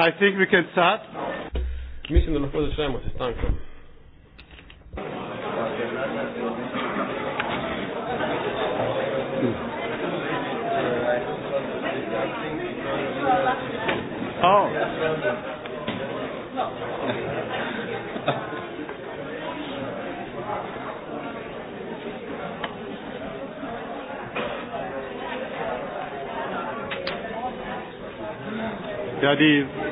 I think we can start. Mislim, da lahko začnemo s stankom. Oh. Yeah, the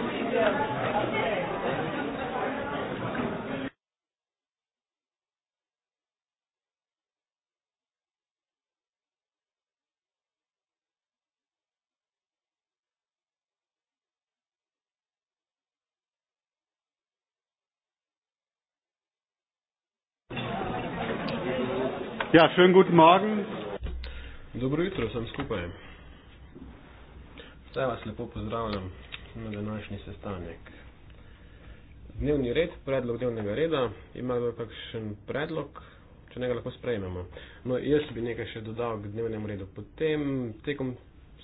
Ja, schönen guten Morgen. Dobro jutro, sem skupaj. Vse vas lepo pozdravljam na današnji sestanek. Dnevni red, predlog dnevnega reda, ima kdo kakšen predlog, če ne ga lahko sprejmemo. No, jaz bi nekaj še dodal k dnevnemu redu. Potem tekom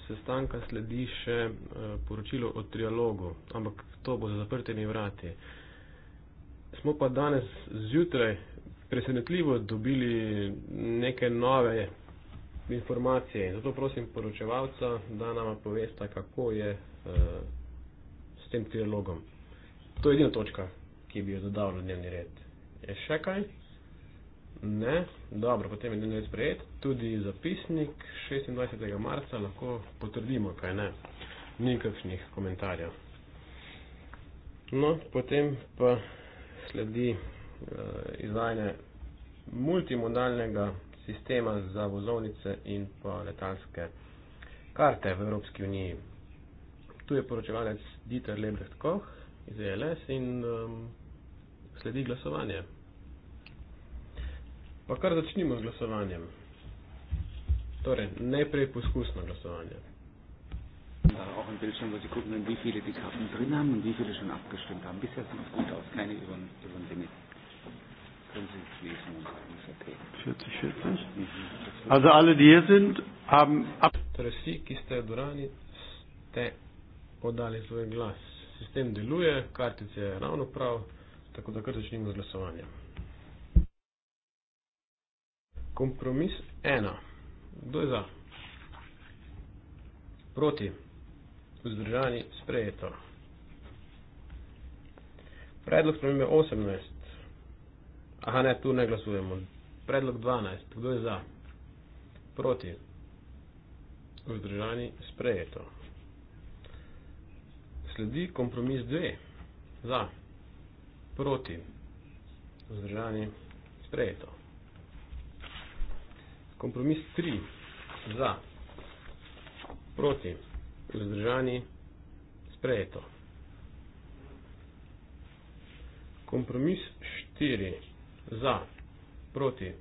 sestanka sledi še uh, poročilo o trialogu, ampak to bo za zaprtimi vrati. Smo pa danes zjutraj presenetljivo dobili neke nove informacije. Zato prosim poročevalca, da nam povesta, kako je uh, s tem trilogom. To je edina točka, ki bi jo dodal na dnevni red. Je še kaj? Ne? Dobro, potem je dnevni red sprejet. Tudi zapisnik 26. marca lahko potrdimo, kaj ne. Nikakšnih komentarjev. No, potem pa sledi Eh, izvajanje multimodalnega sistema za vozovnice in pa letalske karte v Evropski uniji. Tu je poročevalec Dieter Lebrecht Koch iz ELS in um, sledi glasovanje. Pa kar začnimo z glasovanjem. Torej, najprej poskusno glasovanje. Ja, auch im Bildschirm, wo Sie gucken, wie viele die Karten drin haben und wie viele schon abgestimmt haben. Bisher sieht es gut aus, keine über den Limit. 40, 40. Mhm. Also alle, die hier sind, haben ab. Torej, podali svoj glas. Sistem deluje, kartice je ravno prav, tako da kar začnimo z glasovanjem. Kompromis 1. Kdo je za? Proti. Vzdržani sprejeto. Predlog spremembe 18. Aha, ne, tu ne glasujemo. Predlog 12. Kdo je za? Proti? Vzdržani? Sprejeto. Sledi kompromis 2. Za? Proti? Vzdržani? Sprejeto. Kompromis 3. Za? Proti? Vzdržani? Sprejeto. Kompromis 4. 4 za, proti,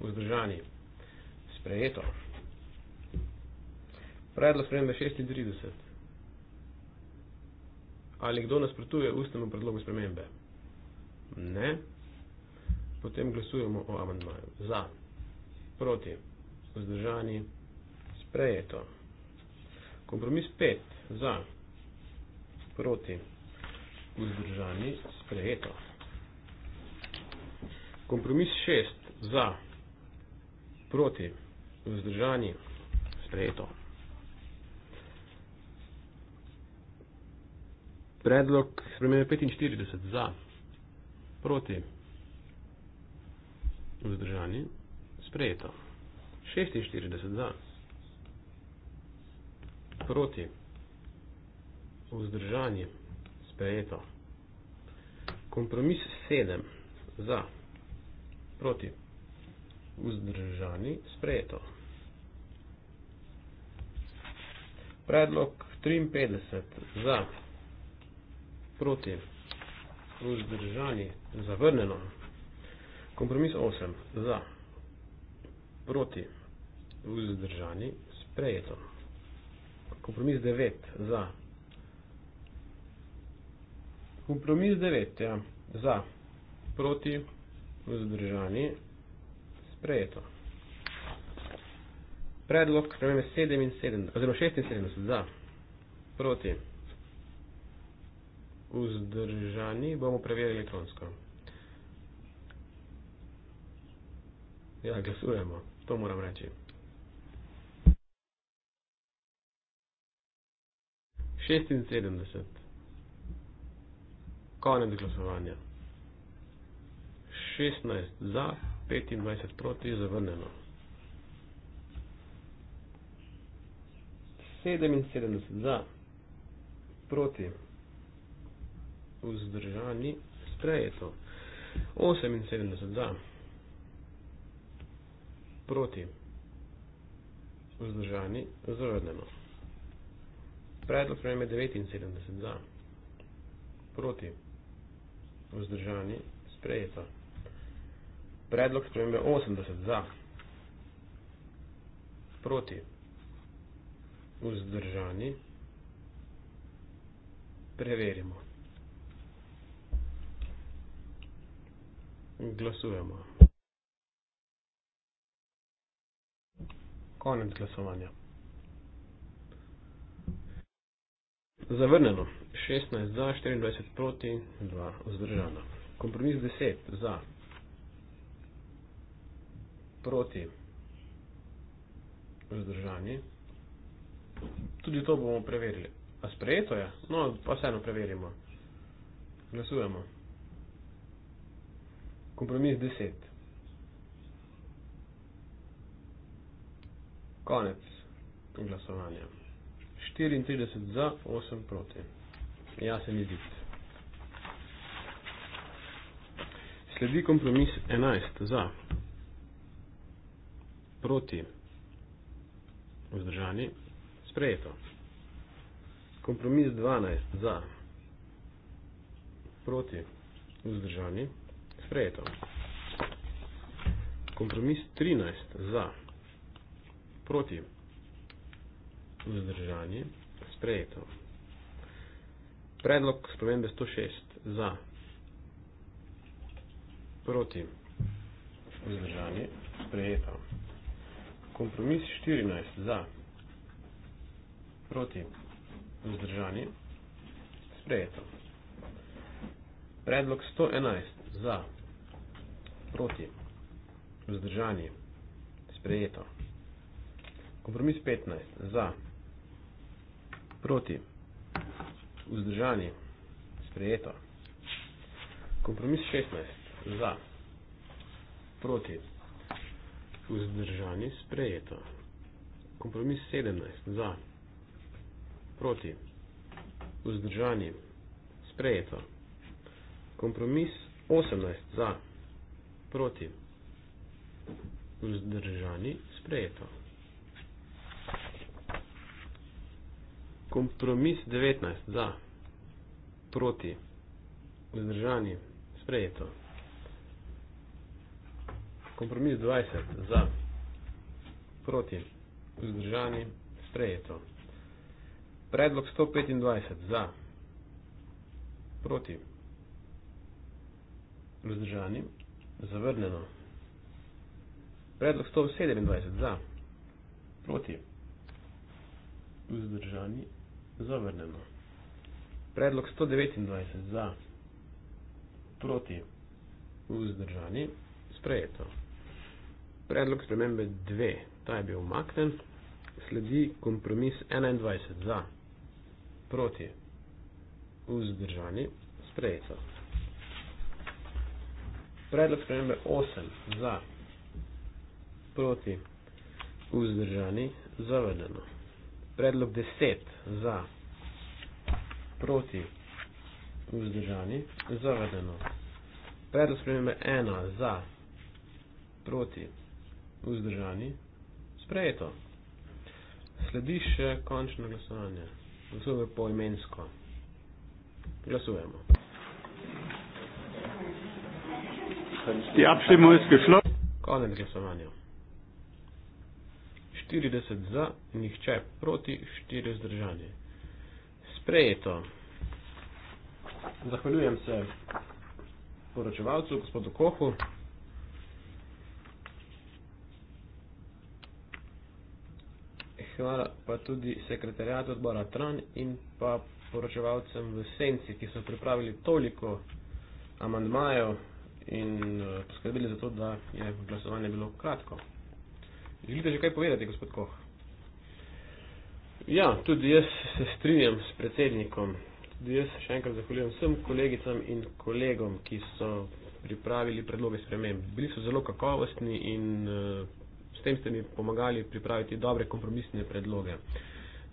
vzdržani, sprejeto. Predlog spremembe 36. Ali kdo nasprotuje ustnemu predlogu spremembe? Ne. Potem glasujemo o amandmaju. Za, proti, vzdržani, sprejeto. Kompromis 5. Za, proti, vzdržani, sprejeto. Kompromis šest za, proti, vzdržani, sprejeto. Predlog spremenja 45 za, proti, vzdržani, sprejeto. 46 za, proti, vzdržani, sprejeto. Kompromis 7 za, proti, Proti. Vzdržani. Sprejeto. Predlog 53. Za. Proti. Vzdržani. Zavrneno. Kompromis 8. Za. Proti. Vzdržani. Sprejeto. Kompromis 9. Za. Kompromis 9. Ja. Za. Proti. Vzdržani vzdržani, sprejeto. Predlog spremembe 77, oziroma 76, za, proti, vzdržani, bomo preverili elektronsko. Ja, glasujemo, to moram reči. 76. Konec glasovanja. 16 za, 25 proti, zavrnjeno. 77 za, proti, vzdržani, sprejeto. 78 za, proti, vzdržani, zavrnjeno. Predlog prejme 79 za, proti, vzdržani, sprejeto. Predlog spremembe 80 za. Proti. Vzdržani. Preverimo. Glasujemo. Konec glasovanja. Zavrneno. 16 za, 24 proti, 2 vzdržana. Kompromis 10 za proti vzdržanji. Tudi to bomo preverili. A sprejeto je? No, pa vseeno preverimo. Glasujemo. Kompromis 10. Konec glasovanja. 34 za, 8 proti. Jasen izid. Sledi kompromis 11 za proti vzdržani, sprejeto. Kompromis 12 za proti vzdržani, sprejeto. Kompromis 13 za proti vzdržani, sprejeto. Predlog spremembe 106 za proti vzdržani, sprejeto kompromis 14 za proti vzdržani sprejeto. Predlog 111 za proti vzdržani sprejeto. Kompromis 15 za proti vzdržani sprejeto. Kompromis 16 za proti vzdržani sprejeto vzdržani, sprejeto. Kompromis 17, za, proti, vzdržani, sprejeto. Kompromis 18, za, proti, vzdržani, sprejeto. Kompromis 19, za, proti, vzdržani, sprejeto. Sprejeto kompromis 20 za proti vzdržani sprejeto. Predlog 125 za proti vzdržani zavrneno. Predlog 127 za proti vzdržani zavrneno. Predlog 129 za proti vzdržani sprejeto predlog spremembe 2, ta je bil umaknen, sledi kompromis 21 za, proti, vzdržani, sprejeto. Predlog spremembe 8 za, proti, vzdržani, zavrnjeno. Predlog 10 za, proti, vzdržani, zavrnjeno. Predlog spremembe 1 za, proti, vzdržani, vzdržani, sprejeto. Sledi še končno glasovanje. Glasujemo poimensko. Glasujemo. Ja, še mu je skišlo. Konec glasovanja. 40 za, nihče proti, 4 vzdržani. Sprejeto. Zahvaljujem se poročevalcu, gospodu Kohu. Hvala pa tudi sekretarijatu odbora Tran in pa poročevalcem v Senci, ki so pripravili toliko amandmajev in eh, poskrbeli za to, da je glasovanje bilo kratko. Želite že kaj povedati, gospod Koh? Ja, tudi jaz se strinjam s predsednikom. Tudi jaz še enkrat zahvaljujem vsem kolegicam in kolegom, ki so pripravili predloge sprememb. Bili so zelo kakovostni in uh, tem ste mi pomagali pripraviti dobre kompromisne predloge.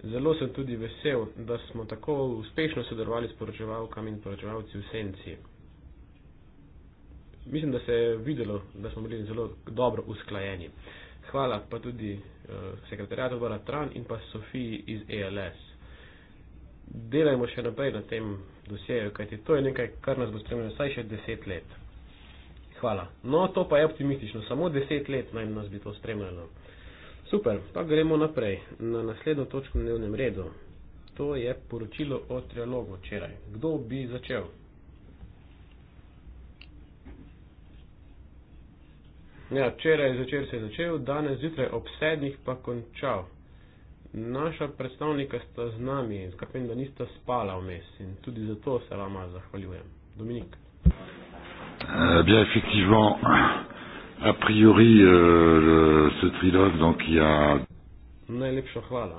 Zelo sem tudi vesel, da smo tako uspešno sodelovali s poročevalkami in poročevalci v senci. Mislim, da se je videlo, da smo bili zelo dobro usklajeni. Hvala pa tudi uh, eh, sekretarjatu Vara Tran in pa Sofiji iz ALS. E Delajmo še naprej na tem dosjeju, kajti to je nekaj, kar nas bo spremljalo vsaj še deset let. Hvala. No, to pa je optimistično. Samo deset let naj nas bi to spremljalo. Super, pa gremo naprej. Na naslednjo točko na dnevnem redu. To je poročilo o trialogu včeraj. Kdo bi začel? Ja, včeraj začer se je začel, danes zjutraj ob sedmih pa končal. Naša predstavnika sta z nami, skakujem, da nista spala vmes in tudi zato se vama zahvaljujem. Dominik. Hvala. Eh bien, effectivement, a priori, euh, le, ce trilogue, donc, il y a... Najlepša hvala.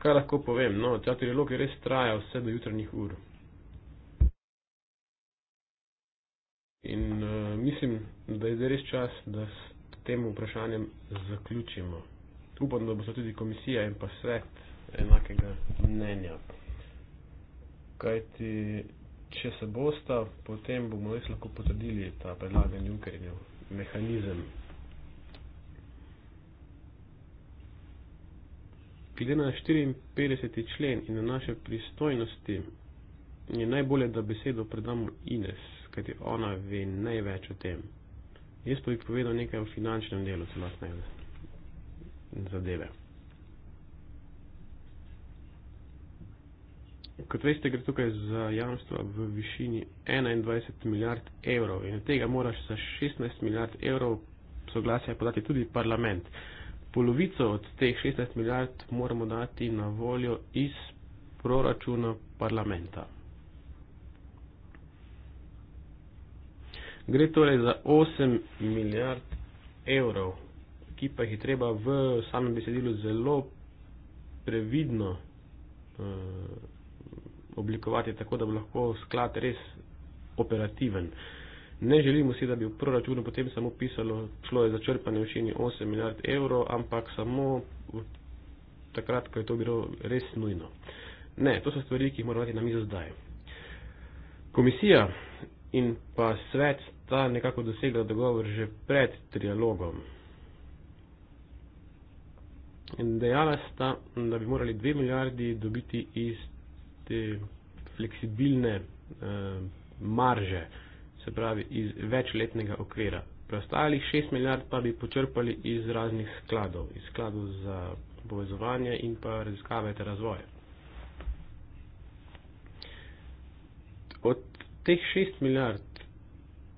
Kaj lahko povem? No, ta trilog res traja vse do jutranjih ur. In uh, mislim, da je zdaj res čas, da s tem vprašanjem zaključimo. Upam, da bo se tudi komisija in pa svet enakega mnenja. Kaj ti če se bosta, potem bomo res lahko potrdili ta predlagan Junkerjev mehanizem. Glede na 54. člen in na naše pristojnosti, je najbolje, da besedo predamo Ines, kajti ona ve največ o tem. Jaz pa bi povedal nekaj o finančnem delu celotne zadeve. Kot veste, gre tukaj za jamstva v višini 21 milijard evrov in od tega moraš za 16 milijard evrov soglasje podati tudi parlament. Polovico od teh 16 milijard moramo dati na voljo iz proračuna parlamenta. Gre torej za 8 milijard evrov, ki pa jih je treba v samem besedilu zelo previdno. Uh, oblikovati tako, da bo lahko sklad res operativen. Ne želimo si, da bi v proračunu potem samo pisalo, šlo je za črpanje v šini 8 milijard evrov, ampak samo takrat, ko je to bilo res nujno. Ne, to so stvari, ki jih moramo dati na mizo zdaj. Komisija in pa svet sta nekako dosegla dogovor že pred trialogom. In dejala sta, da bi morali 2 milijardi dobiti iz te fleksibilne eh, marže, se pravi iz večletnega okvira. Preostalih 6 milijard pa bi počrpali iz raznih skladov, iz skladov za povezovanje in pa raziskave ter razvoj. Od teh 6 milijard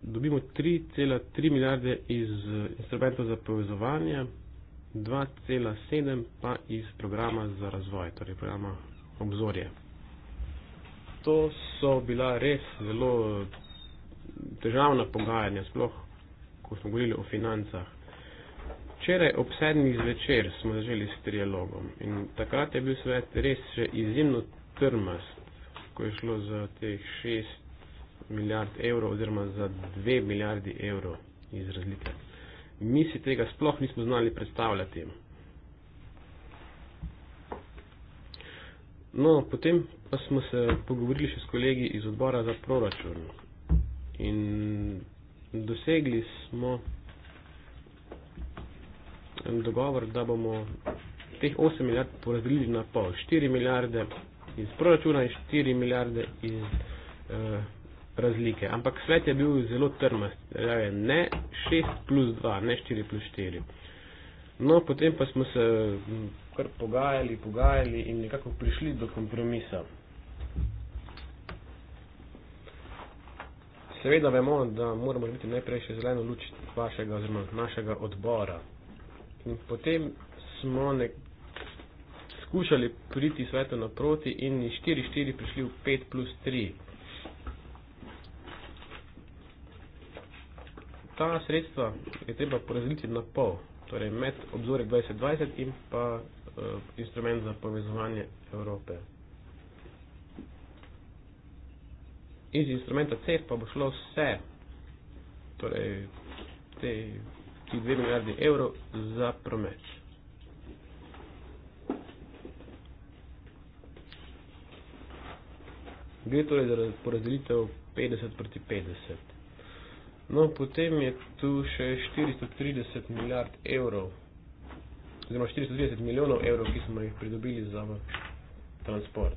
dobimo 3,3 milijarde iz eh, instrumentov za povezovanje, 2,7 pa iz programa za razvoj, torej programa obzorje to so bila res zelo težavna pogajanja, sploh ko smo govorili o financah. Včeraj ob sedmih zvečer smo začeli s trialogom in takrat je bil svet res še izjemno trmast, ko je šlo za teh šest milijard evrov oziroma za dve milijardi evrov iz razlike. Mi si tega sploh nismo znali predstavljati. No, potem pa smo se pogovorili še s kolegi iz odbora za proračun in dosegli smo dogovor, da bomo teh 8 milijard porazdelili na pol. 4 milijarde iz proračuna in 4 milijarde iz eh, razlike. Ampak svet je bil zelo trmast. Ja, ne 6 plus 2, ne 4 plus 4. No, potem pa smo se mm, kar pogajali, pogajali in nekako prišli do kompromisa. Seveda vemo, da moramo biti najprej še zeleno luč vašega oziroma našega odbora. In potem smo nek skušali priti svetu naproti in 4-4 prišli v 5 plus 3. Ta sredstva je treba porazliti na pol, torej med obzore 2020 in pa Eh, instrument za povezovanje Evrope. Iz instrumenta C pa bo šlo vse, torej te, ti dve milijardi evrov za promet. Gre torej za porazdelitev 50 proti 50. No, potem je tu še 430 milijard evrov oziroma 430 milijonov evrov, ki smo jih pridobili za transport.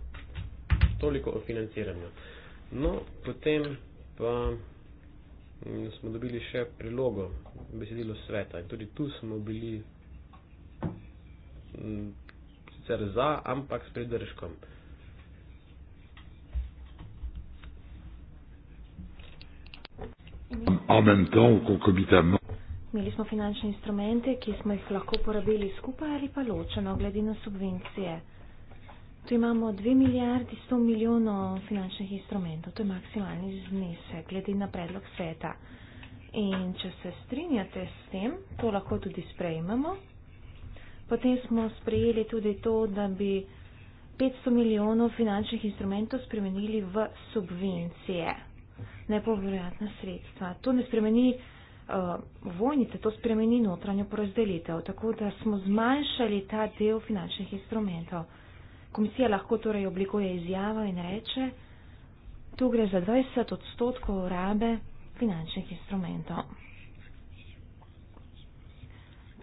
Toliko o financiranju. No, potem pa mm, smo dobili še prilogo, besedilo sveta in tudi tu smo bili mm, sicer za, ampak s pridržkom. Amen temps, concomitamment. Imeli smo finančne instrumente, ki smo jih lahko porabili skupaj ali pa ločeno, glede na subvencije. Tu imamo 2 milijardi 100 milijonov finančnih instrumentov, to je maksimalni znesek, glede na predlog sveta. In če se strinjate s tem, to lahko tudi sprejmemo. Potem smo sprejeli tudi to, da bi 500 milijonov finančnih instrumentov spremenili v subvencije, nepovratna sredstva. To ne spremeni uh, vojnice to spremeni notranjo porazdelitev, tako da smo zmanjšali ta del finančnih instrumentov. Komisija lahko torej oblikuje izjavo in reče, tu gre za 20 odstotkov rabe finančnih instrumentov.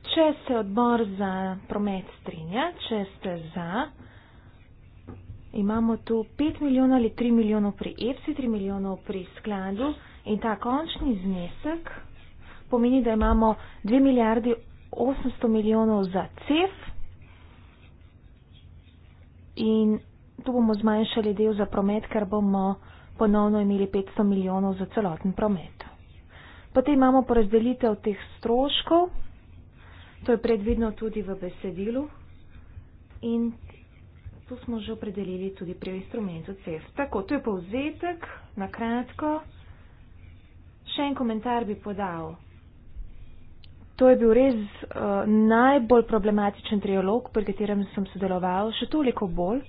Če se odbor za promet strinja, če ste za, imamo tu 5 milijonov ali 3 milijonov pri EPSI, 3 milijonov pri skladu in ta končni znesek pomeni, da imamo 2 milijardi 800 milijonov za CEF in tu bomo zmanjšali del za promet, ker bomo ponovno imeli 500 milijonov za celoten promet. Potem imamo porazdelitev teh stroškov, to je predvidno tudi v besedilu in tu smo že opredelili tudi pri instrumentu CEF. Tako, to je povzetek, na kratko. Še en komentar bi podal. To je bil res uh, najbolj problematičen trialog, pri katerem sem sodeloval, še toliko bolj,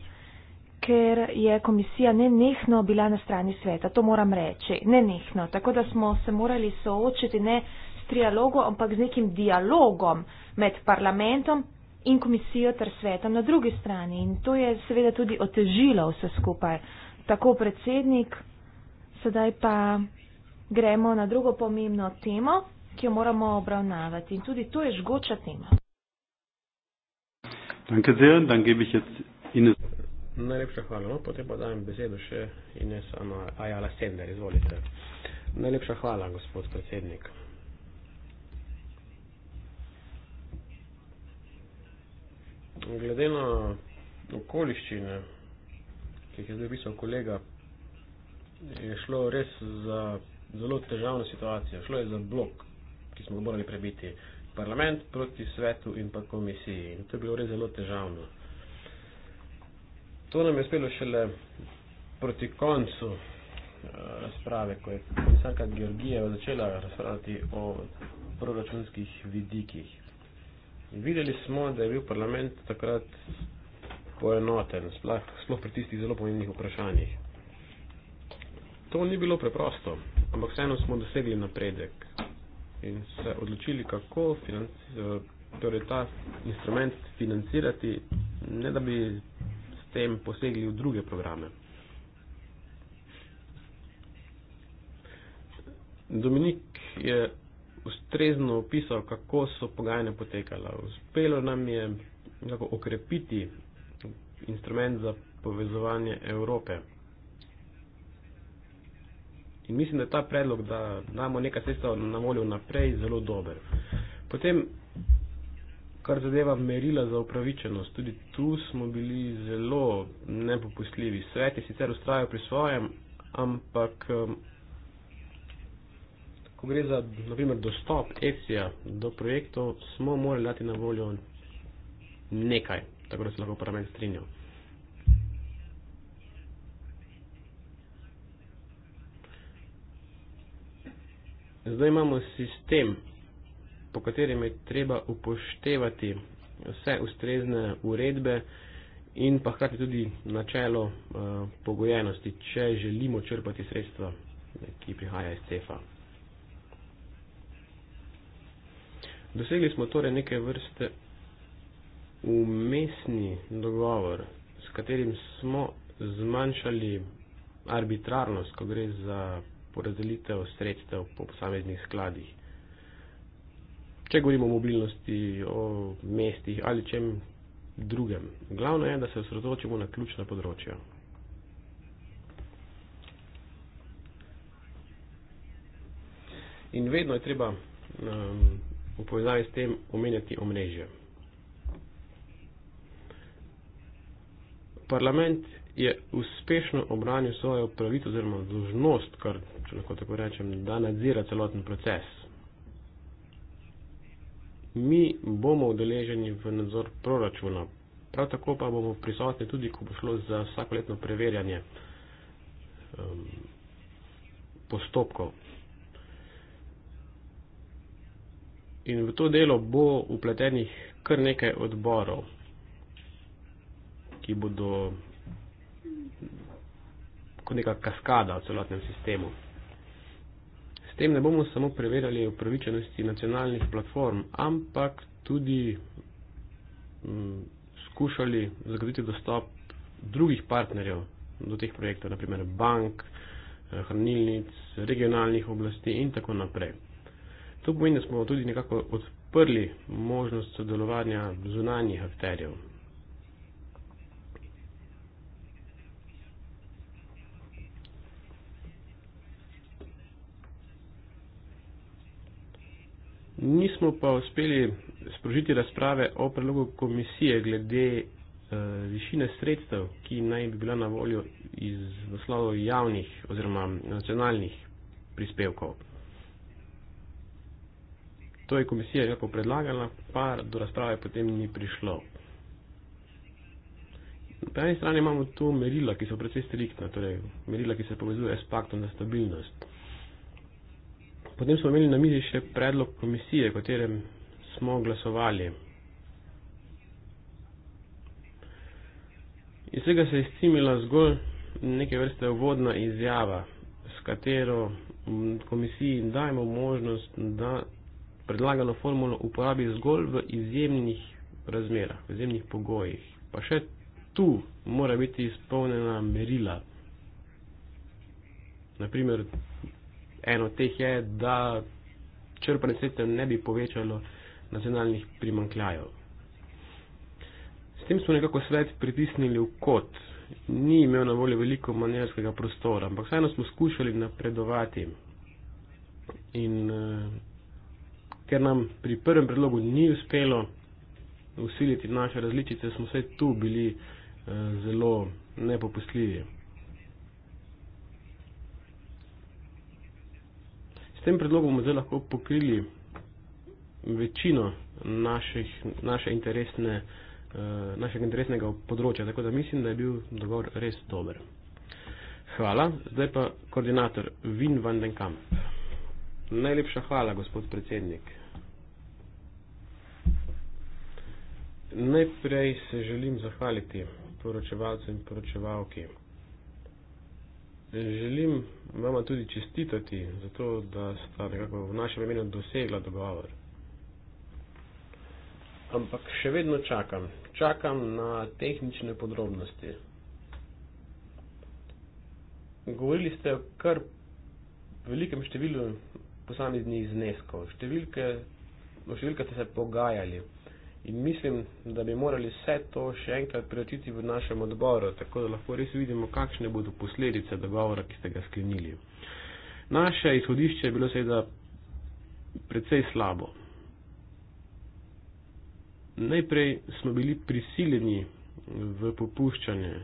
ker je komisija nenehno bila na strani sveta, to moram reči, nenehno. Tako da smo se morali soočiti ne s trialogom, ampak z nekim dialogom med parlamentom in komisijo ter svetom na drugi strani. In to je seveda tudi otežilo vse skupaj. Tako predsednik, sedaj pa gremo na drugo pomembno temo ki jo moramo obravnavati. In tudi to je žgoča tema. Najlepša hvala. No, potem pa dajem besedo še Ines Ajala Sender. Izvolite. Najlepša hvala, gospod predsednik. Glede na okoliščine, ki jih je zdaj pisal kolega, je šlo res za zelo težavno situacijo. Šlo je za blok ki smo ga morali prebiti. Parlament proti svetu in pa komisiji. In to je bilo res zelo težavno. To nam je uspelo šele proti koncu eh, razprave, ko je komisarka Georgijeva začela razpravljati o proračunskih vidikih. In videli smo, da je bil parlament takrat poenoten, sploh, sploh pri tistih zelo pomembnih vprašanjih. To ni bilo preprosto, ampak vseeno smo dosegli napredek in se odločili, kako eh, torej ta instrument financirati, ne da bi s tem posegli v druge programe. Dominik je ustrezno opisal, kako so pogajanja potekala. Uspelo nam je okrepiti instrument za povezovanje Evrope. In mislim, da je ta predlog, da damo nekaj sredstva na voljo naprej, zelo dober. Potem, kar zadeva merila za upravičenost, tudi tu smo bili zelo nepopustljivi. Svet je sicer ustrajal pri svojem, ampak um, ko gre za, naprimer, dostop ECIA do projektov, smo morali dati na voljo nekaj, tako da se lahko parlament strinjal. Zdaj imamo sistem, po katerem je treba upoštevati vse ustrezne uredbe in pa hkrati tudi načelo eh, pogojenosti, če želimo črpati sredstva, ki prihaja iz CEFA. Dosegli smo torej neke vrste umestni dogovor, s katerim smo zmanjšali arbitrarnost, ko gre za porazdelitev sredstev po posameznih skladih. Če govorimo o mobilnosti, o mestih ali čem drugem, glavno je, da se osredotočimo na ključna področja. In vedno je treba um, v povezavi s tem omenjati omrežje. Parlament, je uspešno obranil svojo pravico oziroma dožnost, kar, če lahko tako rečem, da nadzira celoten proces. Mi bomo udeleženi v nadzor proračuna, prav tako pa bomo prisotni tudi, ko bo šlo za vsakoletno preverjanje um, postopkov. In v to delo bo upletenih kar nekaj odborov, ki bodo kot neka kaskada v celotnem sistemu. S tem ne bomo samo preverjali upravičenosti nacionalnih platform, ampak tudi m, mm, skušali zagotoviti dostop drugih partnerjev do teh projektov, naprimer bank, eh, hranilnic, regionalnih oblasti in tako naprej. To pomeni, da smo tudi nekako odprli možnost sodelovanja zunanjih akterjev, Nismo pa uspeli sprožiti razprave o predlogu komisije glede uh, višine sredstev, ki naj bi bila na voljo iz naslovo javnih oziroma nacionalnih prispevkov. To je komisija nekako predlagala, pa do razprave potem ni prišlo. Po eni strani imamo tu merila, ki so precej striktna, torej merila, ki se povezuje s paktom na stabilnost. Potem smo imeli na mizi še predlog komisije, katerem smo glasovali. Iz vsega se je izcimila zgolj neke vrste uvodna izjava, s katero komisiji dajemo možnost, da predlagano formulo uporabi zgolj v izjemnih razmerah, v izjemnih pogojih. Pa še tu mora biti izpolnjena merila. Naprimer, eno od teh je, da črpanje sredstev ne bi povečalo nacionalnih primankljajev. S tem smo nekako svet pritisnili v kot. Ni imel na voljo veliko manjerskega prostora, ampak vseeno smo skušali napredovati. In eh, ker nam pri prvem predlogu ni uspelo usiliti naše različice, smo vse tu bili eh, zelo nepopustljivi. tem predlogom bomo zdaj lahko pokrili večino naših, naše interesne, uh, našega interesnega področja, tako da mislim, da je bil dogovor res dober. Hvala. Zdaj pa koordinator Vin van den Kamp. Najlepša hvala, gospod predsednik. Najprej se želim zahvaliti poročevalcem in poročevalkem. Želim vama tudi čestitati za to, da sta nekako v našem imenu dosegla dogovor. Ampak še vedno čakam. Čakam na tehnične podrobnosti. Govorili ste o kar velikem številu posameznih zneskov. Številke, o številke ste se pogajali. In mislim, da bi morali vse to še enkrat preučiti v našem odboru, tako da lahko res vidimo, kakšne bodo posledice dogovora, ki ste ga sklenili. Naše izhodišče je bilo seveda precej slabo. Najprej smo bili prisiljeni v popuščanje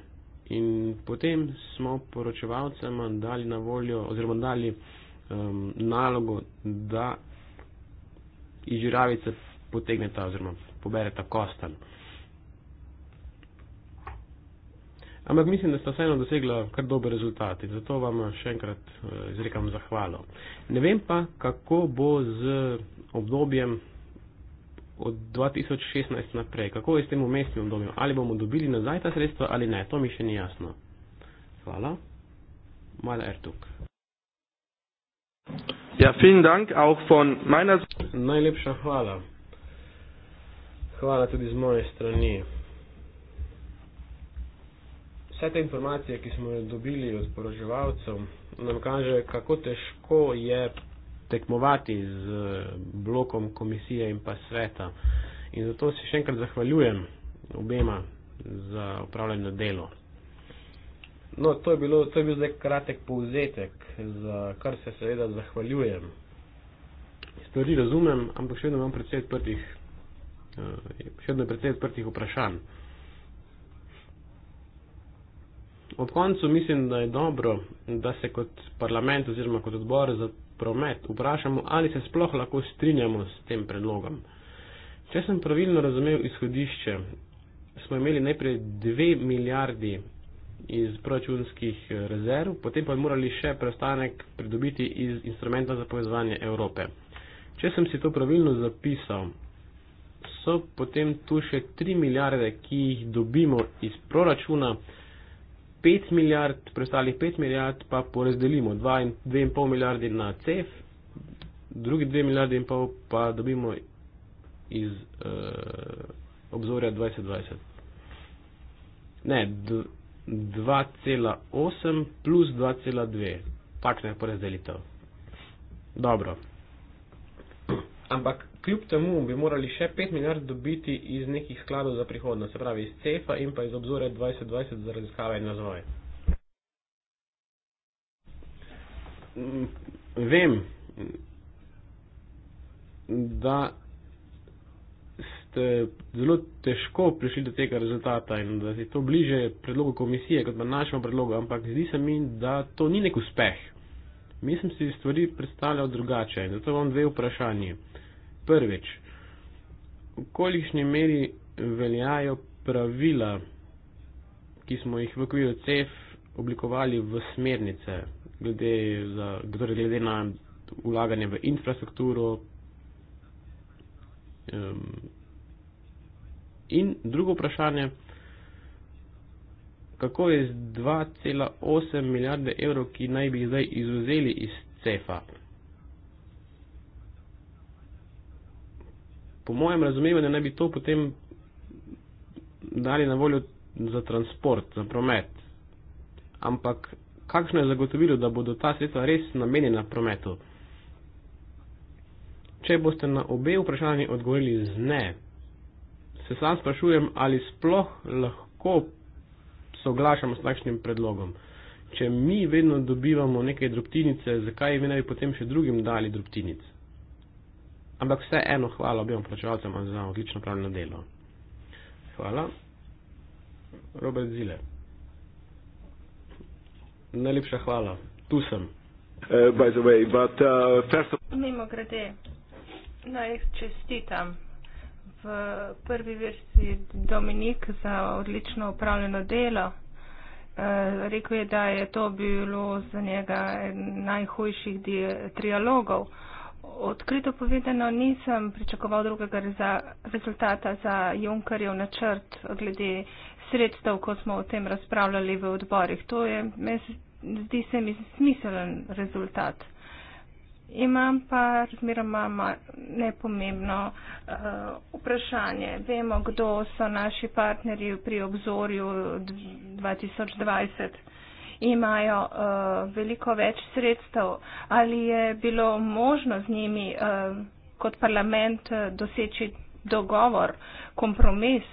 in potem smo poročevalcem dali na voljo oziroma dali um, nalogo, da iz žiravice potegne ta oziroma pobereta kostanj. Ampak mislim, da sta vseeno dosegla kar dober rezultat in zato vam še enkrat eh, izrekam zahvalo. Ne vem pa, kako bo z obdobjem od 2016 naprej, kako je s tem umestnim obdobjem, ali bomo dobili nazaj ta sredstva ali ne, to mi še ni jasno. Hvala. Mala Ertuk. Ja, vielen Dank auch von meiner Seite. Najlepša hvala. Hvala tudi z moje strani. Vse te informacije, ki smo jih dobili od poroževalcev, nam kaže, kako težko je tekmovati z eh, blokom komisije in pa sveta. In zato se še enkrat zahvaljujem obema za upravljeno delo. No, to je, bilo, to je bil zdaj kratek povzetek, za kar se seveda zahvaljujem. Stvari razumem, ampak še vedno imam predvsej odprtih Eh, še vedno je precej odprtih vprašanj. Ob koncu mislim, da je dobro, da se kot parlament oziroma kot odbor za promet vprašamo, ali se sploh lahko strinjamo s tem predlogom. Če sem pravilno razumel izhodišče, smo imeli najprej 2 milijardi iz proračunskih eh, rezerv, potem pa bi morali še preostanek pridobiti iz instrumenta za povezovanje Evrope. Če sem si to pravilno zapisal, so potem tu še 3 milijarde, ki jih dobimo iz proračuna, 5 milijard, preostalih 5 milijard pa porazdelimo, 2,5 milijardi na CEF, drugi 2 milijardi in pol pa dobimo iz uh, obzorja 2020. Ne, 2,8 plus 2,2, takšna je porazdelitev. Dobro ampak kljub temu bi morali še 5 milijard dobiti iz nekih skladov za prihodnost, se pravi iz CEFA in pa iz obzore 2020 za raziskave in razvoj. Mm, vem, da ste zelo težko prišli do tega rezultata in da je to bliže predlogu komisije kot pa našemu predlogu, ampak zdi se mi, da to ni nek uspeh. Mislim si stvari predstavljal drugače in zato imam dve vprašanje. Prvič, v kolikšni meri veljajo pravila, ki smo jih v okviru CEF oblikovali v smernice, glede, za, torej glede na ulaganje v infrastrukturo. In drugo vprašanje, kako je z 2,8 milijarde evrov, ki naj bi jih zdaj izuzeli iz CEF-a? po mojem razumevanju naj bi to potem dali na voljo za transport, za promet. Ampak kakšno je zagotovilo, da bodo ta sredstva res namenjena prometu? Če boste na obe vprašanji odgovorili z ne, se sam sprašujem, ali sploh lahko soglašamo s takšnim predlogom. Če mi vedno dobivamo neke drobtinice, zakaj bi naj potem še drugim dali drobtinice? ampak vse eno hvala obima plačevalcema za odlično pravilno delo. Hvala. Robert Zile. Najlepša hvala. Tu sem. Uh, by the way, but uh, first of all... Mimo grede, naj čestitam v prvi versi Dominik za odlično upravljeno delo. Uh, rekel je, da je to bilo za njega najhujših trialogov. Uh, Odkrito povedano, nisem pričakoval drugega rezultata za Junkerjev načrt glede sredstev, ko smo o tem razpravljali v odborih. To je, mes, zdi se mi, smiselen rezultat. Imam pa razmeroma nepomembno uh, vprašanje. Vemo, kdo so naši partnerji pri obzorju 2020 imajo uh, veliko več sredstev, ali je bilo možno z njimi uh, kot parlament uh, doseči dogovor, kompromis,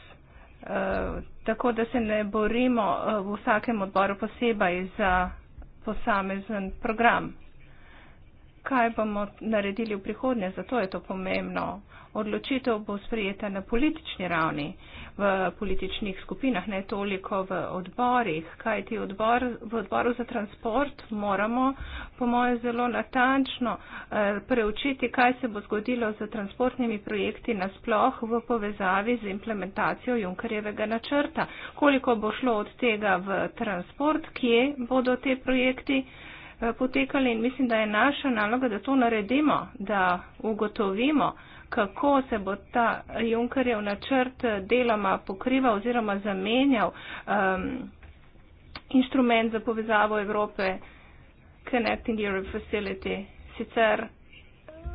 uh, tako da se ne borimo uh, v vsakem odboru posebej za posamezen program kaj bomo naredili v prihodnje, zato je to pomembno. Odločitev bo sprijeta na politični ravni, v političnih skupinah, ne toliko v odborih, kajti odbor, v odboru za transport moramo, po moje, zelo natančno eh, preučiti, kaj se bo zgodilo z transportnimi projekti nasploh v povezavi z implementacijo Junkerjevega načrta. Koliko bo šlo od tega v transport, kje bodo te projekti. Eh, potekale in mislim, da je naša naloga, da to naredimo, da ugotovimo, kako se bo ta Junkerjev načrt deloma pokrival oziroma zamenjal um, inštrument za povezavo Evrope, Connecting Europe Facility. Sicer uh,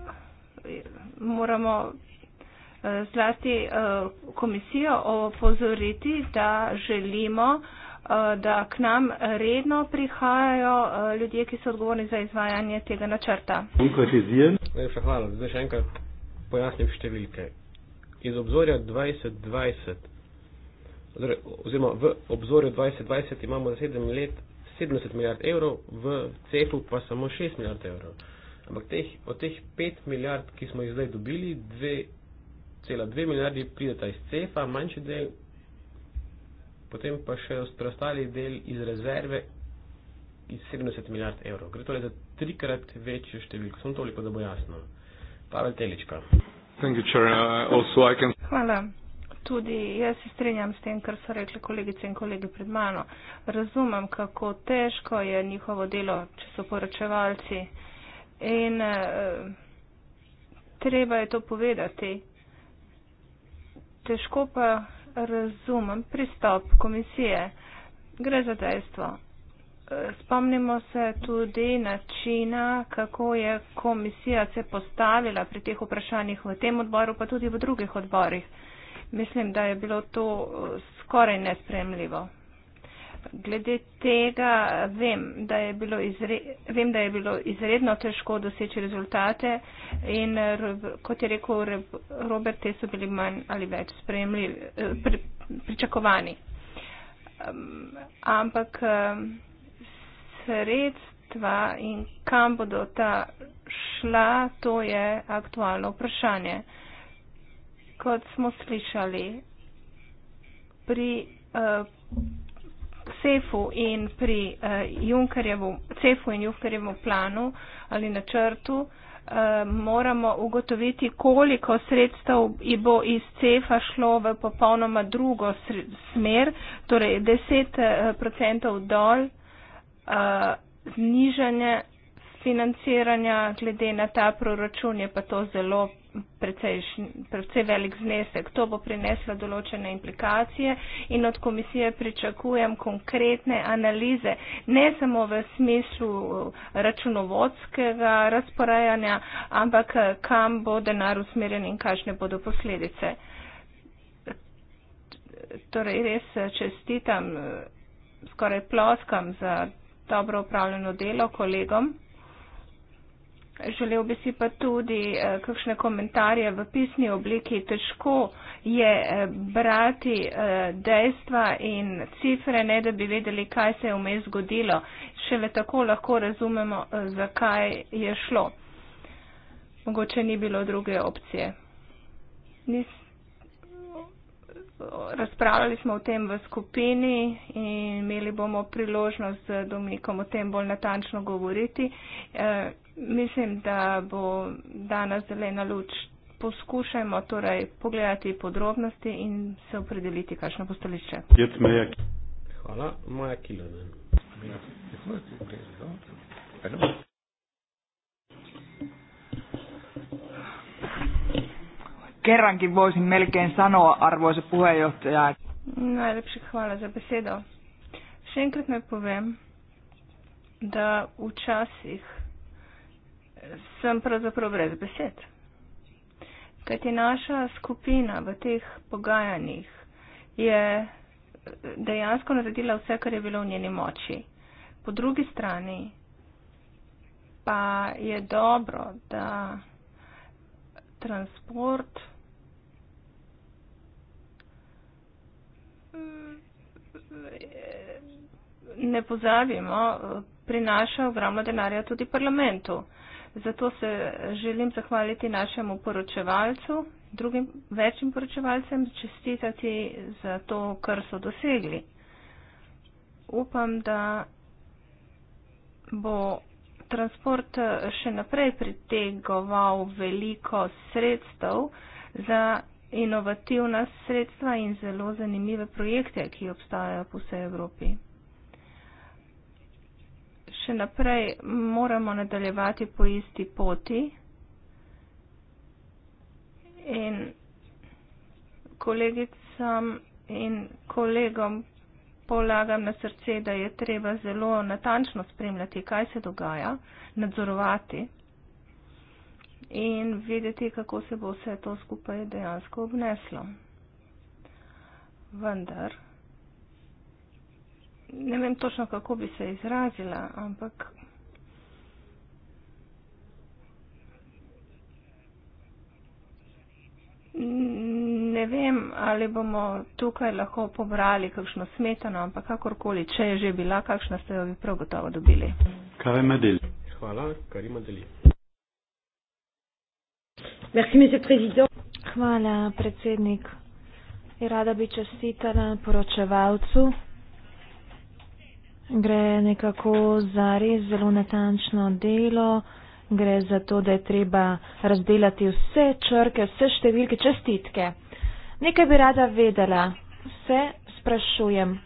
moramo uh, zlasti uh, komisijo opozoriti, da želimo Eh, da k nam redno prihajajo eh, ljudje, ki so odgovorni za izvajanje tega načrta. Najlepša hvala. Zdaj še enkrat pojasnim številke. Iz obzorja 2020, torej, oziroma v obzorju 2020 imamo za 7 let 70 milijard evrov, v CEF-u pa samo 6 milijard evrov. Ampak teh, od teh 5 milijard, ki smo jih zdaj dobili, 2,2 milijardi pride ta iz CEF-a, manjši del potem pa še ostali del iz rezerve iz 70 milijard evrov. Gre torej za trikrat večjo številko. Samo toliko, da bo jasno. Pavel Telička. Hvala. Tudi jaz se strinjam s tem, kar so rekli kolegice in kolegi pred mano. Razumem, kako težko je njihovo delo, če so poročevalci. In eh, treba je to povedati. Težko pa razumem pristop komisije. Gre za dejstvo. Spomnimo se tudi načina, kako je komisija se postavila pri teh vprašanjih v tem odboru, pa tudi v drugih odborih. Mislim, da je bilo to eh, skoraj nespremljivo glede tega vem da, izre, vem, da je bilo izredno težko doseči rezultate in kot je rekel Robert, te so bili manj ali več eh, pri, pričakovani. Um, ampak um, sredstva in kam bodo ta šla, to je aktualno vprašanje. Kot smo slišali, pri uh, CEF-u in pri CEF-u eh, in Junkerjevu planu ali načrtu eh, moramo ugotoviti, koliko sredstev bo iz CEF-a šlo v popolnoma drugo smer, torej 10% eh, dol znižanje financiranja glede na ta proračun je pa to zelo precej, precej velik znesek. To bo prineslo določene implikacije in od komisije pričakujem konkretne analize, ne samo v smislu uh, računovodskega razporajanja, ampak uh, kam bo denar usmerjen in kakšne bodo posledice. Torej, res uh, čestitam, skoraj ploskam za dobro upravljeno delo kolegom. Želel bi si pa tudi eh, kakšne komentarje v pisni obliki. Težko je eh, brati eh, dejstva in cifre, ne da bi vedeli, kaj se je vmes zgodilo. Šele tako lahko razumemo, eh, zakaj je šlo. Mogoče ni bilo druge opcije. Nis... Razpravljali smo o tem v skupini in imeli bomo priložnost z Dominikom o tem bolj natančno govoriti. Eh, mislim, da bo danes zelena luč. Poskušajmo torej pogledati podrobnosti in se opredeliti, kakšno bo stališče. Hvala, Maja Kilonen. Kerrankin voisin melkein sanoa, arvoisa puheenjohtaja. Najlepši hvala za besedo. Še enkrat me povem, da včasih sem pravzaprav brez besed. Kaj ti naša skupina v teh pogajanjih je dejansko naredila vse, kar je bilo v njeni moči. Po drugi strani pa je dobro, da transport mm, ne pozabimo, prinaša ogromno denarja tudi parlamentu. Zato se želim zahvaliti našemu poročevalcu, drugim večjim poročevalcem, čestitati za to, kar so dosegli. Upam, da bo transport še naprej pritegoval veliko sredstev za inovativna sredstva in zelo zanimive projekte, ki obstajajo po vsej Evropi še naprej moramo nadaljevati po isti poti. In kolegicam in kolegom polagam na srce, da je treba zelo natančno spremljati, kaj se dogaja, nadzorovati in videti, kako se bo vse to skupaj dejansko obneslo. Vendar ne vem točno, kako bi se izrazila, ampak ne vem, ali bomo tukaj lahko pobrali kakšno smetano, ampak kakorkoli, če je že bila, kakšna ste jo bi prav gotovo dobili. Kaj ima deli? Hvala, kar ima deli. Hvala, predsednik. Rada bi čestitala poročevalcu gre nekako za res zelo natančno delo, gre za to, da je treba razdelati vse črke, vse številke, čestitke. Nekaj bi rada vedela, vse sprašujem.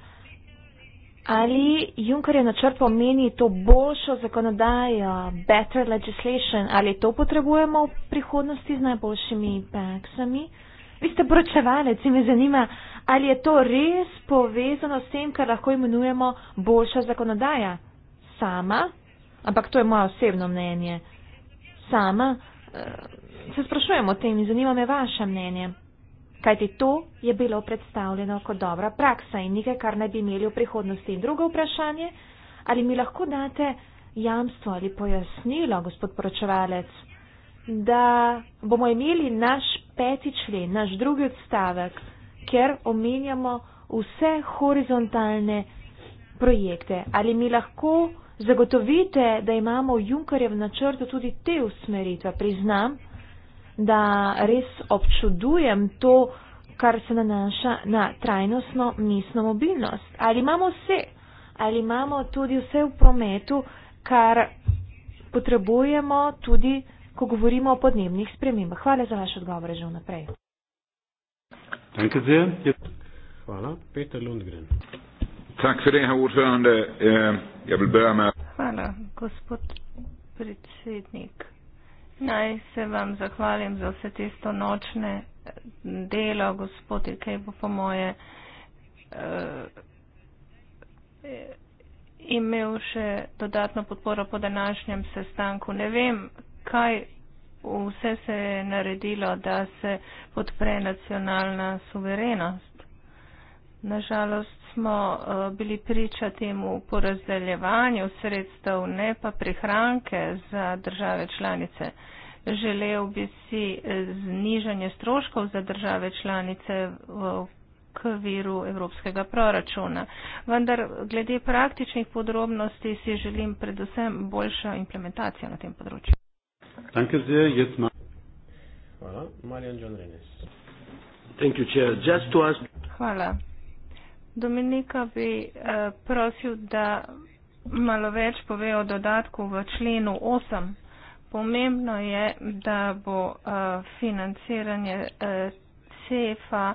Ali Junkerjev načrt pomeni to boljšo zakonodajo, better legislation, ali to potrebujemo v prihodnosti z najboljšimi praksami? Uh, Vi ste poročevalec in me zanima, ali je to res povezano s tem, kar lahko imenujemo boljša zakonodaja. Sama, ampak to je moja osebno mnenje. Sama, eh, se sprašujem o tem in zanima me vaše mnenje. Kajti to je bilo predstavljeno kot dobra praksa in nekaj, kar naj bi imeli v prihodnosti. In drugo vprašanje, ali mi lahko date jamstvo ali pojasnilo, gospod poročevalec, da bomo imeli naš peti člen, naš drugi odstavek, kjer omenjamo vse horizontalne projekte. Ali mi lahko zagotovite, da imamo v Junkarjev načrtu tudi te usmeritve? Priznam, da res občudujem to, kar se nanaša na trajnostno mestno mobilnost. Ali imamo vse? Ali imamo tudi vse v prometu, kar potrebujemo tudi ko govorimo o podnebnih spremembah. Hvala za vaš odgovor že vnaprej. Hvala. Peter Lundgren. Tak for det, herr ordførende. Øh, jeg vil børe med... Hvala, gospod predsednik. Naj se vam zahvalim za vse tisto nočne eh, delo, gospod, ki bo po moje uh, imel še dodatno podporo po današnjem sestanku. Ne vem, kaj vse se je naredilo, da se podpre nacionalna suverenost. Nažalost smo eh, bili priča temu porazdeljevanju sredstev, ne pa prihranke za države članice. Želel bi si eh, znižanje stroškov za države članice v okviru evropskega proračuna. Vendar glede praktičnih podrobnosti si želim predvsem boljšo implementacijo na tem področju. Danke sehr. Jetzt mal. Voilà. Marian John Rines. Thank you, Chair. Just to ask. Hvala. Dominika bi uh, prosil, da malo več pove o dodatku v členu 8. Pomembno je, da bo uh, financiranje uh, eh, CEFA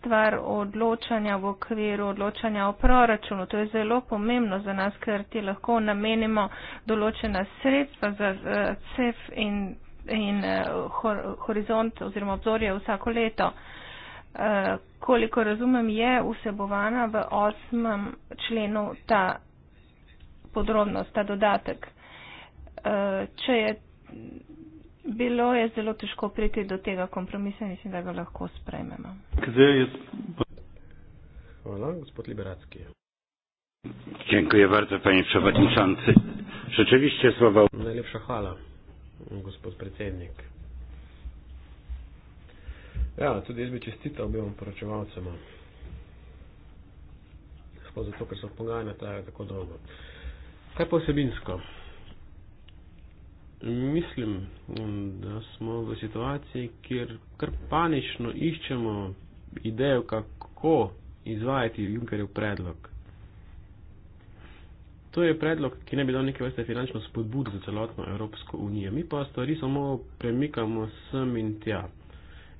stvar odločanja v okviru odločanja o proračunu. To je zelo pomembno za nas, ker ti lahko namenimo določena sredstva za eh, CEF in, in eh, hor, horizont oziroma obzorje vsako leto. Eh, koliko razumem, je vsebovana v osmem členu ta podrobnost, ta dodatek. Če je bilo je zelo težko priti do tega kompromisa, mislim, da ga lahko sprejmemo. Hvala, gospod Liberacki. Dziękuję bardzo, panie przewodniczący. Rzeczywiście słowa. Najlepsza hala, gospod predsednik. Ja, tudi jaz bi čestital obima poročevalcema. Sploh zato, ker so pogajanja tako dolgo. Kaj pa vsebinsko? mislim, mm, da smo v situaciji, kjer kar panično iščemo idejo, kako izvajati Junkerjev predlog. To je predlog, ki ne bi dal neke vrste finančno spodbud za celotno Evropsko unijo. Mi pa stvari samo premikamo sem in tja.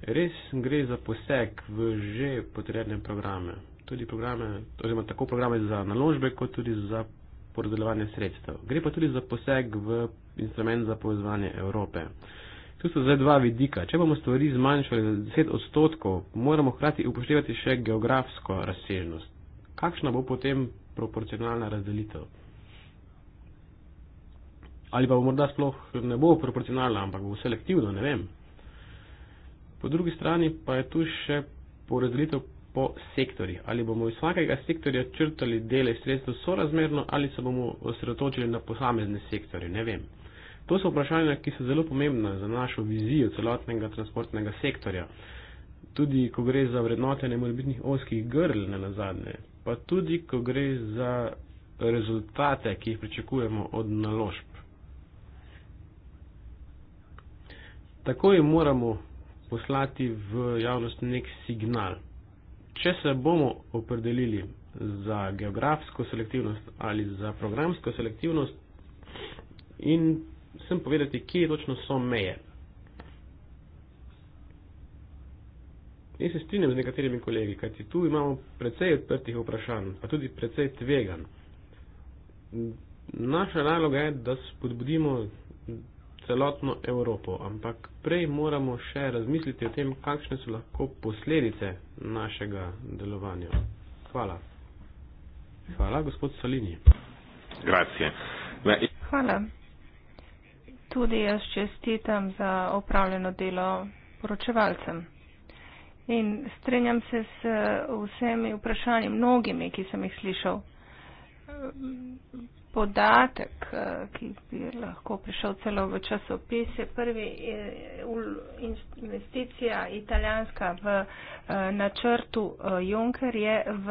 Res gre za poseg v že potrebne programe. Tudi programe, oziroma tako programe za naložbe, kot tudi za porodelovanje sredstev. Gre pa tudi za poseg v instrument za povezovanje Evrope. Tu so zdaj dva vidika. Če bomo stvari zmanjšali za 10 odstotkov, moramo hkrati upoštevati še geografsko razsežnost. Kakšna bo potem proporcionalna razdelitev? Ali pa bo morda sploh ne bo proporcionalna, ampak bo selektivna, ne vem. Po drugi strani pa je tu še porazdelitev po sektorjih. Ali bomo iz vsakega sektorja črtali dele sredstva sorazmerno ali se bomo osredotočili na posamezne sektorje, ne vem. To so vprašanja, ki so zelo pomembna za našo vizijo celotnega transportnega sektorja. Tudi, ko gre za vrednotenje morbitnih oskih grl na nazadnje, pa tudi, ko gre za rezultate, ki jih pričakujemo od naložb. Takoj moramo poslati v javnost nek signal. Če se bomo opredelili za geografsko selektivnost ali za programsko selektivnost in sem povedati, kje točno so meje. In se strinjam z nekaterimi kolegi, kajti tu imamo precej odprtih vprašanj, pa tudi precej tvegan. Naša naloga je, da spodbudimo celotno Evropo, ampak prej moramo še razmisliti o tem, kakšne so lahko posledice našega delovanja. Hvala. Hvala, gospod Salini. Grazie. Hvala. Tudi jaz čestitam za opravljeno delo poročevalcem. In strenjam se s vsemi vprašanji, mnogimi, ki sem jih slišal podatek, eh, ki bi lahko prišel celo v časopis, je prvi eh, investicija italijanska v eh, načrtu Juncker je v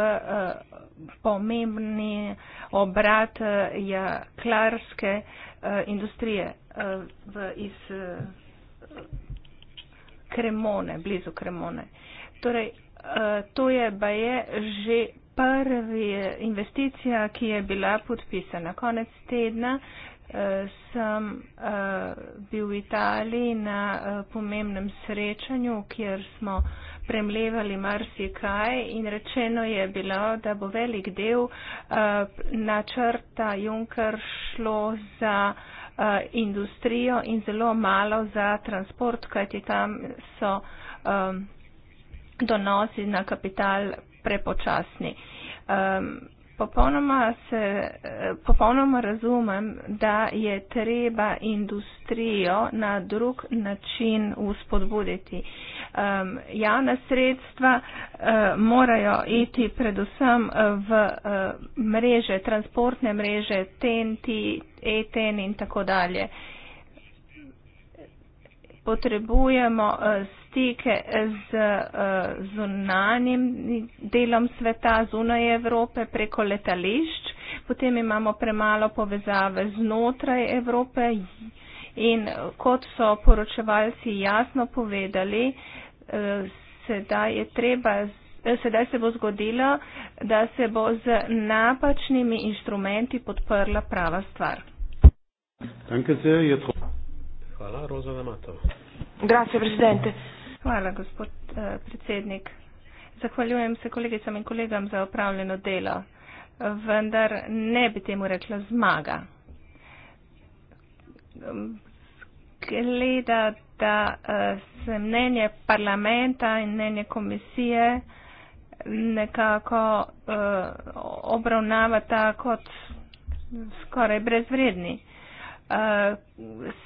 pomembni obrat jaklarske industrije v, iz Kremone, blizu Kremone. Torej, to je, je že prvi investicija, ki je bila podpisana. Konec tedna eh, sem eh, bil v Italiji na eh, pomembnem srečanju, kjer smo premlevali marsikaj in rečeno je bilo, da bo velik del načrta Junker šlo za industrijo in zelo malo za transport, kajti tam so donosi na kapital prepočasni. Um, popolnoma, se, popolnoma razumem, da je treba industrijo na drug način uspodbuditi. Um, javna sredstva uh, morajo iti predvsem e, v uh, mreže, transportne mreže, TNT, ETN in tako dalje. Potrebujemo uh, stike z eh, zunanjim delom sveta, zunaj Evrope, preko letališč, potem imamo premalo povezave znotraj Evrope in kot so poročevalci jasno povedali, eh, sedaj je treba. Eh, sedaj se bo zgodilo, da se bo z napačnimi inštrumenti podprla prava stvar. Hvala, Rozo Namato. Grazie, predsednik. Hvala, gospod eh, predsednik. Zahvaljujem se kolegicam in kolegam za opravljeno delo, vendar ne bi temu rekla zmaga. Gleda, da eh, se mnenje parlamenta in mnenje komisije nekako eh, obravnavata kot skoraj brezvredni.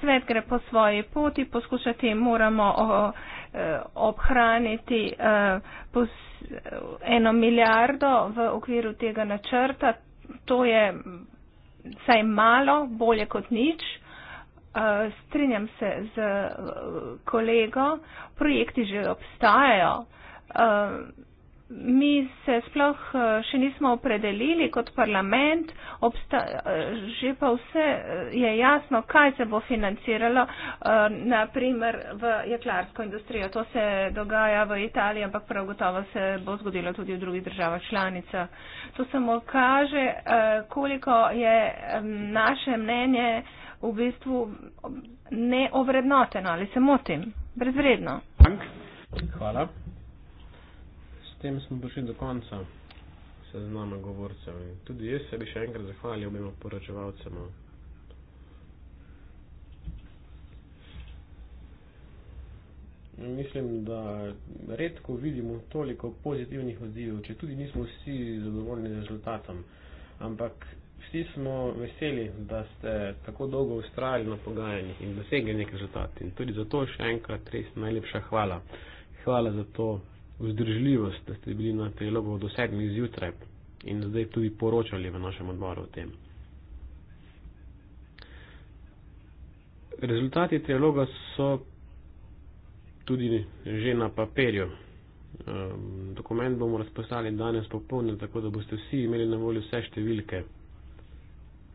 Svet gre po svoji poti, poskušati moramo. O, Eh, obhraniti eh, eno milijardo v okviru tega načrta. To je saj malo, bolje kot nič. Eh, strinjam se z kolego, projekti že obstajajo mi se sploh eh, še nismo opredelili kot parlament, obsta, eh, že pa vse eh, je jasno, kaj se bo financiralo, naprimer v jeklarsko industrijo. To se dogaja v Italiji, ampak prav gotovo se bo zgodilo tudi v drugih državah članica. To samo kaže, koliko je naše mnenje v bistvu neovrednoteno ali se motim, brezvredno. Hvala tem smo prišli do konca seznama govorcev. In tudi jaz se bi še enkrat zahvalil obima poročevalcema. Mislim, da redko vidimo toliko pozitivnih odzivov, če tudi nismo vsi zadovoljni z rezultatom. Ampak vsi smo veseli, da ste tako dolgo ustrajali na pogajanjih in dosegli nek rezultat. In tudi zato še enkrat res najlepša hvala. Hvala za to vzdržljivost, da ste bili na telovo do sedmih zjutraj in zdaj tudi poročali v našem odboru o tem. Rezultati triloga so tudi že na papirju. Ehm, dokument bomo razposlali danes popolne, tako da boste vsi imeli na voljo vse številke.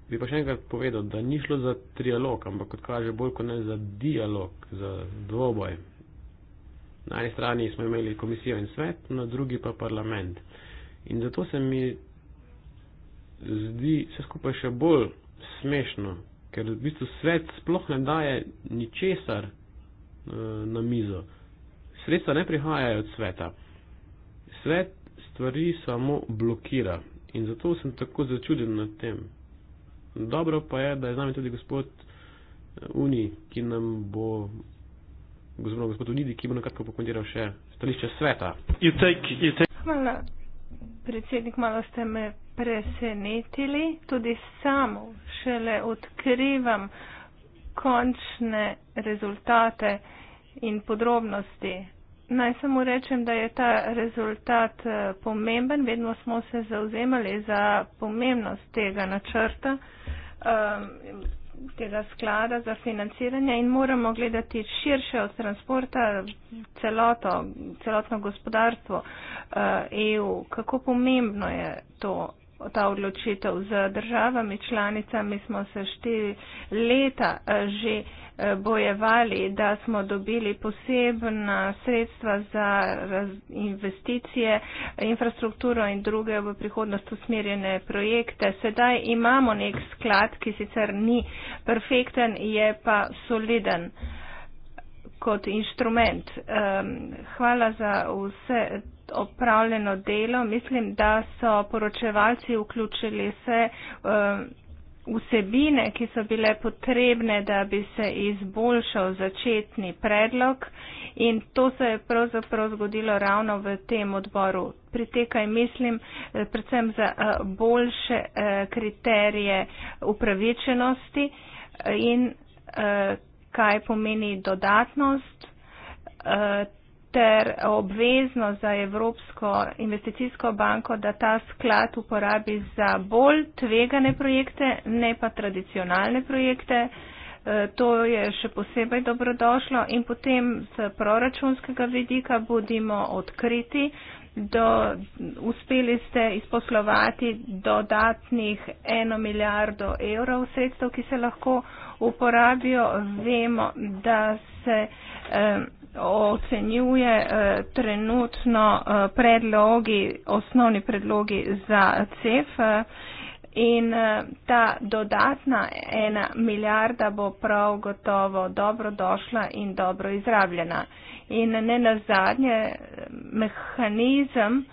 Bi pa še enkrat povedal, da ni šlo za trialog, ampak kot kaže bolj kot ne za dialog, za dvoboj, Na eni strani smo imeli komisijo in svet, na drugi pa parlament. In zato se mi zdi vse skupaj še bolj smešno, ker v bistvu svet sploh ne daje ničesar uh, na mizo. Sredstva ne prihajajo od sveta. Svet stvari samo blokira in zato sem tako začuden nad tem. Dobro pa je, da je z nami tudi gospod eh, Uni, ki nam bo gospod, gospod Unidi, ki bo nekako pokomentiral še stališče sveta. You take, you take. Hvala, predsednik, malo ste me presenetili. Tudi samo šele odkrivam končne rezultate in podrobnosti. Naj samo rečem, da je ta rezultat eh, pomemben. Vedno smo se zauzemali za pomembnost tega načrta. Um, tega sklada za financiranje in moramo gledati širše od transporta celoto, celotno gospodarstvo uh, eh, EU. Kako pomembno je to ta odločitev z državami članicami, smo se štiri leta eh, že eh, bojevali, da smo dobili posebna sredstva za investicije, infrastrukturo in druge v prihodnost usmerjene projekte. Sedaj imamo nek sklad, ki sicer ni perfekten, je pa soliden eh, kot inštrument. Ehm, hvala za vse opravljeno delo. Mislim, da so poročevalci vključili vse eh, vsebine, ki so bile potrebne, da bi se izboljšal začetni predlog in to se je pravzaprav zgodilo ravno v tem odboru. Pri tekaj mislim eh, predvsem za eh, boljše kriterije upravičenosti in kaj pomeni dodatnost ter obvezno za Evropsko investicijsko banko, da ta sklad uporabi za bolj tvegane projekte, ne pa tradicionalne projekte. E, to je še posebej dobrodošlo in potem z proračunskega vidika bodimo odkriti, da uspeli ste izposlovati dodatnih eno milijardo evrov sredstev, ki se lahko uporabijo. Vemo, da se. Eh, ocenjuje eh, trenutno eh, predlogi, osnovni predlogi za CEF eh, in ta dodatna ena milijarda bo prav gotovo dobro došla in dobro izrabljena. In ne nazadnje, mehanizem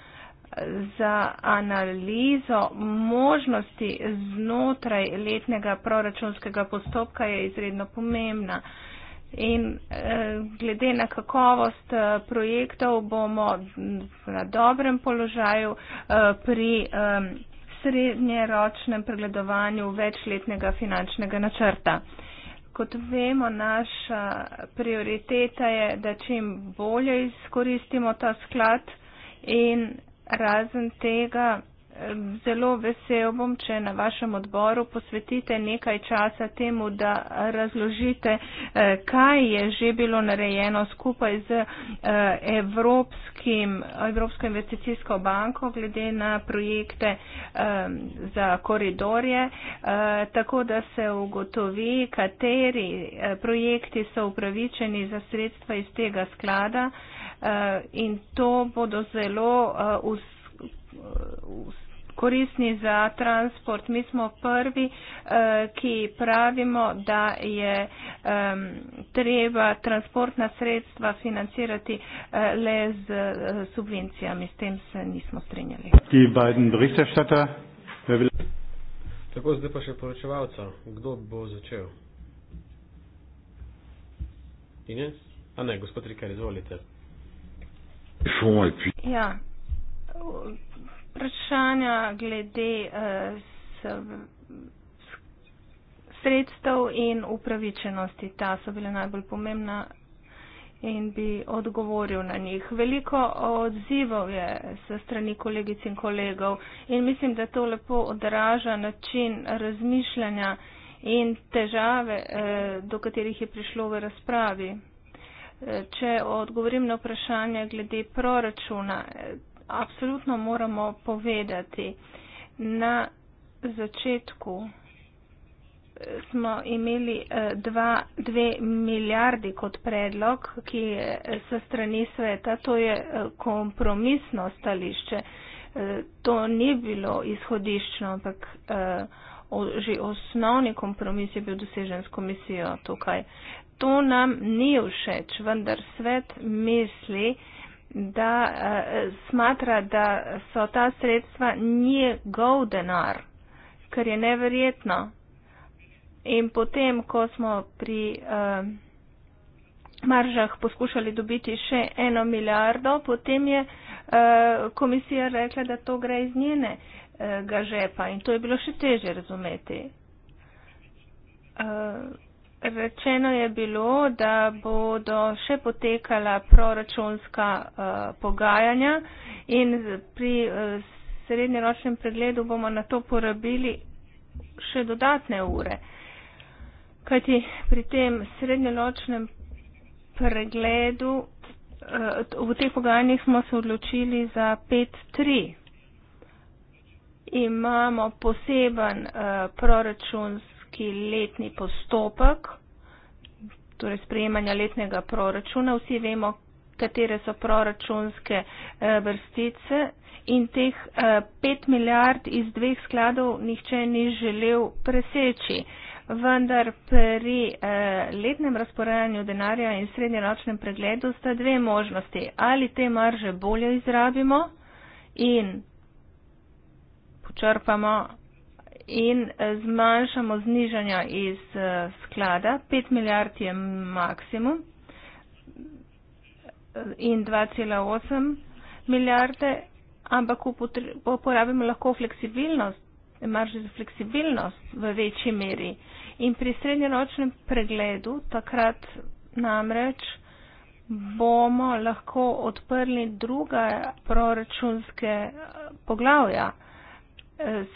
za analizo možnosti znotraj letnega proračunskega postopka je izredno pomembna. In eh, glede na kakovost eh, projektov bomo na dobrem položaju eh, pri eh, srednjeročnem pregledovanju večletnega finančnega načrta. Kot vemo, naša prioriteta je, da čim bolje izkoristimo ta sklad in razen tega zelo vesel bom, če na vašem odboru posvetite nekaj časa temu, da razložite, eh, kaj je že bilo narejeno skupaj z eh, Evropskim, Evropsko investicijsko banko glede na projekte eh, za koridorje, tako da se ugotovi, kateri projekti so upravičeni za sredstva iz tega sklada in to bodo zelo uspešni korisni za transport. Mi smo prvi, eh, ki pravimo, da je treba transportna sredstva financirati eh, le z eh, subvencijami. S tem se nismo strinjali. Tako zdaj pa še poročevalca. Kdo bo začel? Ines? A ne, gospod Rikar, izvolite. Ja vprašanja glede eh, sredstev in upravičenosti. Ta so bile najbolj pomembna in bi odgovoril na njih. Veliko odzivov je se strani kolegic in kolegov in mislim, da to lepo odraža način razmišljanja in težave, eh, do katerih je prišlo v razpravi. Eh, če odgovorim na vprašanje glede proračuna, apsolutno moramo povedati. Na začetku eh, smo imeli eh, dva, dve milijardi kot predlog, ki je eh, s strani sveta, to je kompromisno stališče. To ni bilo izhodiščno, ampak že osnovni kompromis je bil dosežen s komisijo tukaj. To nam ni všeč, vendar svet misli, da uh, smatra, da so ta sredstva njegov denar, kar je neverjetno. In potem, ko smo pri uh, maržah poskušali dobiti še eno milijardo, potem je uh, komisija rekla, da to gre iz njene uh, ga žepa in to je bilo še teže razumeti. Uh, Rečeno je bilo, da bodo še potekala proračunska uh, pogajanja in pri uh, srednjeročnem pregledu bomo na to porabili še dodatne ure. Kajti pri tem srednjeročnem pregledu uh, v teh pogajanjih smo se odločili za 5-3. Imamo poseben uh, proračunski dejanski letni postopek, torej sprejemanja letnega proračuna. Vsi vemo, katere so proračunske eh, vrstice in teh 5 eh, milijard iz dveh skladov nihče ni želel preseči. Vendar pri eh, letnem razporajanju denarja in srednjeročnem pregledu sta dve možnosti. Ali te marže bolje izrabimo in počrpamo in eh, zmanjšamo znižanja iz eh, sklada. 5 milijard je maksimum eh, in 2,8 milijarde, ampak uporabimo lahko fleksibilnost, marži za fleksibilnost v večji meri. In pri srednjeročnem pregledu takrat namreč bomo lahko odprli druga proračunske poglavja.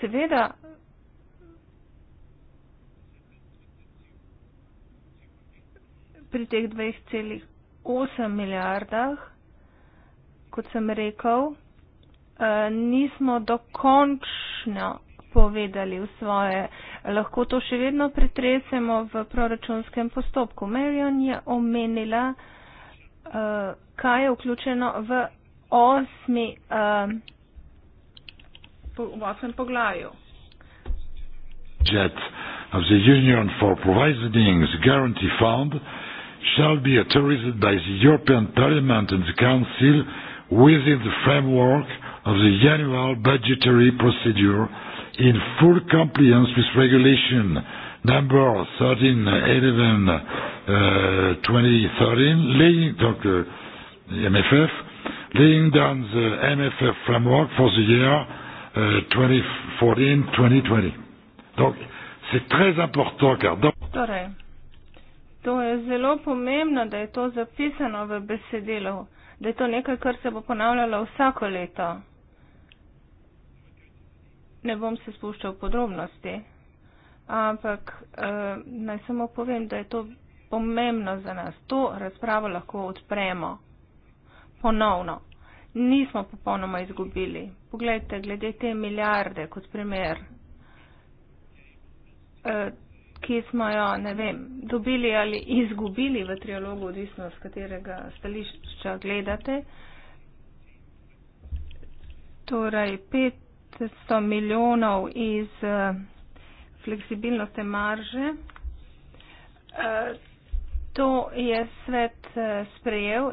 Seveda pri teh 2,8 milijardah, kot sem rekel, eh, nismo dokončno povedali v svoje. Lahko to še vedno pretresemo v proračunskem postopku. Marion je omenila, eh, kaj je vključeno v osmi, eh, v osmem poglavju. Jet of the Union for Providing the Guarantee Fund shall be authorized by the European Parliament and the Council within the framework of the annual budgetary procedure in full compliance with regulation number 1311 uh, 2013 laying, uh, MFF, laying down the MFF framework for the year uh, 2014-2020. Donc, c'est très important car dans... Torre. To je zelo pomembno, da je to zapisano v besedilu, da je to nekaj, kar se bo ponavljalo vsako leto. Ne bom se spuščal v podrobnosti, ampak eh, naj samo povem, da je to pomembno za nas. To razpravo lahko odpremo ponovno. Nismo popolnoma izgubili. Poglejte, glede te milijarde kot primer. Eh, ki smo jo, ne vem, dobili ali izgubili v trialogu, odvisno z katerega stališča gledate. Torej, 500 milijonov iz uh, eh, fleksibilnosti marže. Uh, to je svet uh, sprejel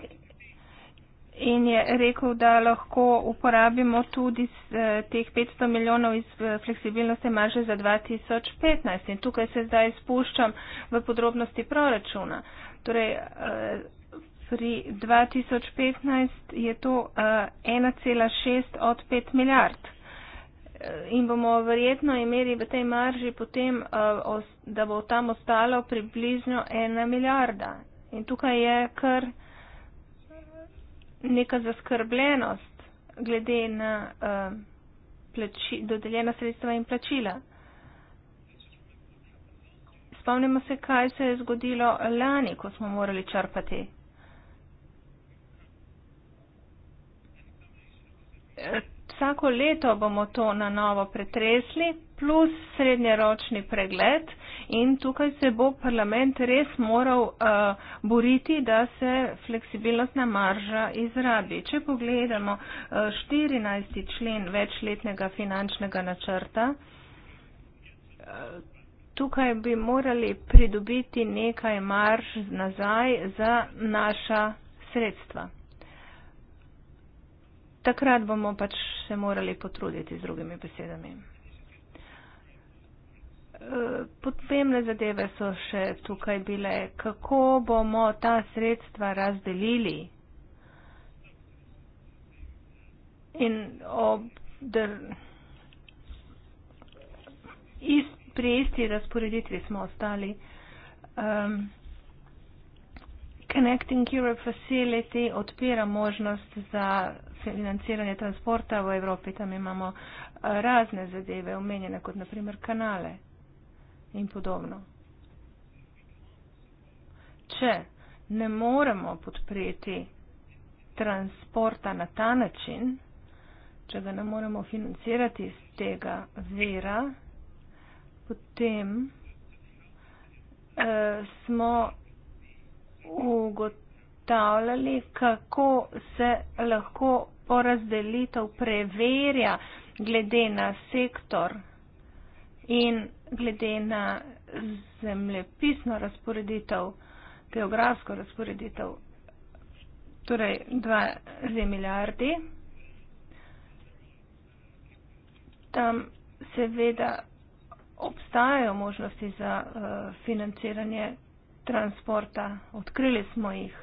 in je rekel, da lahko uporabimo tudi z, eh, teh 500 milijonov iz eh, fleksibilnosti marže za 2015. In tukaj se zdaj spuščam v podrobnosti proračuna. Torej, eh, pri 2015 je to eh, 1,6 od 5 milijard. Eh, in bomo verjetno imeli v tej marži potem, eh, da bo tam ostalo približno ena milijarda. In tukaj je kar neka zaskrbljenost glede na uh, plači, dodeljena sredstva in plačila. Spomnimo se, kaj se je zgodilo lani, ko smo morali črpati. Eh, vsako leto bomo to na novo pretresli, plus srednjeročni pregled, in tukaj se bo parlament res moral uh, boriti, da se fleksibilnostna marža izrabi. Če pogledamo uh, eh, 14. člen večletnega finančnega načrta, eh, Tukaj bi morali pridobiti nekaj marž nazaj za naša sredstva. Takrat bomo pač se morali potruditi z drugimi besedami. Potrebne zadeve so še tukaj bile, kako bomo ta sredstva razdelili. In dr... Ist, pri isti razporeditvi smo ostali. Um, Connecting Europe Facility odpira možnost za financiranje transporta v Evropi. Tam imamo uh, razne zadeve, omenjene kot naprimer kanale in podobno. Če ne moremo podpreti transporta na ta način, če ga ne moremo financirati iz tega vera, potem eh, smo ugotavljali, kako se lahko porazdelitev preverja glede na sektor. In glede na zemljepisno razporeditev, geografsko razporeditev, torej 2,2 milijardi, tam seveda obstajajo možnosti za uh, financiranje transporta, odkrili smo jih.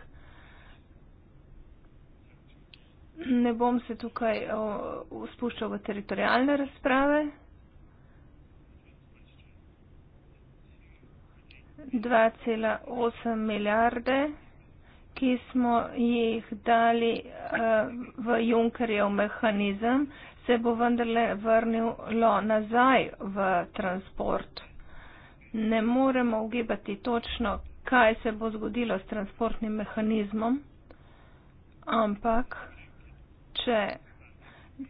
Ne bom se tukaj uh, spuščal v teritorijalne razprave. 2,8 milijarde, ki smo jih dali eh, v Junkerjev mehanizem, se bo vendarle vrnilo nazaj v transport. Ne moremo ugibati točno, kaj se bo zgodilo s transportnim mehanizmom, ampak če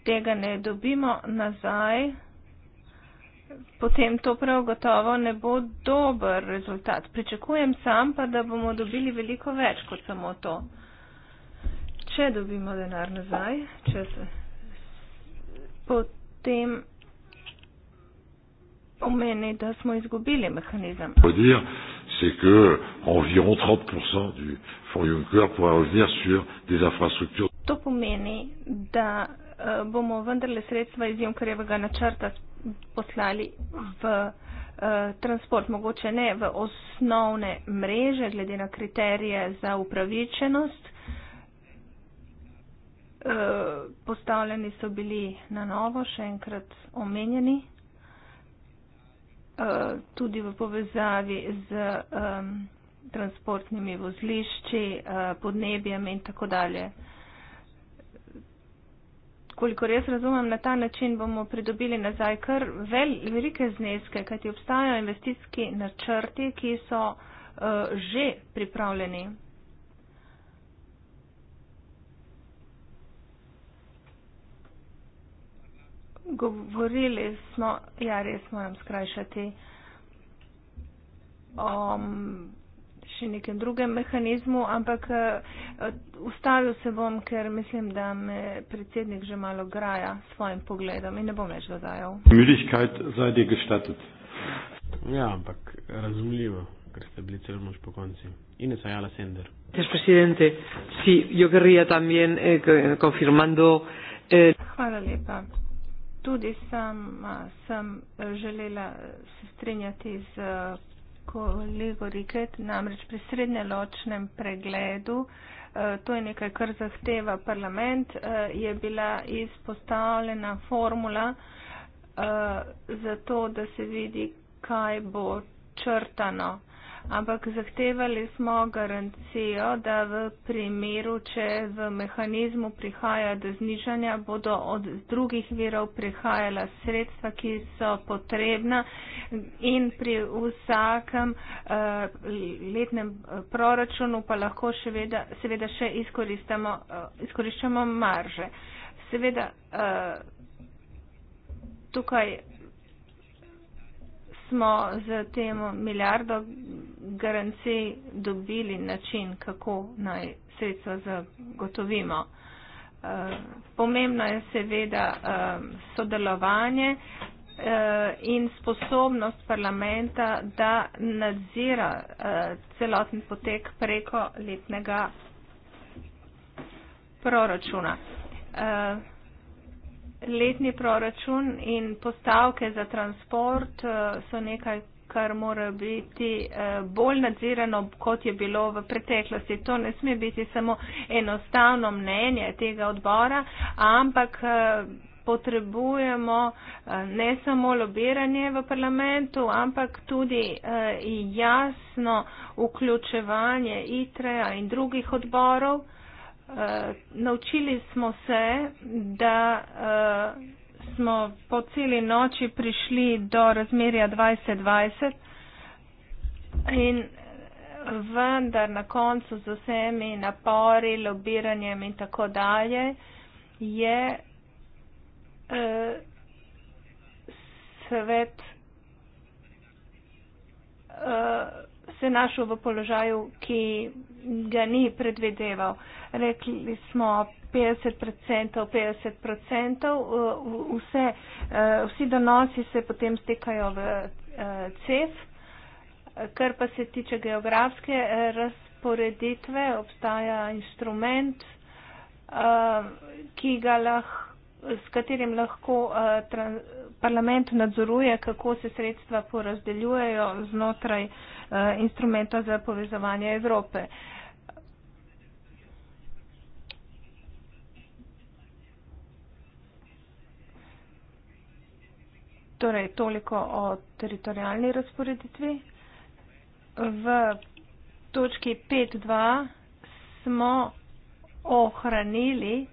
tega ne dobimo nazaj, potem to prav gotovo ne bo dober rezultat. Pričakujem sam pa, da bomo dobili veliko več kot samo to. Če dobimo denar nazaj, če se potem pomeni, da smo izgubili mehanizem. C'est que environ 30% du fonds Juncker pourra revenir sur des infrastructures. To pomeni, da, uh, bomo poslali v eh, transport, mogoče ne v osnovne mreže, glede na kriterije za upravičenost. Eh, postavljeni so bili na novo, še enkrat omenjeni, eh, tudi v povezavi z transportnimi vozlišči, podnebjem in tako dalje kolikor jaz razumem, na ta način bomo pridobili nazaj kar vel, velike zneske, kajti obstajajo investicijski načrti, ki so uh, že pripravljeni. Govorili smo, ja, res moram skrajšati. Um, še nekem drugem mehanizmu, ampak eh, ustavil se bom, ker mislim, da me predsednik že malo graja s svojim pogledom in ne bom več dodajal. Ja, ampak razumljivo, ker ste bili celo mož po konci. Ines Ayala Sender. Gospod predsednik, si, jo gerija tam je, eh, konfirmando. Eh, Hvala lepa. Tudi sama sem želela se strinjati z kolego Riket, namreč pri srednje ločnem pregledu, eh, to je nekaj, kar zahteva parlament, eh, je bila izpostavljena formula eh, za to, da se vidi, kaj bo črtano ampak zahtevali smo garancijo, da v primeru, če v mehanizmu prihaja do znižanja, bodo od drugih virov prihajala sredstva, ki so potrebna in pri vsakem uh, letnem eh, proračunu pa lahko še veda, seveda še uh, izkoriščamo marže. Seveda, uh, tukaj smo z tem milijardo garancij dobili način, kako naj sredstva zagotovimo. Eh, pomembno je seveda eh, sodelovanje eh, in sposobnost parlamenta, da nadzira celoten potek preko letnega proračuna letni proračun in postavke za transport eh, so nekaj, kar mora biti eh, bolj nadzirano, kot je bilo v preteklosti. To ne sme biti samo enostavno mnenje tega odbora, ampak eh, potrebujemo ne samo lobiranje v parlamentu, ampak tudi jasno vključevanje ITREA in drugih odborov. Eh, naučili smo se, da uh, smo po celi noči prišli do razmerja 2020 in vendar na koncu z vsemi napori, lobiranjem in tako dalje je uh, svet. Uh, se našel v položaju, ki ga ni predvideval. Rekli smo 50%, 50%, eh, vse, eh, vsi donosi se potem stekajo v eh, CEF. Kar pa se tiče geografske razporeditve, obstaja inštrument, ki ga lahko s katerim lahko uh, trans, parlament nadzoruje, kako se sredstva porazdeljujejo znotraj uh, instrumenta za povezovanje Evrope. Uh, Torej, toliko o teritorijalni razporeditvi. V točki 5.2 smo ohranili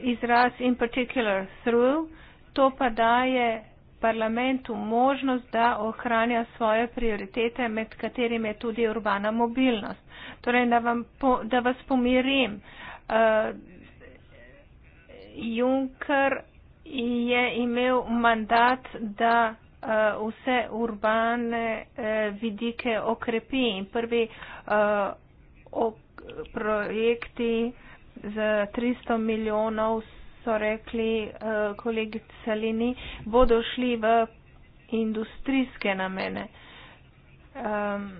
izraz in particular through, to pa daje parlamentu možnost, da ohranja svoje prioritete, med katerimi je tudi urbana mobilnost. Torej, da, vam, da vas pomirim. Uh, Juncker je imel mandat, da uh, vse urbane uh, vidike okrepi. Prvi uh, ok, projekti za 300 milijonov so rekli uh, kolegi Celini, bodo šli v industrijske namene. Um,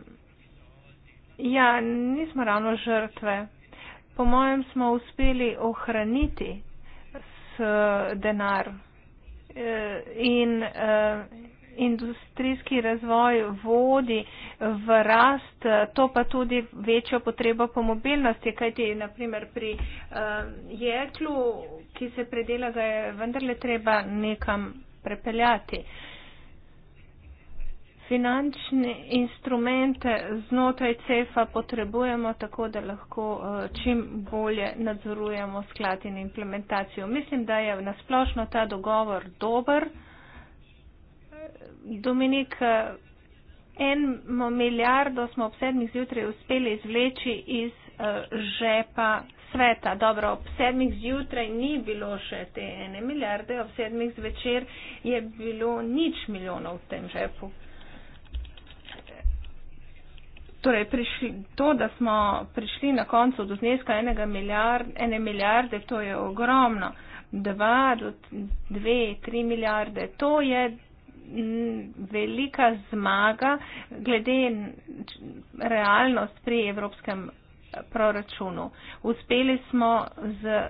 ja, nismo ravno žrtve. Po mojem smo uspeli ohraniti Eh, denar. Eh, in eh, industrijski razvoj vodi v rast, to pa tudi večjo potrebo po mobilnosti, kajti naprimer pri jeklu, ki se predela, ga je vendarle treba nekam prepeljati. Finančne instrumente znotraj CEF-a potrebujemo tako, da lahko eh, čim bolje nadzorujemo sklad in implementacijo. Mislim, da je nasplošno ta dogovor dober. Dominik, eh, eno milijardo smo ob sedmih zjutraj uspeli izvleči iz eh, žepa sveta. Dobro, ob sedmih zjutraj ni bilo še te ene milijarde, ob sedmih zvečer je bilo nič milijonov v tem žepu torej prišli, to, da smo prišli na koncu do zneska milijard, ene milijarde, to je ogromno. Dva do dve, tri milijarde, to je mm, velika zmaga glede realnost pri evropskem eh, proračunu. Uspeli smo z, eh,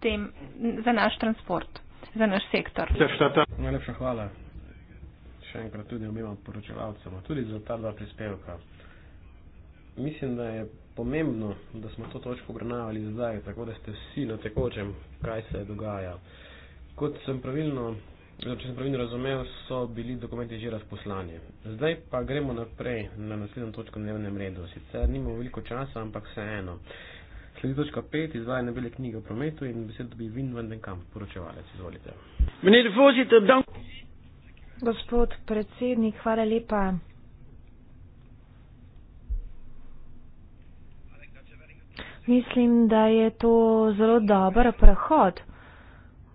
tem, za naš transport, za naš sektor. Najlepša hvala še enkrat tudi obima poročevalcema, tudi za ta dva prispevka. Mislim, da je pomembno, da smo to točko obrnavali zdaj, tako da ste vsi na tekočem, kaj se dogaja. Kot sem pravilno, če sem pravilno razumel, so bili dokumenti že razposlani. Zdaj pa gremo naprej na naslednjo točko dnevnem redu. Sicer nimamo veliko časa, ampak vseeno. Sledi točka 5, izvajanje bele knjige o prometu in besed dobi Vin Vandenkamp, poročevalec, izvolite. Meni je dovolj, da dam. Gospod predsednik, hvala lepa. Mislim, da je to zelo dober prehod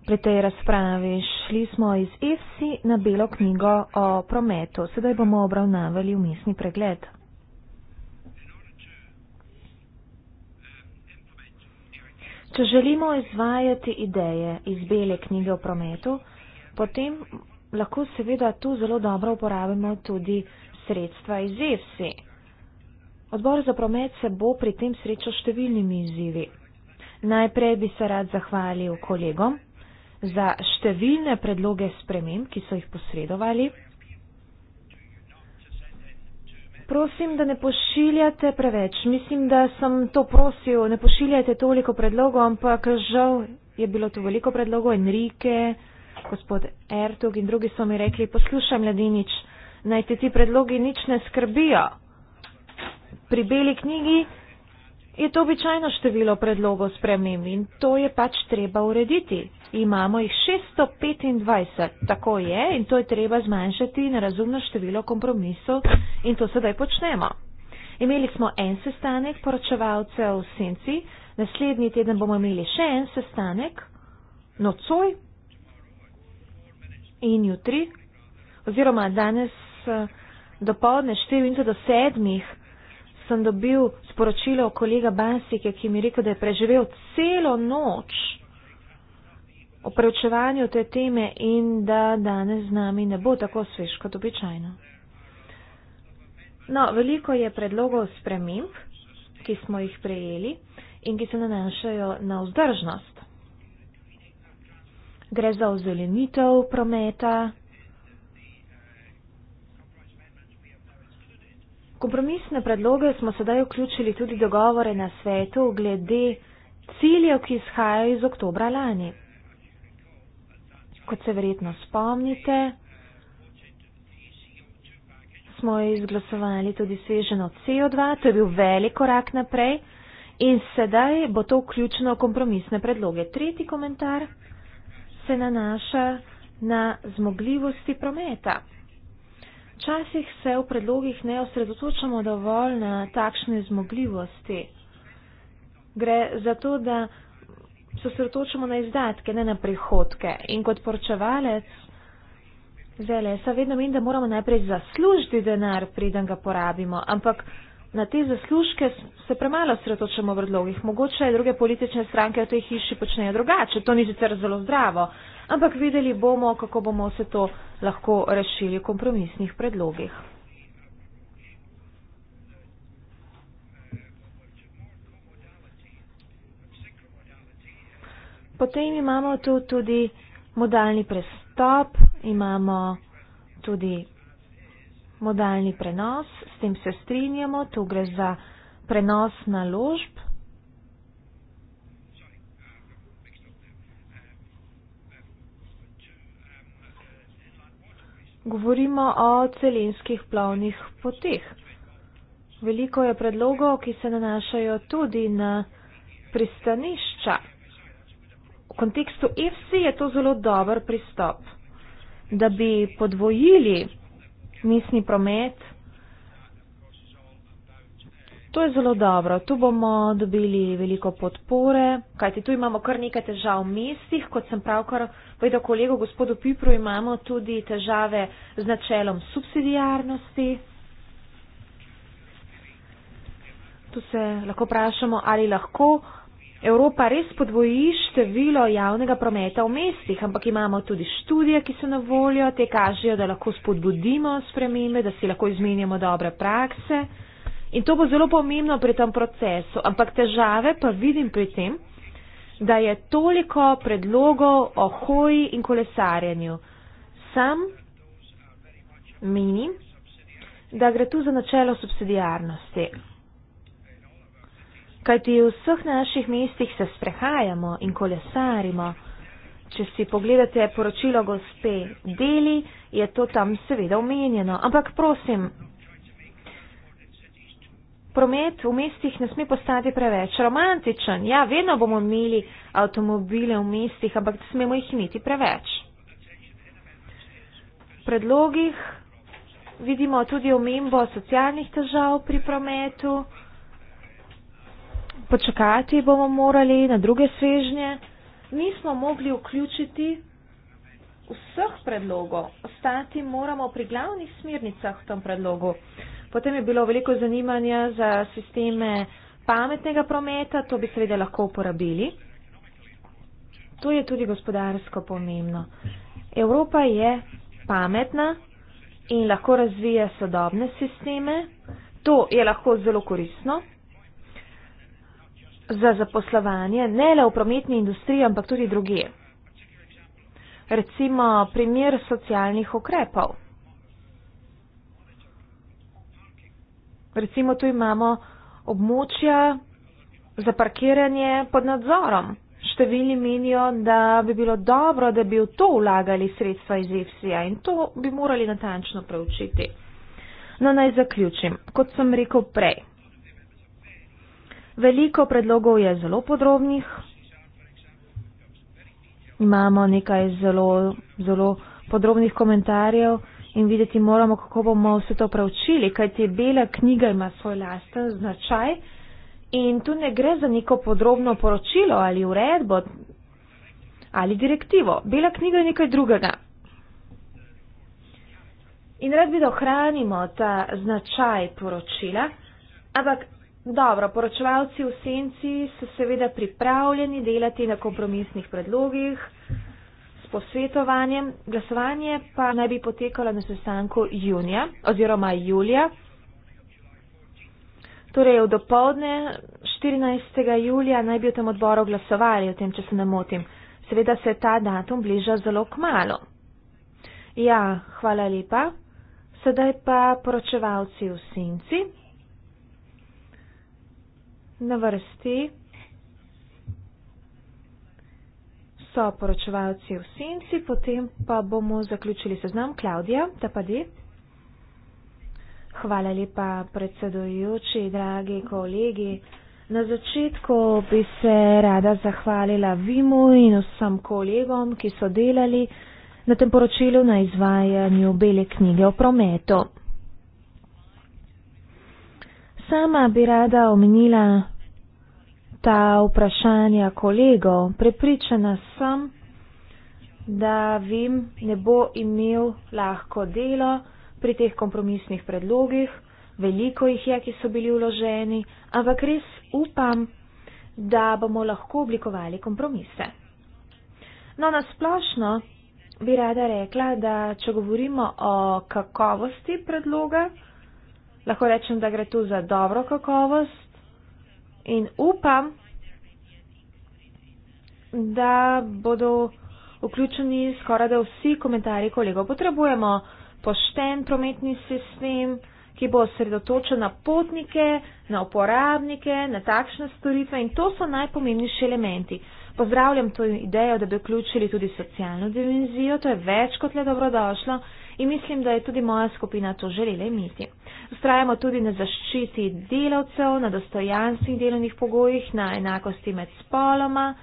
pri tej razpravi. Šli smo iz EFSI na belo knjigo o prometu. Sedaj bomo obravnavali umestni pregled. Če želimo izvajati ideje iz bele knjige o prometu, potem lahko seveda tu zelo dobro uporabimo tudi sredstva iz EFSI. Odbor za promet se bo pri tem srečal številnimi izzivi. Najprej bi se rad zahvalil kolegom za številne predloge sprememb, ki so jih posredovali. Prosim, da ne pošiljate preveč. Mislim, da sem to prosil, ne pošiljate toliko predlogov, ampak žal je bilo tu veliko predlogov Enrike gospod Ertug in drugi so mi rekli, poslušaj mladenič, naj te ti predlogi nič ne skrbijo. Pri beli knjigi je to običajno število predlogov sprememb in to je pač treba urediti. Imamo jih 625, tako je in to je treba zmanjšati na razumno število kompromisov in to sedaj počnemo. Imeli smo en sestanek poročevalcev v Senci, naslednji teden bomo imeli še en sestanek, nocoj in jutri, oziroma danes eh, do povdne 4 do 7 sem dobil sporočilo kolega Basike, ki mi je rekel, da je preživel celo noč o preučevanju te teme in da danes z nami ne bo tako svež kot običajno. No, veliko je predlogov sprememb, ki smo jih prejeli in ki se nanašajo na vzdržnost gre za ozelenitev prometa. Kompromisne predloge smo sedaj vključili tudi dogovore na svetu glede ciljev, ki izhajajo iz oktobra lani. Kot se verjetno spomnite, smo izglasovali tudi sveženo CO2, to je bil velik korak naprej in sedaj bo to vključeno v kompromisne predloge. Tretji komentar se nanaša na zmogljivosti prometa. Včasih se v predlogih ne osredotočamo dovolj na takšne zmogljivosti. Gre za to, da se osredotočamo na izdatke, ne na prihodke. In kot poročevalec zelesa vedno menim, da moramo najprej zaslužiti denar, preden ga porabimo. Ampak na te zaslužke se premalo sretočemo v predlogih. Mogoče druge politične stranke v tej hiši počnejo drugače, to ni sicer zelo zdravo, ampak videli bomo, kako bomo se to lahko rešili v kompromisnih predlogih. Potem imamo tu tudi modalni prestop, imamo tudi modalni prenos, s tem se strinjamo, tu gre za prenos naložb. Govorimo o celinskih plovnih poteh. Veliko je predlogov, ki se nanašajo tudi na pristanišča. V kontekstu EFSI je to zelo dober pristop, da bi podvojili mestni promet. To je zelo dobro. Tu bomo dobili veliko podpore, kajti tu imamo kar nekaj težav v mestih. Kot sem pravkar povedal kolegu gospodu Pipru, imamo tudi težave z načelom subsidijarnosti. Tu se lahko vprašamo, ali lahko Evropa res podvoji število javnega prometa v mestih, ampak imamo tudi študije, ki so na voljo, te kažejo, da lahko spodbudimo spremembe, da si lahko izmenjamo dobre prakse in to bo zelo pomembno pri tem procesu. Ampak težave pa vidim pri tem, da je toliko predlogov o hoji in kolesarjenju. Sam menim, da gre tu za načelo subsidijarnosti. Kajti v vseh naših mestih se sprehajamo in kolesarimo. Če si pogledate poročilo gospe Deli, je to tam seveda omenjeno. Ampak prosim, promet v mestih ne sme postati preveč romantičen. Ja, vedno bomo imeli avtomobile v mestih, ampak ne smemo jih imeti preveč. V predlogih vidimo tudi omembo socialnih težav pri prometu počakati bomo morali na druge svežnje, nismo mogli vključiti vseh predlogov, ostati moramo pri glavnih smernicah v tem predlogu. Potem je bilo veliko zanimanja za sisteme pametnega prometa, to bi seveda lahko uporabili. To je tudi gospodarsko pomembno. Evropa je pametna in lahko razvija sodobne sisteme. To je lahko zelo koristno za zaposlovanje, ne le v prometni industriji, ampak tudi druge. Recimo primer socialnih ukrepov. Recimo tu imamo območja za parkiranje pod nadzorom. Številni menijo, da bi bilo dobro, da bi v to vlagali sredstva iz EFSI-ja in to bi morali natančno preučiti. No, naj zaključim. Kot sem rekel prej, Veliko predlogov je zelo podrobnih. Imamo nekaj zelo, zelo podrobnih komentarjev in videti moramo, kako bomo vse to preučili, kajti bela knjiga ima svoj lasten značaj in tu ne gre za neko podrobno poročilo ali uredbo ali direktivo. Bela knjiga je nekaj drugega. In rad bi, da ohranimo ta značaj poročila, ampak Dobro, poročevalci v senci so seveda pripravljeni delati na kompromisnih predlogih s posvetovanjem. Glasovanje pa naj bi potekalo na sestanku junija oziroma julija. Torej, v dopovdne 14. julija naj bi v tem odboru glasovali, o tem, če se ne motim. Seveda se ta datum bliža zelo k malu. Ja, hvala lepa. Sedaj pa poročevalci v senci na vrsti so poročevalci v senci, potem pa bomo zaključili seznam. Klaudija, da pa di. Hvala lepa, predsedujoči, dragi kolegi. Na začetku bi se rada zahvalila Vimu in vsem kolegom, ki so delali na tem poročilu na izvajanju bele knjige o prometu. Sama bi rada omenila ta vprašanja kolegov. Prepričana sem, da Vim ne bo imel lahko delo pri teh kompromisnih predlogih. Veliko jih je, ki so bili vloženi, ampak res upam, da bomo lahko oblikovali kompromise. No, nasplošno bi rada rekla, da če govorimo o kakovosti predloga, lahko rečem, da gre tu za dobro kakovost, in upam, da bodo vključeni skoraj da vsi komentarji, koliko potrebujemo. Pošten prometni sistem, ki bo osredotočen na potnike, na uporabnike, na takšne storitve in to so najpomembnejši elementi. Pozdravljam to idejo, da bi vključili tudi socialno dimenzijo, to je več kot le dobrodošlo in mislim, da je tudi moja skupina to želela imeti. Ustrajamo tudi na zaščiti delavcev, na dostojanstvih delovnih pogojih, na enakosti med spoloma.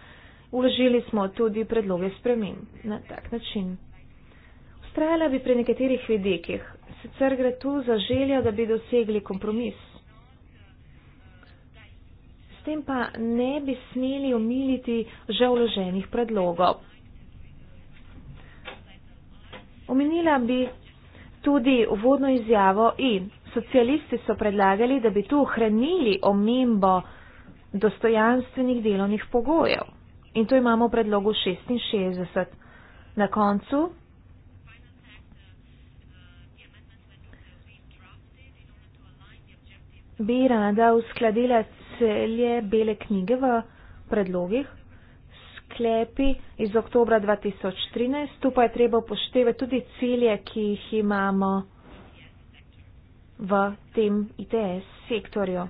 Uložili smo tudi predloge spremim na tak način. Ustrajala bi pri nekaterih vidikih, sicer gre tu za željo, da bi dosegli kompromis. S tem pa ne bi smeli omiliti že vloženih predlogov. Omenila bi tudi uvodno izjavo I. Socialisti so predlagali, da bi tu ohranili omembo dostojanstvenih delovnih pogojev. In to imamo v predlogu 66. Na koncu bi rada uskladila celje bele knjige v predlogih sklepi iz oktobra 2013. Tu pa je treba upoštevati tudi cilje, ki jih imamo v tem ITS sektorju.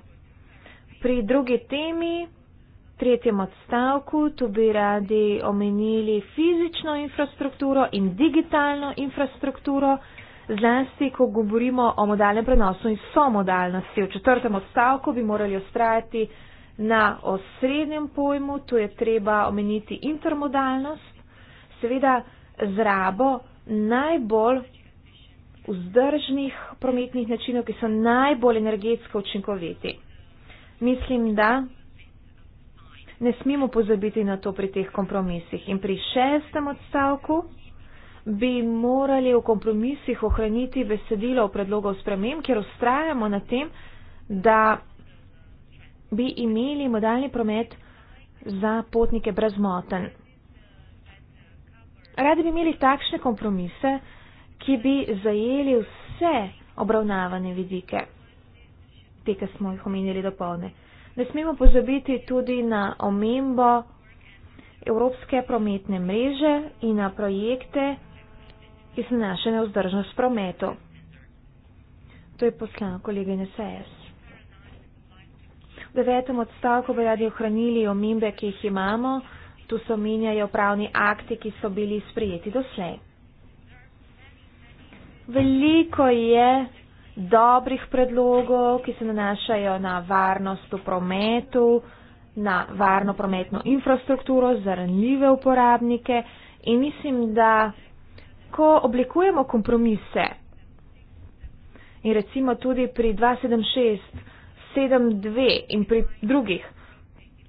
Pri drugi temi, tretjem odstavku, tu bi radi omenili fizično infrastrukturo in digitalno infrastrukturo, zlasti, ko govorimo o modalnem prenosu in somodalnosti. V četrtem odstavku bi morali ostrajati Na osrednjem pojmu tu je treba omeniti intermodalnost, seveda z rabo najbolj vzdržnih prometnih načinov, ki so najbolj energetsko učinkoviti. Mislim, da ne smemo pozabiti na to pri teh kompromisih. In pri šestem odstavku bi morali v kompromisih ohraniti besedilo v predlogu sprememb, ker ustrajamo na tem, da bi imeli modalni promet za potnike brezmoten. Radi bi imeli takšne kompromise, ki bi zajeli vse obravnavane vidike, te, ki smo jih omenili do polne. Ne smemo pozabiti tudi na omembo Evropske prometne mreže in na projekte, ki se nanašajo na vzdržnost prometu. To je poslano kolega NSS. V devetem odstavku bi radi ohranili omembe, ki jih imamo. Tu se omenjajo pravni akti, ki so bili sprijeti doslej. Veliko je dobrih predlogov, ki se nanašajo na varnost v prometu, na varno prometno infrastrukturo za ranljive uporabnike in mislim, da ko oblikujemo kompromise in recimo tudi pri 276 7.2 in pri drugih.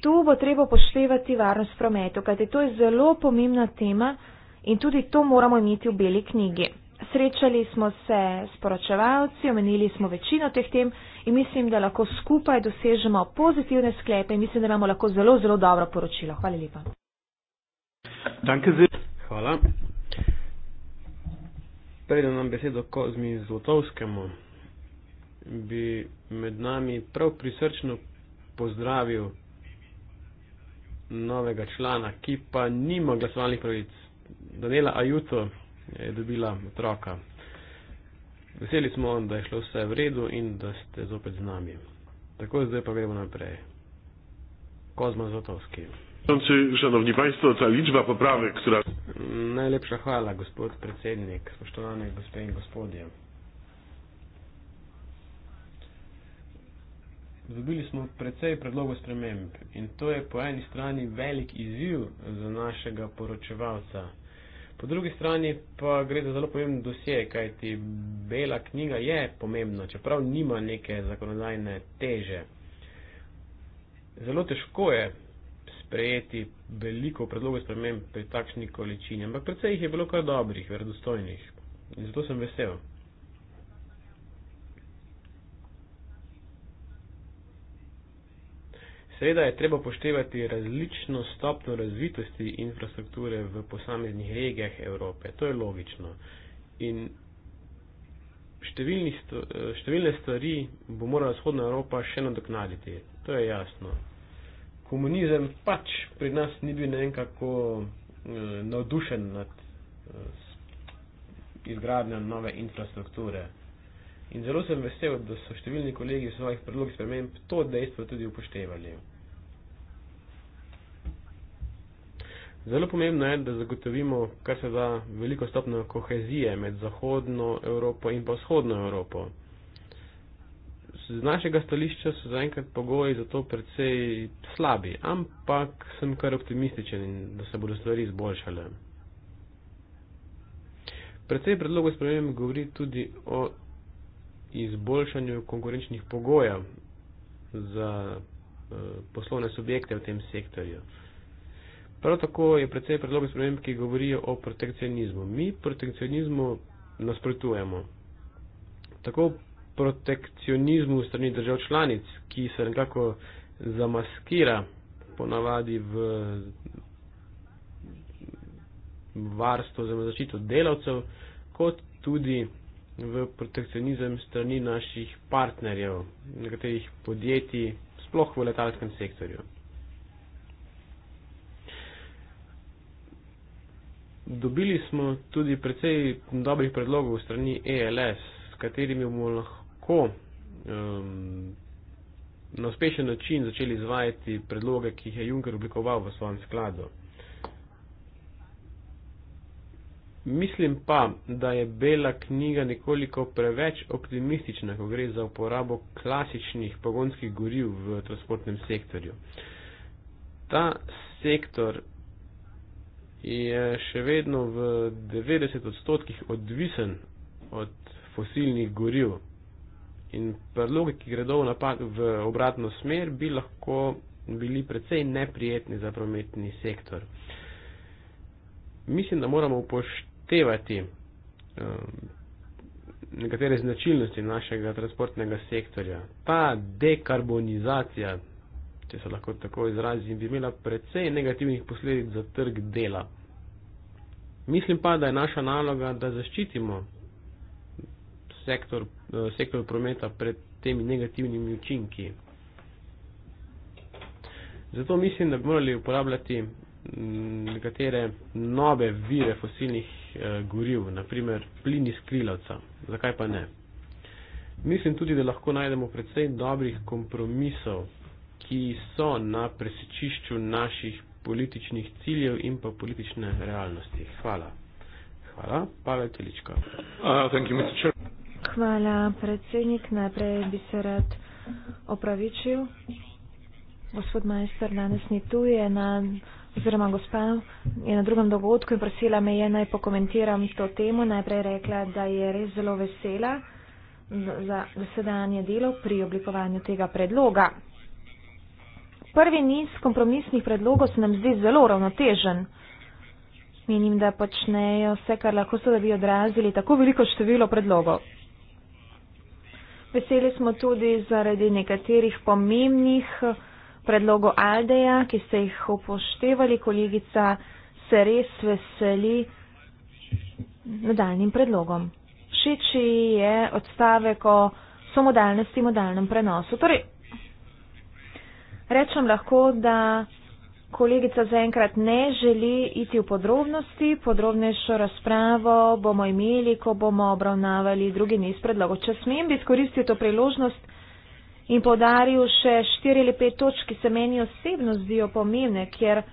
Tu bo treba poštevati varnost prometu, kajte to je zelo pomembna tema in tudi to moramo imeti v beli knjigi. Srečali smo se s poročevalci, omenili smo večino teh tem in mislim, da lahko skupaj dosežemo pozitivne sklepe in mislim, da imamo lahko zelo, zelo dobro poročilo. Hvala lepa. Hvala. Preden nam besedo Kozmi Zlotovskemu, bi med nami prav prisrčno pozdravil novega člana, ki pa nima glasovalnih pravic. Danela Ajuto je dobila otroka. Veseli smo, da je šlo vse v redu in da ste zopet z nami. Tako zdaj pa gremo naprej. Kozma Zotovski. Šanovni państwo, ta ličba popravek, ktorá... Najlepša hvala, gospod predsednik, spoštovane gospe in gospodje. dobili smo precej predlogov sprememb in to je po eni strani velik izziv za našega poročevalca. Po drugi strani pa gre za zelo pomemben dosje, kajti bela knjiga je pomembna, čeprav nima neke zakonodajne teže. Zelo težko je sprejeti veliko predlogov sprememb pri takšni količini, ampak predvsej jih je bilo kar dobrih, verodostojnih. In zato sem vesel. Seveda je treba poštevati različno stopno razvitosti infrastrukture v posameznih regijah Evrope, to je logično. In sto, eh, številne stvari bo morala vzhodna Evropa še nadoknaditi, to je jasno. Komunizem pač pri nas ni bil nekako eh, navdušen nad eh, izgradnjo nove infrastrukture. In zelo sem vesel, da so številni kolegi v svojih predlogih sprememb to dejstvo tudi upoštevali. Zelo pomembno je, da zagotovimo kar se da veliko stopno kohezije med Zahodno Evropo in pa Vzhodno Evropo. Z našega stališča so zaenkrat pogoji za to precej slabi, ampak sem kar optimističen, da se bodo stvari izboljšale. Predvsej predlogov spremem govori tudi o izboljšanju konkurenčnih pogojev za uh, poslovne subjekte v tem sektorju. Uh, Prav tako je predvsej predlog sprememb, ki govorijo o protekcionizmu. Mi protekcionizmu nasprotujemo. Tako protekcionizmu strani držav članic, ki se nekako zamaskira ponavadi v varstvo oziroma zaščito delavcev, kot tudi v protekcionizem strani naših partnerjev, nekaterih podjetij, sploh v letalskem sektorju. Dobili smo tudi precej dobrih predlogov strani ELS, s katerimi bomo lahko um, na uspešen način začeli izvajati predloge, ki jih je Juncker oblikoval v svojem skladu. Mislim pa, da je bela knjiga nekoliko preveč optimistična, ko gre za uporabo klasičnih pogonskih goriv v transportnem sektorju. Ta sektor je še vedno v 90 odstotkih odvisen od fosilnih goril. In predloge, ki gredo v, napad, v obratno smer, bi lahko bili precej neprijetni za prometni sektor. Mislim, da moramo upoštevati um, nekatere značilnosti našega transportnega sektorja. Ta dekarbonizacija če se lahko tako izrazim, bi imela precej negativnih posledic za trg dela. Mislim pa, da je naša naloga, da zaščitimo sektor, eh, sektor prometa pred temi negativnimi učinki. Zato mislim, da bi morali uporabljati mm, nekatere nove vire fosilnih eh, goriv, naprimer plin iz krilovca. Zakaj pa ne? Mislim tudi, da lahko najdemo predvsej dobrih kompromisov ki so na presečišču naših političnih ciljev in pa politične realnosti. Hvala. Hvala. Pavel Teličko. Uh, Hvala, predsednik. Najprej bi se rad opravičil. Gospod majster danes ni tu, je na, oziroma gospa je na drugem dogodku in prosila me je naj pokomentiram to temo. Najprej rekla, da je res zelo vesela za dosedanje delo pri oblikovanju tega predloga prvi niz kompromisnih predlogov se nam zdi zelo ravnotežen. Menim, da počnejo vse, kar lahko so, da bi odrazili tako veliko število predlogov. Veseli smo tudi zaradi nekaterih pomembnih eh, predlogov Aldeja, ki ste jih upoštevali. Kolegica se res veseli nadaljnim predlogom. Šeči je odstavek o somodalnosti in modalnem prenosu. Torej, Rečem lahko, da kolegica zaenkrat ne želi iti v podrobnosti. Podrobnejšo razpravo bomo imeli, ko bomo obravnavali drugi niz predlogov. Če smem, bi izkoristil to priložnost in podaril še štiri ali pet točk, ki se meni osebno zdijo pomembne, ker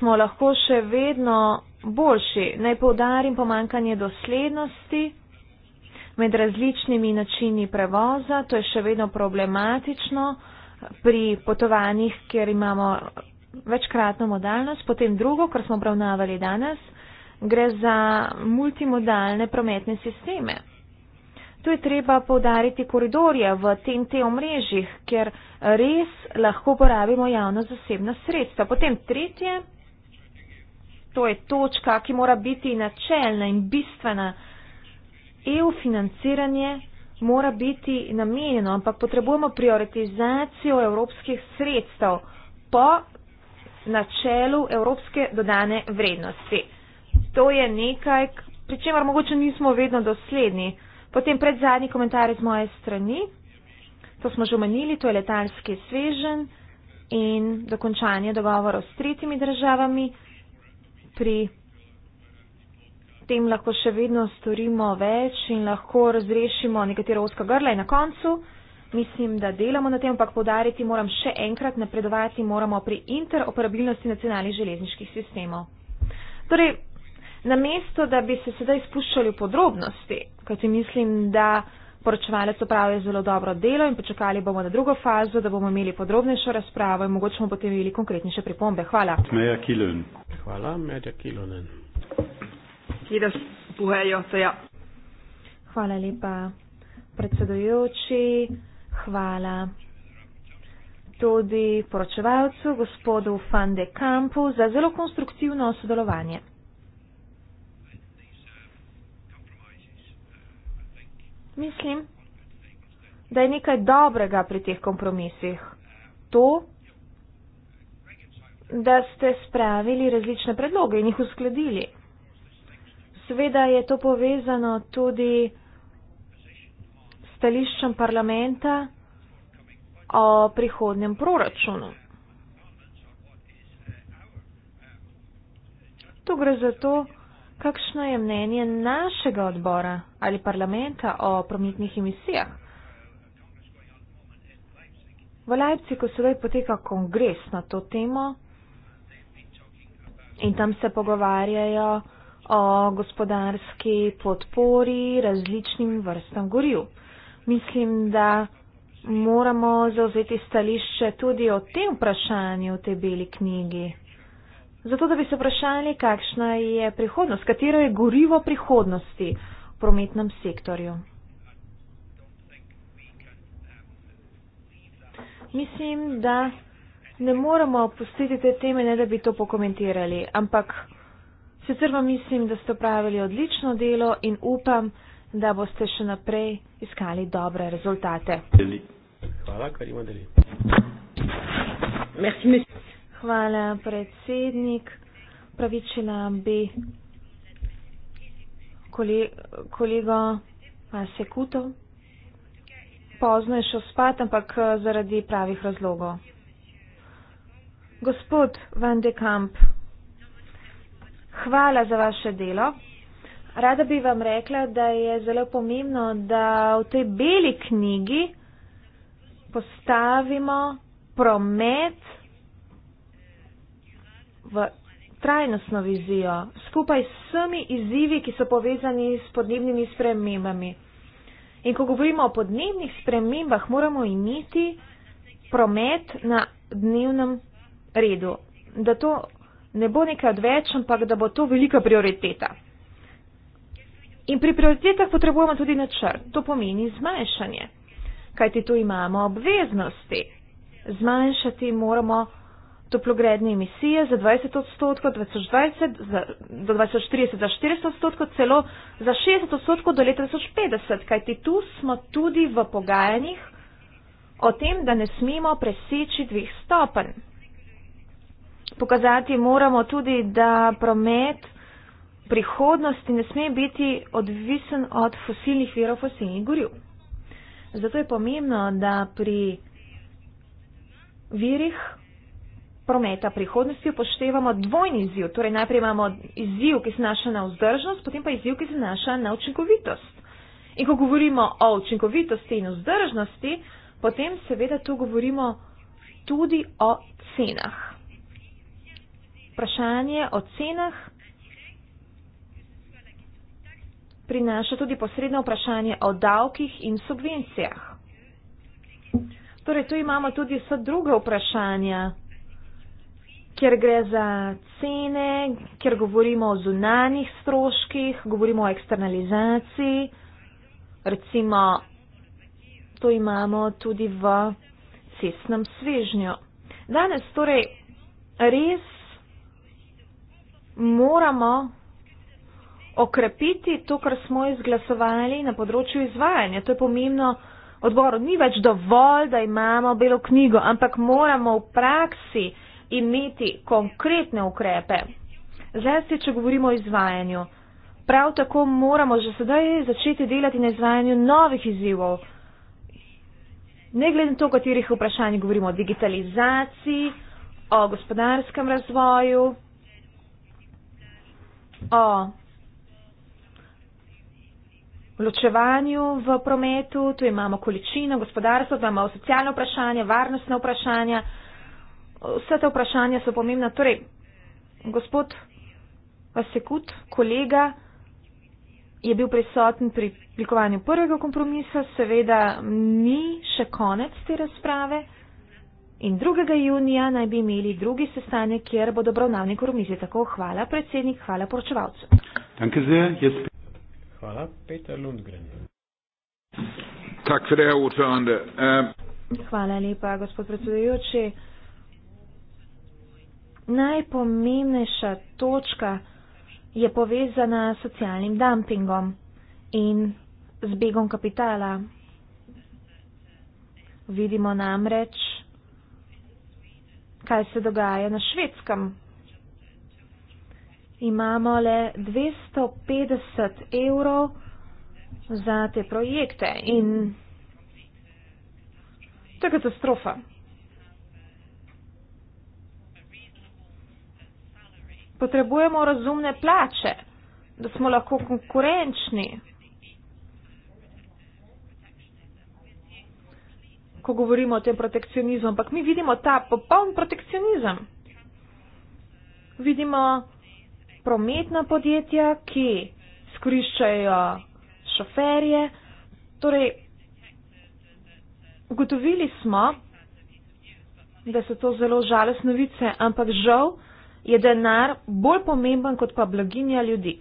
smo lahko še vedno boljši. Naj podarim pomankanje doslednosti med različnimi načini prevoza. To je še vedno problematično pri potovanjih, kjer imamo večkratno modalnost. Potem drugo, kar smo obravnavali danes, gre za multimodalne prometne sisteme. Tu je treba povdariti koridorje v tem te omrežjih, ker res lahko porabimo javno zasebna sredstva. Potem tretje, to je točka, ki mora biti načelna in bistvena. EU financiranje mora biti namenjeno, ampak potrebujemo prioritizacijo evropskih sredstev po načelu evropske dodane vrednosti. To je nekaj, pri čemer mogoče nismo vedno dosledni. Potem pred zadnji komentar iz moje strani, to smo že omenili, to je letalski svežen in dokončanje dogovorov s tretjimi državami pri tem lahko še vedno storimo več in lahko razrešimo nekatero oska grla in na koncu. Mislim, da delamo na tem, ampak podariti moram še enkrat, napredovati moramo pri interoperabilnosti nacionalnih železniških sistemov. Torej, namesto, da bi se sedaj spuščali v podrobnosti, kajti mislim, da poročevalec opravlja zelo dobro delo in počakali bomo na drugo fazo, da bomo imeli podrobnejšo razpravo in mogoče bomo potem imeli konkretnejše pripombe. Hvala. Hvala, Medja Kilonen. Kiitos, puheenjohtaja. Hvala lepa, predsedujoči. Hvala tudi poročevalcu, gospodu Van de Kampu, za zelo konstruktivno sodelovanje. Mislim, da je nekaj dobrega pri teh kompromisih to, da ste spravili različne predloge in jih uskladili. Seveda je to povezano tudi s stališčem parlamenta o prihodnem proračunu. Tu gre za to, kakšno je mnenje našega odbora ali parlamenta o prometnih emisijah. V Leipzigu, ko sedaj poteka kongres na to temo, in tam se pogovarjajo, o gospodarski podpori različnim vrstam goril. Mislim, da moramo zauzeti stališče tudi o tem vprašanju v tej beli knjigi. Zato, da bi se vprašali, kakšna je prihodnost, katero je gorivo prihodnosti v prometnem sektorju. Mislim, da ne moremo opustiti te teme, ne da bi to pokomentirali, ampak Sicer pa mislim, da ste upravili odlično delo in upam, da boste še naprej iskali dobre rezultate. Hvala, Karima Deli. Hvala, predsednik. Pravičila bi kolego Sekuto. Pozno je šel spat, ampak eh, zaradi pravih razlogov. Gospod Van de Kamp, hvala za vaše delo. Rada bi vam rekla, da je zelo pomembno, da v tej beli knjigi postavimo promet v trajnostno vizijo, skupaj s vsemi izzivi, ki so povezani s podnebnimi spremembami. In ko govorimo o podnebnih spremembah, moramo imeti promet na dnevnem redu. Da to ne bo nekaj odveč, ampak da bo to velika prioriteta. In pri prioritetah potrebujemo tudi načrt. To pomeni zmanjšanje. Kajti tu imamo obveznosti. Zmanjšati moramo toplogredne emisije za 20 odstotkov, 2020 za, do 2040 za 40 odstotkov, celo za 60 odstotkov do leta 2050. Kajti tu smo tudi v pogajanjih o tem, da ne smemo preseči dveh stopenj pokazati moramo tudi, da promet prihodnosti ne sme biti odvisen od fosilnih virov fosilnih goriv. Zato je pomembno, da pri virih prometa prihodnosti upoštevamo dvojni izziv. Torej najprej imamo izziv, ki se naša na vzdržnost, potem pa izziv, ki se naša na učinkovitost. In ko govorimo o učinkovitosti in vzdržnosti, potem seveda tu govorimo tudi o cenah vprašanje o cenah prinaša tudi posredno vprašanje o davkih in subvencijah. Torej, tu imamo tudi vsa druga vprašanja, kjer gre za cene, kjer govorimo o zunanjih stroških, govorimo o eksternalizaciji. Recimo, to imamo tudi v cestnem svežnju. Danes torej res moramo okrepiti to, kar smo izglasovali na področju izvajanja. To je pomembno odboru. Ni več dovolj, da imamo belo knjigo, ampak moramo v praksi imeti konkretne ukrepe. Zlasti, če govorimo o izvajanju. Prav tako moramo že sedaj začeti delati na izvajanju novih izzivov. Ne glede na to, o katerih vprašanjih govorimo, o digitalizaciji, o gospodarskem razvoju, o ločevanju v prometu, tu imamo količino, gospodarstvo, tu imamo socialne vprašanja, varnostne vprašanja. Vse te vprašanja so pomembna. Torej, gospod Vasekut, kolega, je bil prisoten pri oblikovanju prvega kompromisa, seveda ni še konec te razprave. In 2. junija naj bi imeli drugi sestanek, kjer bo dobrovnavnik Romizije. Tako hvala predsednik, hvala poročevalcu. Hvala, Peter Lundgren. Øh, hvala lepa, gospod predsedujoči. Najpomembnejša točka je povezana s socialnim dumpingom in zbegom kapitala. Vidimo namreč, kaj se dogaja na švedskem. Imamo le 250 evrov za te projekte in to je katastrofa. Potrebujemo razumne plače, da smo lahko konkurenčni. ko govorimo o tem protekcionizmu, ampak mi vidimo ta popoln protekcionizem. Vidimo prometna podjetja, ki skriščajo šoferje. Torej, ugotovili smo, da so to zelo žalostne novice, ampak žal je denar bolj pomemben kot pa blaginja ljudi.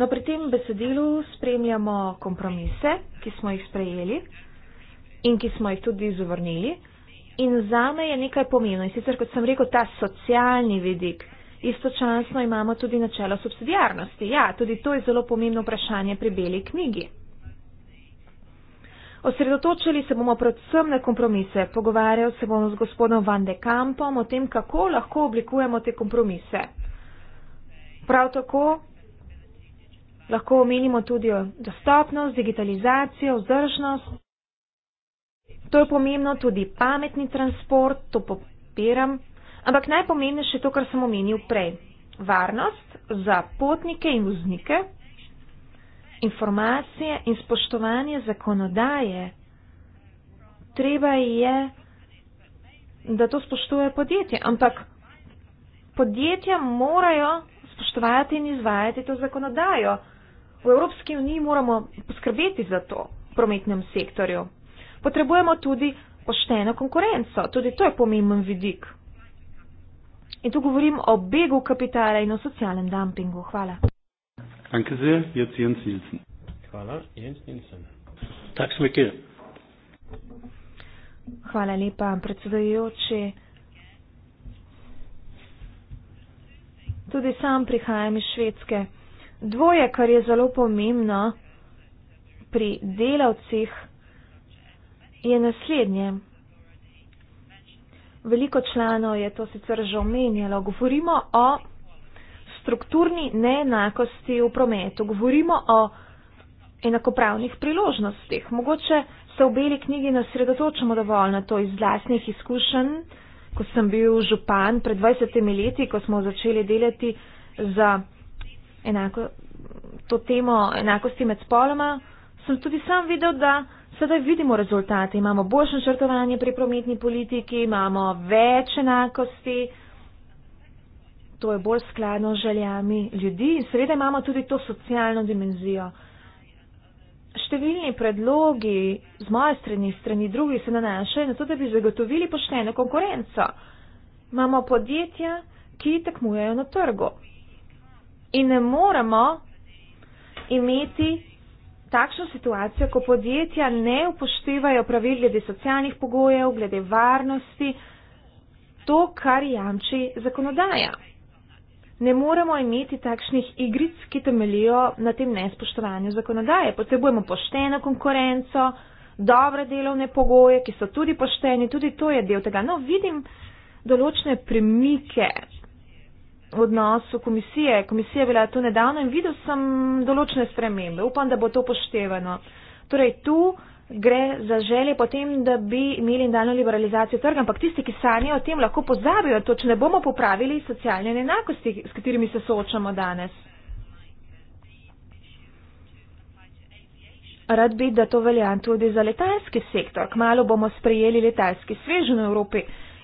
No, pri tem besedilu spremljamo kompromise, ki smo jih sprejeli in ki smo jih tudi zavrnili. In za me je nekaj pomembno in sicer, kot sem rekel, ta socialni vidik. Istočasno imamo tudi načelo subsidijarnosti. Ja, tudi to je zelo pomembno vprašanje pri beli knjigi. Osredotočili se bomo predvsem na kompromise. Pogovarjal se bom z gospodom Van de Kampom o tem, kako lahko oblikujemo te kompromise. Prav tako lahko omenimo tudi dostopnost, digitalizacijo, vzdržnost. To je pomembno tudi pametni transport, to popiram, ampak najpomembnejše je to, kar sem omenil prej. Varnost za potnike in vznike, informacije in spoštovanje zakonodaje. Treba je, da to spoštuje podjetje, ampak podjetja morajo spoštovati in izvajati to zakonodajo. V Evropski uniji moramo poskrbeti za to v prometnem sektorju. Potrebujemo tudi pošteno konkurenco, tudi to je pomemben vidik. In tu govorim o begu kapitala in o socialnem dumpingu. Hvala. Danke sehr, jetzt Jens Nielsen. Hvala, Jens Nielsen. Tak smo kje. Hvala lepa, predsedajoči. Tudi sam prihajam iz Švedske dvoje, kar je zelo pomembno pri delavcih, je naslednje. Veliko članov je to sicer že omenjalo. Govorimo o strukturni neenakosti v prometu, govorimo o enakopravnih priložnostih. Mogoče se v beli knjigi nasredotočamo dovolj na to iz vlastnih izkušenj, ko sem bil župan pred 20 leti, ko smo začeli delati za enako, to temo enakosti med spoloma, sem tudi sam videl, da sedaj vidimo rezultate. Imamo boljše načrtovanje pri prometni politiki, imamo več enakosti. To je bolj skladno z željami ljudi in seveda imamo tudi to socialno dimenzijo. Številni predlogi z moje strani, strani drugih se nanašajo na to, da bi zagotovili pošteno konkurenco. Imamo podjetja, ki tekmujejo na trgu in ne moremo imeti takšno situacijo, ko podjetja ne upoštevajo pravil glede socialnih pogojev, glede varnosti, to, kar jamči zakonodaja. Ne moremo imeti takšnih igric, ki temelijo na tem nespoštovanju zakonodaje. Potrebujemo pošteno konkurenco, dobre delovne pogoje, ki so tudi pošteni, tudi to je del tega. No, vidim določene premike v odnosu komisije. Komisija je bila tu nedavno in videl sem določene spremembe. Upam, da bo to pošteveno. Torej, tu gre za želje potem, da bi imeli nadaljno liberalizacijo trga, ampak tisti, ki sanjajo o tem, lahko pozabijo, da če ne bomo popravili socialne enakosti, s katerimi se soočamo danes. Rad bi, da to velja tudi za letalski sektor. Kmalo bomo sprejeli letalski svežen v Evropi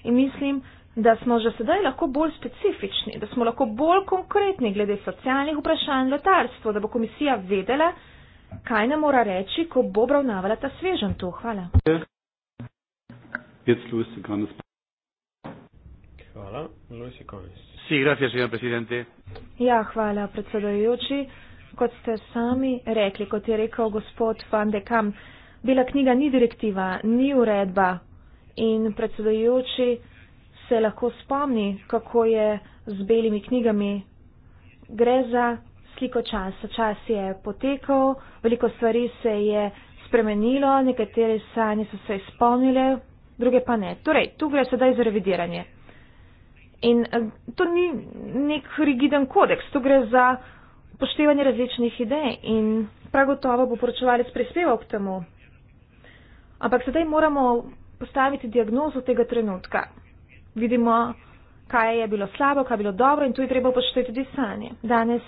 in mislim, da smo že sedaj lahko bolj specifični, da smo lahko bolj konkretni glede socialnih vprašanj v letarstvu, da bo komisija vedela, kaj nam mora reči, ko bo obravnavala ta svežen tu. Hvala. Hvala. Sí, gracias, ja, hvala, predsedajoči. Kot ste sami rekli, kot je rekel gospod Van de Kam, bila knjiga ni direktiva, ni uredba. In predsedajoči, se lahko spomni, kako je z belimi knjigami. Gre za sliko časa. Čas je potekal, veliko stvari se je spremenilo, nekatere sanje so se izpolnile, druge pa ne. Torej, tu gre sedaj za revidiranje. In eh, to ni nek rigiden kodeks, tu gre za poštevanje različnih idej in prav gotovo bo poročevalec prispeval k temu. Ampak sedaj moramo postaviti diagnozo tega trenutka vidimo, kaj je bilo slabo, kaj je bilo dobro in tu je treba upoštevati tudi sanje. Danes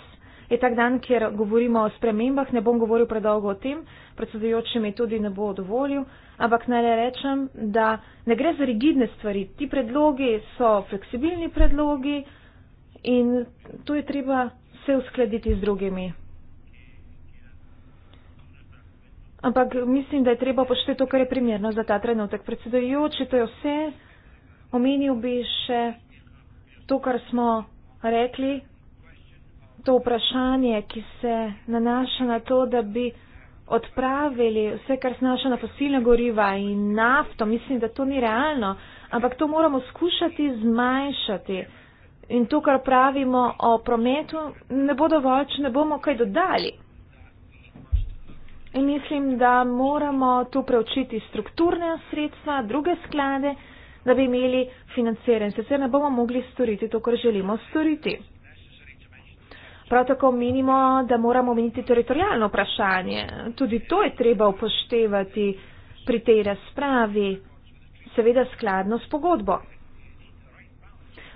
je tak dan, kjer govorimo o spremembah, ne bom govoril predolgo o tem, predsedujoči mi tudi ne bo dovolil, ampak naj le rečem, da ne gre za rigidne stvari. Ti predlogi so fleksibilni predlogi in tu je treba se uskladiti z drugimi. Ampak mislim, da je treba upoštevati to, kar je primerno za ta trenutek. Predsedujoči, to je vse. Omenil bi še to, kar smo rekli, to vprašanje, ki se nanaša na to, da bi odpravili vse, kar snaša na fosilna goriva in nafto. Mislim, da to ni realno, ampak to moramo skušati zmanjšati. In to, kar pravimo o prometu, ne bo dovolj, če ne bomo kaj dodali. In mislim, da moramo tu preučiti strukturne sredstva, druge sklade da bi imeli financiranje. Sicer ne bomo mogli storiti to, kar želimo storiti. Prav tako menimo, da moramo meniti teritorijalno vprašanje. Tudi to je treba upoštevati pri tej razpravi, seveda skladno s pogodbo.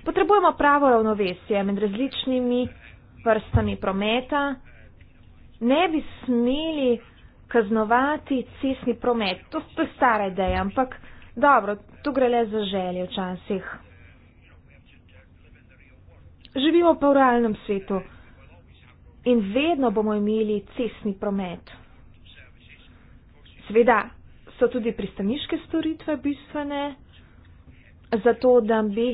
Potrebujemo pravo ravnovesje med različnimi vrstami prometa. Ne bi smeli kaznovati cestni promet. To, to je stara ideja, ampak dobro, Tu gre le za želje včasih. Živimo pa v realnem svetu in vedno bomo imeli cestni promet. Sveda so tudi pristaniške storitve bistvene za to, da bi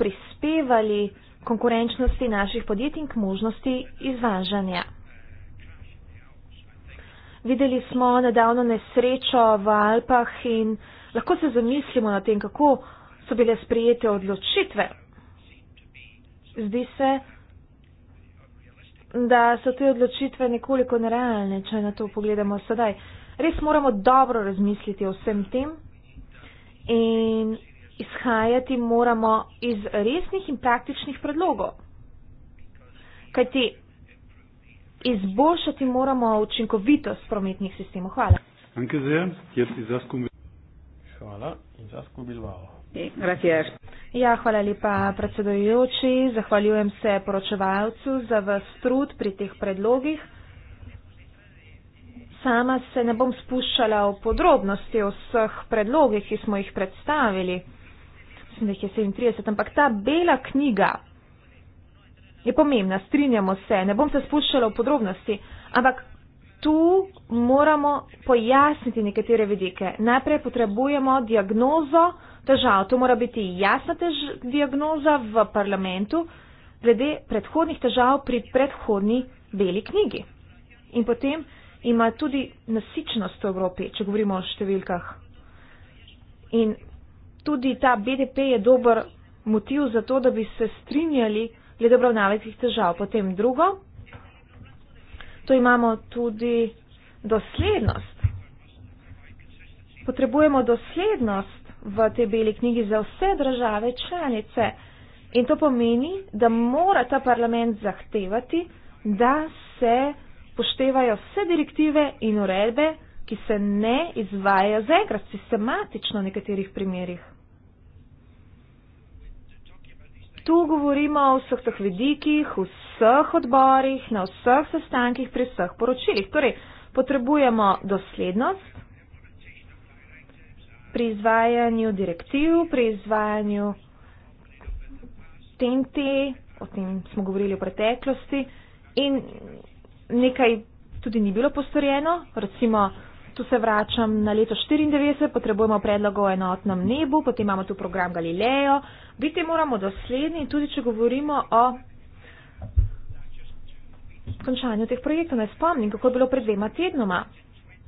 prispevali konkurenčnosti naših podjetij in k možnosti izvažanja. Videli smo nedavno nesrečo v Alpah in Lahko se zamislimo na tem, kako so bile sprejete odločitve. Zdi se, da so te odločitve nekoliko nerealne, če na to pogledamo sedaj. Res moramo dobro razmisliti o vsem tem in izhajati moramo iz resnih in praktičnih predlogov. Kajti izboljšati moramo učinkovitost prometnih sistemov. Hvala. Hvala in za skup Bilbao. E, ja, hvala lepa predsedojoči. Zahvaljujem se poročevalcu za vas trud pri teh predlogih. Sama se ne bom spuščala v podrobnosti o vseh predlogih, ki smo jih predstavili. Mislim, da jih je 37, ampak ta bela knjiga je pomembna, strinjamo se. Ne bom se spuščala v podrobnosti, ampak tu moramo pojasniti nekatere vidike. Najprej potrebujemo diagnozo težav. To mora biti jasna tež, diagnoza v parlamentu glede predhodnih težav pri predhodni beli knjigi. In potem ima tudi nasičnost v Evropi, če govorimo o številkah. In tudi ta BDP je dober motiv za to, da bi se strinjali glede obravnavitvih težav. Potem drugo, to imamo tudi doslednost. Potrebujemo doslednost v tej beli knjigi za vse države članice in to pomeni, da mora ta parlament zahtevati, da se poštevajo vse direktive in uredbe, ki se ne izvajajo zaenkrat sistematično v nekaterih primerjih. Tu govorimo o vseh teh vidikih, v vseh odborih, na vseh sestankih, pri vseh poročilih. Torej, potrebujemo doslednost pri izvajanju direktiv, pri izvajanju TNT, o tem smo govorili v preteklosti in nekaj tudi ni bilo postorjeno, recimo tu se vračam na leto 94, potrebujemo predlogo o enotnem nebu, potem imamo tu program Galileo, biti moramo dosledni, tudi če govorimo o končanju teh projektov. Naj spomnim, kako je bilo pred dvema tednoma.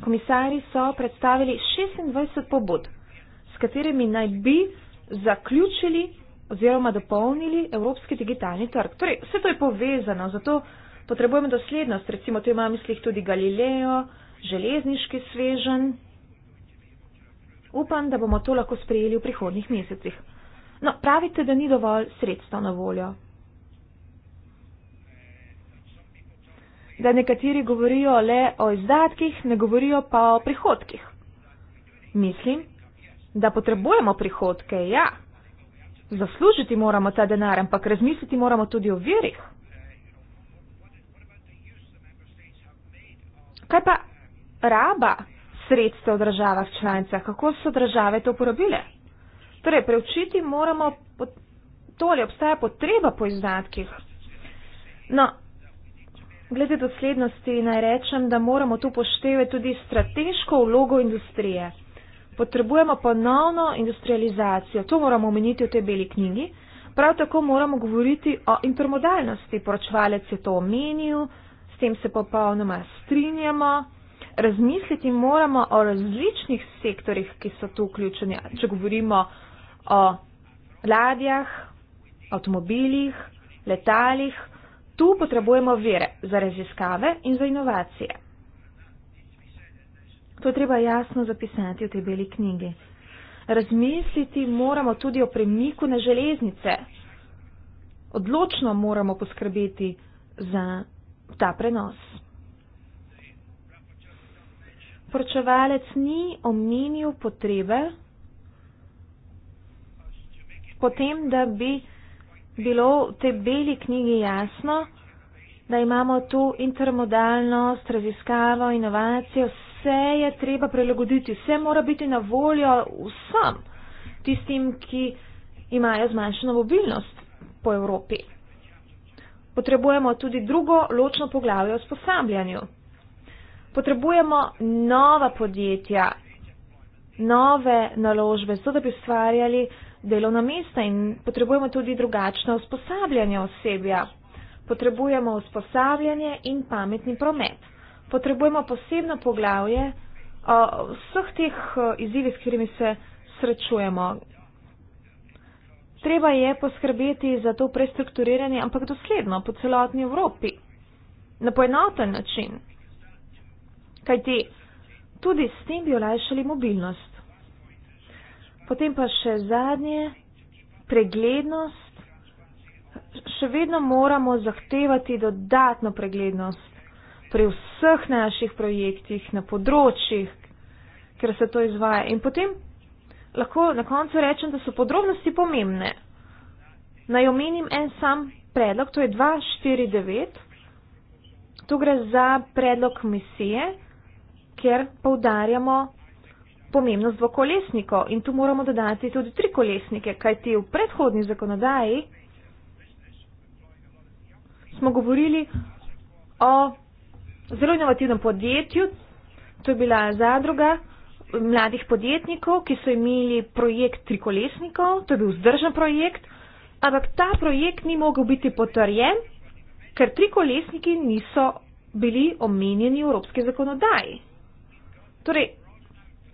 Komisari so predstavili 26 pobud, s katerimi naj bi zaključili oziroma dopolnili evropski digitalni trg. Torej, vse to je povezano, zato potrebujemo doslednost. Recimo, tu imam v mislih tudi Galileo, železniški svežen. Upam, da bomo to lahko sprejeli v prihodnjih mesecih. No, pravite, da ni dovolj sredstva na voljo. Da nekateri govorijo le o izdatkih, ne govorijo pa o prihodkih. Mislim, da potrebujemo prihodke, ja. Zaslužiti moramo ta denar, ampak razmisliti moramo tudi o virih. Kaj pa raba sredstev v državah članicah? Kako so države to uporabile? Torej, preučiti moramo to, ali obstaja potreba po izdatkih. No, glede doslednosti naj rečem, da moramo tu poštevati tudi strateško vlogo industrije. Potrebujemo ponovno industrializacijo, to moramo omeniti v tej beli knjigi. Prav tako moramo govoriti o intermodalnosti, poročvalec je to omenil, s tem se popolnoma strinjamo. Razmisliti moramo o različnih sektorjih, ki so tu vključeni, če govorimo o ladjah, avtomobilih, letalih. Tu potrebujemo vire za raziskave in za inovacije. To je treba jasno zapisati v tej beli knjigi. Razmisliti moramo tudi o premiku na železnice. Odločno moramo poskrbeti za ta prenos. Poročevalec ni omenil potrebe potem, da bi bilo v tej beli knjigi jasno, da imamo tu intermodalnost, raziskavo, inovacijo, vse je treba prilagoditi, vse mora biti na voljo vsem tistim, ki imajo zmanjšano mobilnost po Evropi. Potrebujemo tudi drugo ločno poglavje o sposabljanju. Potrebujemo nova podjetja, nove naložbe, zato da bi ustvarjali delovna mesta in potrebujemo tudi drugačno usposabljanje osebja. Potrebujemo usposabljanje in pametni promet. Potrebujemo posebno poglavje o vseh teh izzivih, s katerimi se srečujemo. Treba je poskrbeti za to prestrukturiranje, ampak dosledno po celotni Evropi, na poenoten način. Kajti tudi s tem bi olajšali mobilnost. Potem pa še zadnje, preglednost. Še vedno moramo zahtevati dodatno preglednost pri vseh naših projektih, na področjih, ker se to izvaja. In potem lahko na koncu rečem, da so podrobnosti pomembne. Naj omenim en sam predlog, to je 249. Tu gre za predlog misije, kjer poudarjamo pomembno z dvokolesniko in tu moramo dodati tudi trikolesnike, kajti v predhodni zakonodaji smo govorili o zelo inovativnem podjetju, to je bila zadruga mladih podjetnikov, ki so imeli projekt trikolesnikov, to je bil vzdržen projekt, ampak ta projekt ni mogel biti potrjen, ker trikolesniki niso bili omenjeni v evropski zakonodaji. Torej,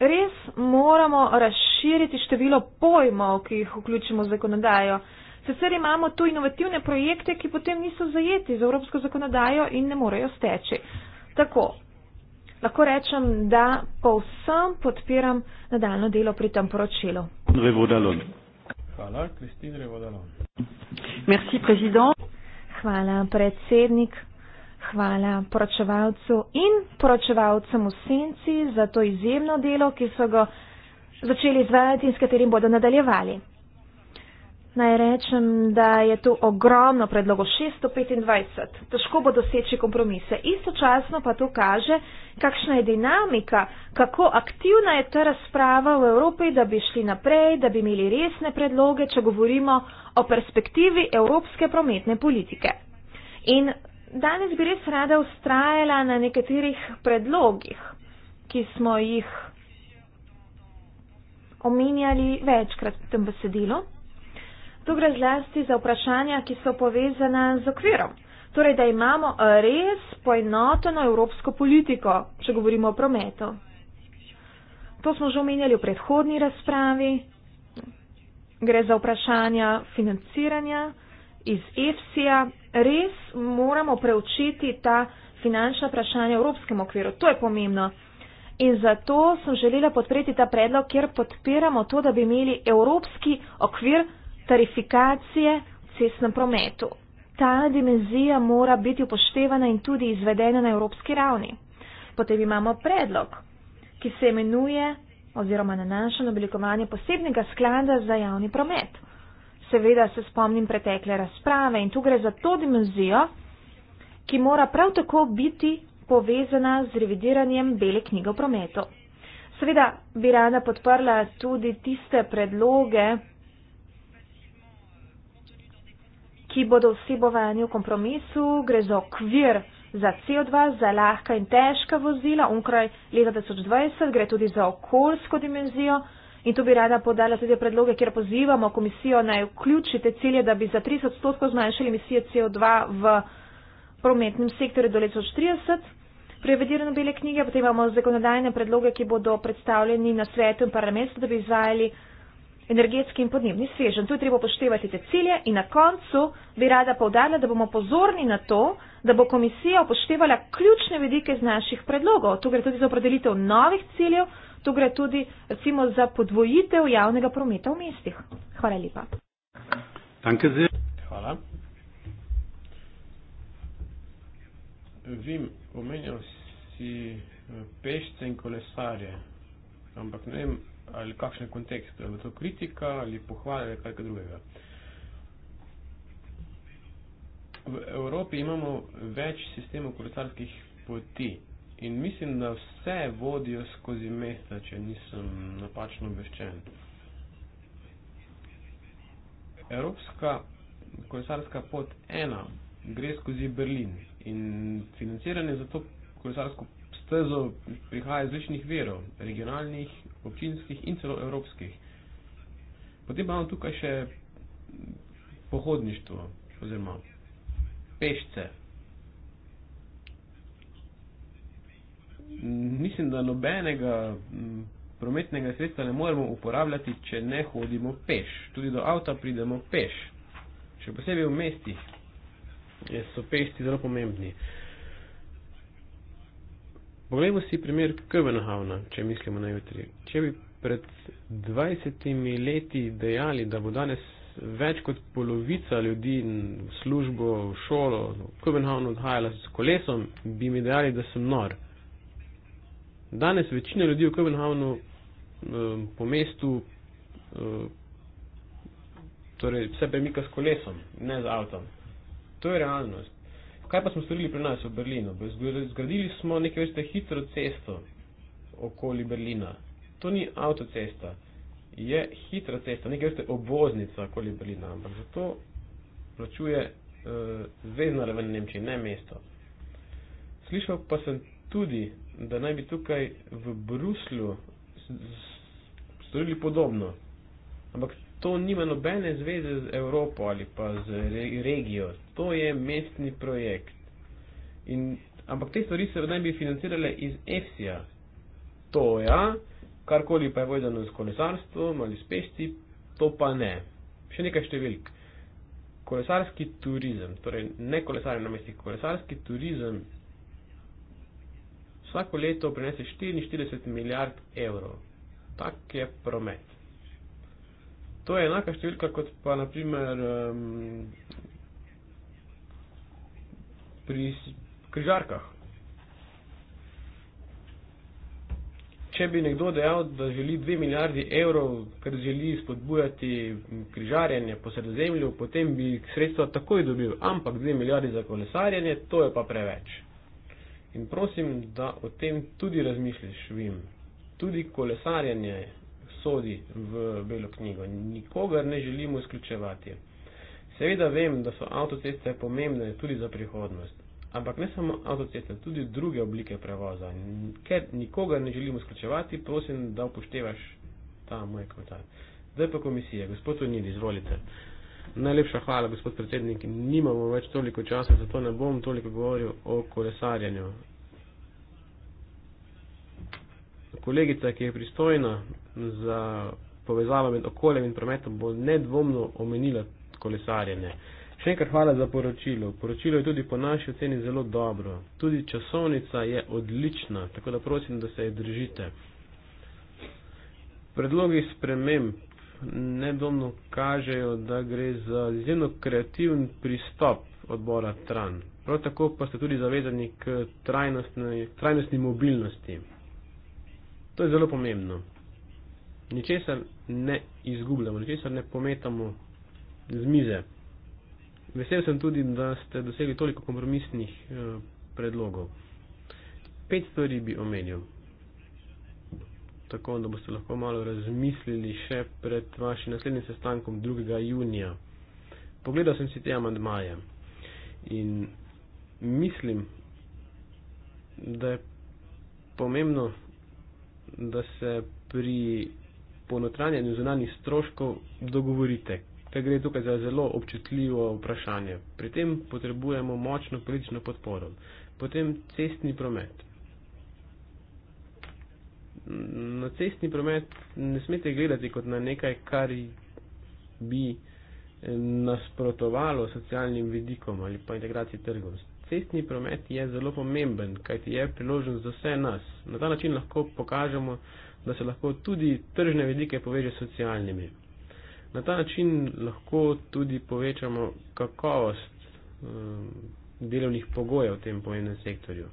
res moramo razširiti število pojmov, ki jih vključimo v zakonodajo. Sicer imamo tu inovativne projekte, ki potem niso zajeti z evropsko zakonodajo in ne morejo steči. Tako, lahko rečem, da povsem podpiram nadaljno delo pri tem poročilu. Hvala, predsednik. Hvala poročevalcu in poročevalcem v senci za to izjemno delo, ki so ga začeli izvajati in s katerim bodo nadaljevali. Naj rečem, da je tu ogromno predlogov, 625. Težko bo doseči kompromise. Istočasno pa to kaže, kakšna je dinamika, kako aktivna je ta razprava v Evropi, da bi šli naprej, da bi imeli resne predloge, če govorimo o perspektivi evropske prometne politike. In Danes bi res rada ustrajala na nekaterih predlogih, ki smo jih omenjali večkrat v tem besedilu. Tu gre zlasti za vprašanja, ki so povezana z okvirom. Torej, da imamo res poenoteno evropsko politiko, če govorimo o prometu. To smo že omenjali v predhodni razpravi. Gre za vprašanja financiranja iz EFSI-ja, res moramo preučiti ta finančna vprašanja v evropskem okviru. To je pomembno. In zato sem želela podpreti ta predlog, ker podpiramo to, da bi imeli evropski okvir tarifikacije v cestnem prometu. Ta dimenzija mora biti upoštevana in tudi izvedena na evropski ravni. Potem imamo predlog, ki se imenuje oziroma nanaša na oblikovanje posebnega sklada za javni promet seveda se spomnim pretekle razprave in tu gre za to dimenzijo, ki mora prav tako biti povezana z revidiranjem bele knjige o prometu. Seveda bi rada podprla tudi tiste predloge, ki bodo vsebovani v kompromisu, gre za okvir za CO2, za lahka in težka vozila, onkraj leta 2020 gre tudi za okoljsko dimenzijo, In tu bi rada podala tudi predloge, kjer pozivamo komisijo naj vključite cilje, da bi za 30 odstotkov zmanjšali emisije CO2 v prometnem sektorju do leta 2030. Pri revidiranju bele knjige potem imamo zakonodajne predloge, ki bodo predstavljeni na svetu in parlamentu, da bi izvajali energetski in podnebni svežen. Tu je treba upoštevati te cilje in na koncu bi rada povdarila, da bomo pozorni na to, da bo komisija upoštevala ključne vedike z naših predlogov. Tu gre tudi za opredelitev novih ciljev. To gre tudi recimo za podvojitev javnega prometa v mestih. Hvala lepa. Hvala. Vim, omenjal si eh, pešce in kolesarje, ampak ne vem, ali kakšen kontekst, ali je to kritika ali pohvala ali kaj drugega. V Evropi imamo več sistemov kolesarskih poti. In mislim, da vse vodijo skozi mesta, če nisem napačno obveščen. Evropska kolesarska pot ena gre skozi Berlin in financiranje za to kolesarsko stezo prihaja iz različnih verov, regionalnih, občinskih in celo evropskih. Potem imamo tukaj še pohodništvo oziroma pešce, mislim, da nobenega mm, prometnega sredstva ne moremo uporabljati, če ne hodimo peš. Tudi do avta pridemo peš. Še posebej v mestih so pešci zelo pomembni. Poglejmo si primer Köbenhavna, če mislimo na jutri. Če bi pred 20 leti dejali, da bo danes več kot polovica ljudi v službo, v šolo, v Köbenhavnu odhajala s kolesom, bi mi dejali, da sem nor. Danes večina ljudi v Kopenhavnu um, po mestu um, torej vse premika s kolesom, ne z avtom. To je realnost. Kaj pa smo storili pri nas v Berlinu? Zgradili smo nekaj vrste hitro cesto okoli Berlina. To ni avtocesta, je hitra cesta, nekaj vrste obvoznica okoli Berlina, ampak zato plačuje uh, zvezdna raven Nemčije, ne mesto. Slišal pa sem tudi, da naj bi tukaj v Bruslju storili podobno. Ampak to nima nobene zveze z Evropo ali pa z re regijo. To je mestni projekt. In, ampak te stvari se naj bi financirale iz EFSI-ja. To ja, karkoli pa je vojdeno z kolesarstvom ali s pešci, to pa ne. Še nekaj številk. Kolesarski turizem, torej ne kolesarje na mestih, kolesarski turizem vsako leto prinese 44 milijard evrov. Tak je promet. To je enaka številka kot pa naprimer um, pri križarkah. Če bi nekdo dejal, da želi 2 milijardi evrov, ker želi spodbujati križarjenje po sredozemlju, potem bi sredstva takoj dobil, ampak 2 milijardi za kolesarjenje, to je pa preveč. In prosim, da o tem tudi razmišljaš, Vim. Tudi kolesarjanje sodi v Belo knjigo. Nikogar ne želimo izključevati. Seveda vem, da so avtoceste pomembne tudi za prihodnost. Ampak ne samo avtoceste, tudi druge oblike prevoza. Ker nikogar ne želimo izključevati, prosim, da upoštevaš ta moj komentar. Zdaj pa komisija, gospod Unid, izvolite. Uh, Najlepša hvala, gospod predsednik. Nimamo več toliko časa, zato ne bom toliko govoril o kolesarjanju. Kolegica, ki je pristojna za povezavo med okoljem in prometom, bo nedvomno omenila kolesarjenje. Še enkrat hvala za poročilo. Poročilo je tudi po naši oceni zelo dobro. Tudi časovnica je odlična, tako da prosim, da se je držite. Predlogi sprememb nedomno kažejo, da gre za izjemno kreativen pristop odbora Tran. Prav tako pa ste tudi zavezani k trajnostni, trajnostni mobilnosti. To je zelo pomembno. Ničesar ne izgubljamo, ničesar ne pometamo z mize. Vesel sem tudi, da ste dosegli toliko kompromisnih eh, predlogov. Pet stvari bi omenil tako da boste lahko malo razmislili še pred vašim naslednjim sestankom 2. junija. Pogledal sem si te amandmaje in mislim, da je pomembno, da se pri ponotranjanju zunanih stroškov dogovorite, ker gre tukaj za zelo občutljivo vprašanje. Pri tem potrebujemo močno politično podporo. Potem cestni promet na cestni promet ne smete gledati kot na nekaj, kar bi eh, nasprotovalo socialnim vidikom ali pa integraciji trgov. Cestni promet je zelo pomemben, kajti je priložnost za vse nas. Na ta način lahko pokažemo, da se lahko tudi tržne vidike poveže s socialnimi. Na ta način lahko tudi povečamo kakovost um, delovnih pogojev v tem pomembnem sektorju.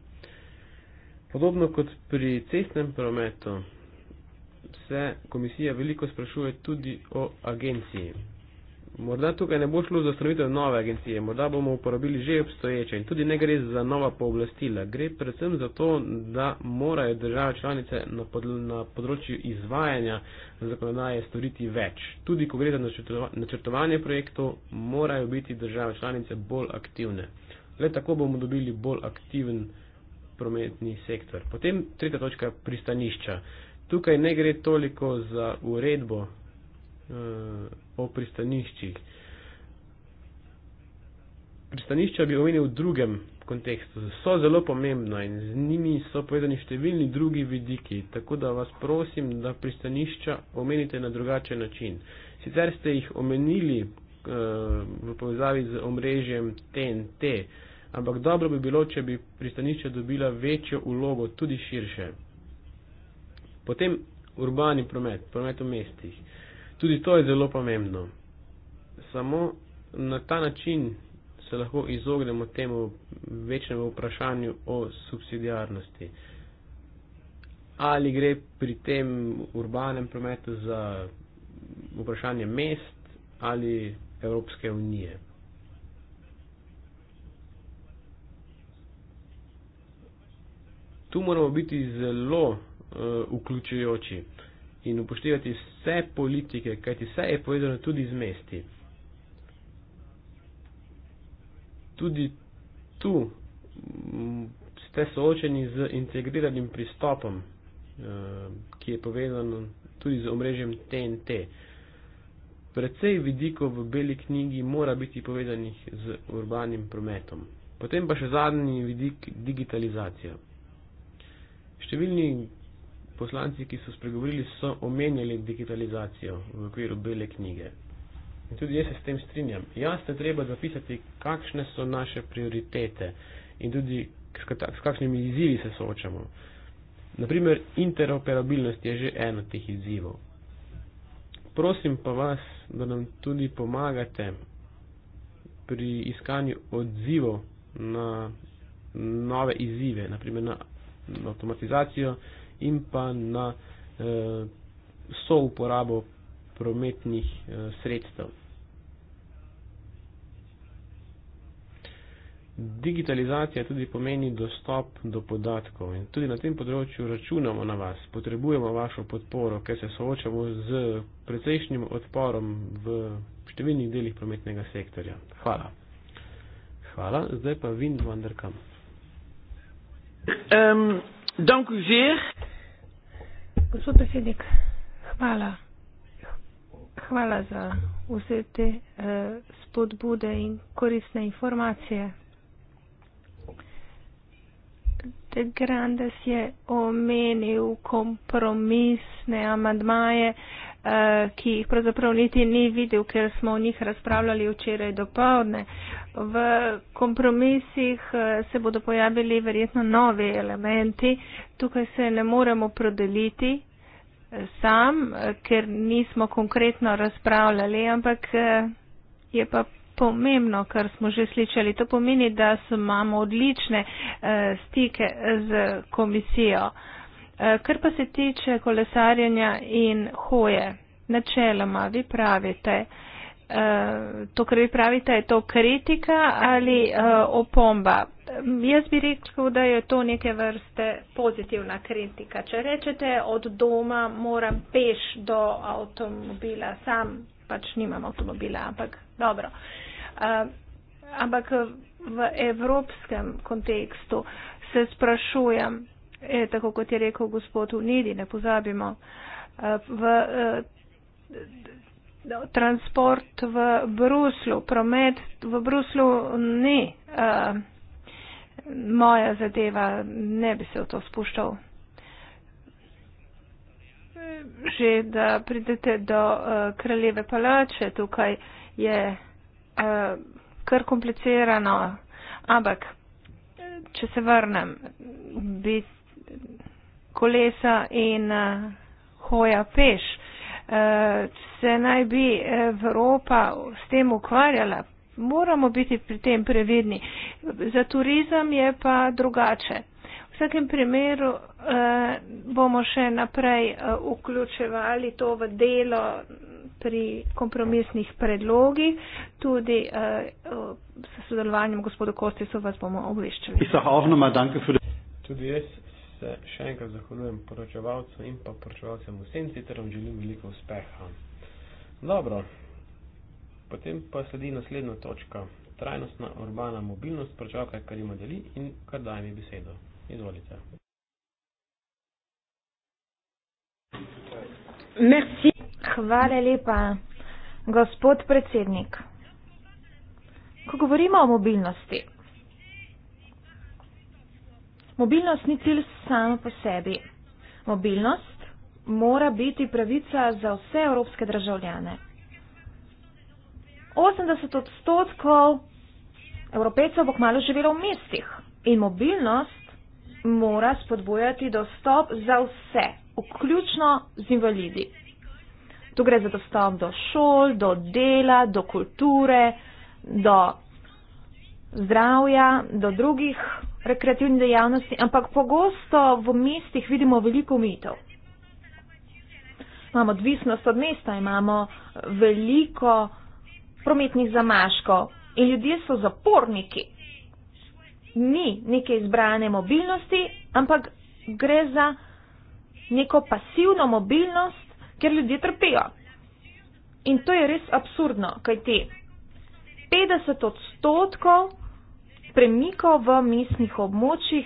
Podobno kot pri cestnem prometu, se komisija veliko sprašuje tudi o agenciji. Morda tukaj ne bo šlo za ustanovitev nove agencije, morda bomo uporabili že obstoječe in tudi ne gre za nova pooblastila. Gre predvsem za to, da morajo države članice na, pod, na področju izvajanja zakonodaje storiti več. Tudi, ko gre za načrtova, načrtovanje projektov, morajo biti države članice bolj aktivne. Le tako bomo dobili bolj aktivne prometni sektor. Potem tretja točka pristanišča. Tukaj ne gre toliko za uredbo uh, o pristaniščih. Pristanišča bi omenil v drugem kontekstu. So zelo pomembna in z njimi so povezani številni drugi vidiki, tako da vas prosim, da pristanišča omenite na drugačen način. Sicer ste jih omenili uh, v povezavi z omrežjem TNT, uh, ampak dobro bi bilo, če bi pristanišče dobila večjo ulogo, tudi širše. Potem urbani promet, promet v mestih. Tudi to je zelo pomembno. Samo na ta način se lahko izognemo temu večnemu vprašanju o subsidijarnosti. Ali gre pri tem urbanem prometu za vprašanje mest ali Evropske unije. tu moramo biti zelo uh, vključujoči in upoštevati vse politike, kajti vse je povedano tudi z mesti. Tudi tu mm, ste soočeni z integriranim pristopom, eh, ki je povezan tudi z omrežjem TNT. Predvsej vidikov v beli knjigi mora biti povezanih z urbanim prometom. Potem pa še zadnji vidik digitalizacija. Številni poslanci, ki so spregovorili, so omenjali digitalizacijo v okviru bele knjige. In tudi jaz se s tem strinjam. Jasno je treba zapisati, kakšne so naše prioritete in tudi s kakšnimi izzivi se soočamo. Naprimer, interoperabilnost je že eno od teh izzivov. Prosim pa vas, da nam tudi pomagate pri iskanju odzivov na nove izzive, naprimer na na avtomatizacijo in pa na eh, so uporabo prometnih eh, sredstev. Digitalizacija tudi pomeni dostop do podatkov in tudi na tem področju računamo na vas, potrebujemo vašo podporo, ker se soočamo z precejšnjim odporom v številnih delih prometnega sektorja. Hvala. Hvala, zdaj pa Wind Wonder Camp. Um, dank u zeer. Gospodine Filip, hvala. Hvala za vse te uh, spodbude in koristne informacije. De Grandes je omenil kompromisne amadmaje. Uh, Eh, ki jih pravzaprav niti ni videl, ker smo o njih razpravljali včeraj do povdne. V kompromisih eh, se bodo pojavili verjetno novi elementi. Tukaj se ne moremo prodeliti eh, sam, ker nismo konkretno razpravljali, ampak je pa pomembno, kar smo že slišali. To pomeni, da imamo odlične stike z komisijo. Eh, kar pa se tiče kolesarjenja in hoje, načeloma vi pravite, eh, to, kar vi pravite, je to kritika ali eh, opomba. Jaz bi rekel, da je to neke vrste pozitivna kritika. Če rečete, od doma moram peš do avtomobila, sam pač nimam avtomobila, ampak dobro. Ampak v evropskem kontekstu se sprašujem, e, tako kot je rekel gospod Unidi, ne pozabimo, e, v, v, e, v transport v Bruslu, promet v Bruslu ni a, e, moja zadeva, ne bi se v to spuščal. Že da pridete do uh, kraljeve palače, tukaj je uh, kar komplicirano, ampak če se vrnem, bi kolesa in uh, hoja peš. Uh, se naj bi eh, Evropa s tem ukvarjala? Moramo biti pri tem previdni. Za turizem je pa drugače. V vsakem primeru uh, bomo še naprej uh, vključevali to v delo pri kompromisnih predlogih, tudi uh, s sodelovanjem gospodu Kosti so vas bomo obveščali. Tudi jaz se še enkrat zahvaljujem poročevalcu in pa poročevalcem v senci ter vam želim veliko uspeha. Dobro, potem pa sledi naslednja točka, trajnostna urbana mobilnost, poročevalka je Karima Deli in kar daje mi besedo. Izvolite. Merci. Hvala lepa, gospod predsednik. Ko govorimo o mobilnosti, Mobilnost ni cilj sam po sebi. Mobilnost mora biti pravica za vse evropske državljane. 80 odstotkov evropejcev bo kmalo živelo v mestih in mobilnost mora spodbujati dostop za vse, vključno z invalidi. Tu gre za dostop do šol, do dela, do kulture, do zdravja, do drugih rekreativni dejavnosti, ampak pogosto v mestih vidimo veliko mitov. Imamo odvisnost od mesta, imamo veliko prometnih zamaškov in ljudje so zaporniki. Ni neke izbrane mobilnosti, ampak gre za neko pasivno mobilnost, ker ljudje trpijo. In to je res absurdno, kajti 50 odstotkov premikov v mestnih območjih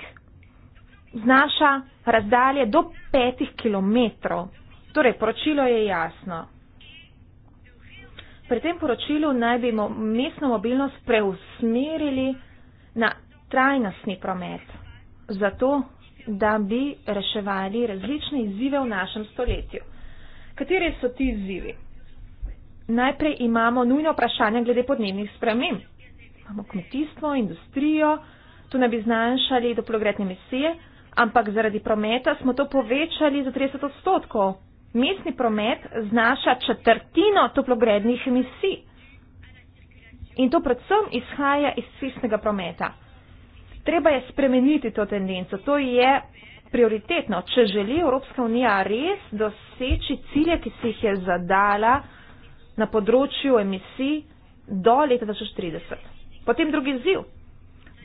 znaša razdalje do petih kilometrov. Torej, poročilo je jasno. Pri tem poročilu naj bi mestno mobilnost preusmerili na trajnostni promet, zato da bi reševali različne izzive v našem stoletju. Kateri so ti izzivi? Najprej imamo nujno vprašanje glede podnebnih sprememb imamo kmetijstvo, industrijo, tu ne bi zmanjšali toplogredne emisije, ampak zaradi prometa smo to povečali za 30 odstotkov. Mestni promet znaša četrtino toplogrednih emisij. In to predvsem izhaja iz cestnega prometa. Treba je spremeniti to tendenco. To je prioritetno, če želi Evropska unija res doseči cilje, ki si jih je zadala na področju emisij do leta 2030. Potem drugi izziv.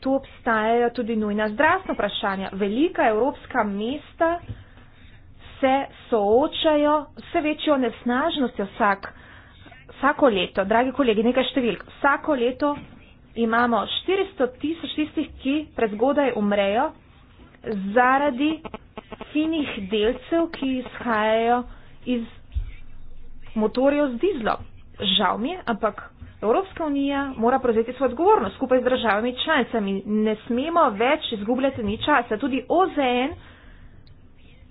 Tu obstajajo tudi nujna zdravstvena vprašanja. Velika evropska mesta se soočajo s vse večjo nesnažnostjo vsak, vsako leto. Dragi kolegi, nekaj številk. Vsako leto imamo 400 tisoč tistih, ki prezgodaj umrejo zaradi finih delcev, ki izhajajo iz motorjev z dizlom. Žal mi je, ampak Evropska unija mora prevzeti svojo odgovornost skupaj z državami članicami. Ne smemo več izgubljati ni časa. Tudi OZN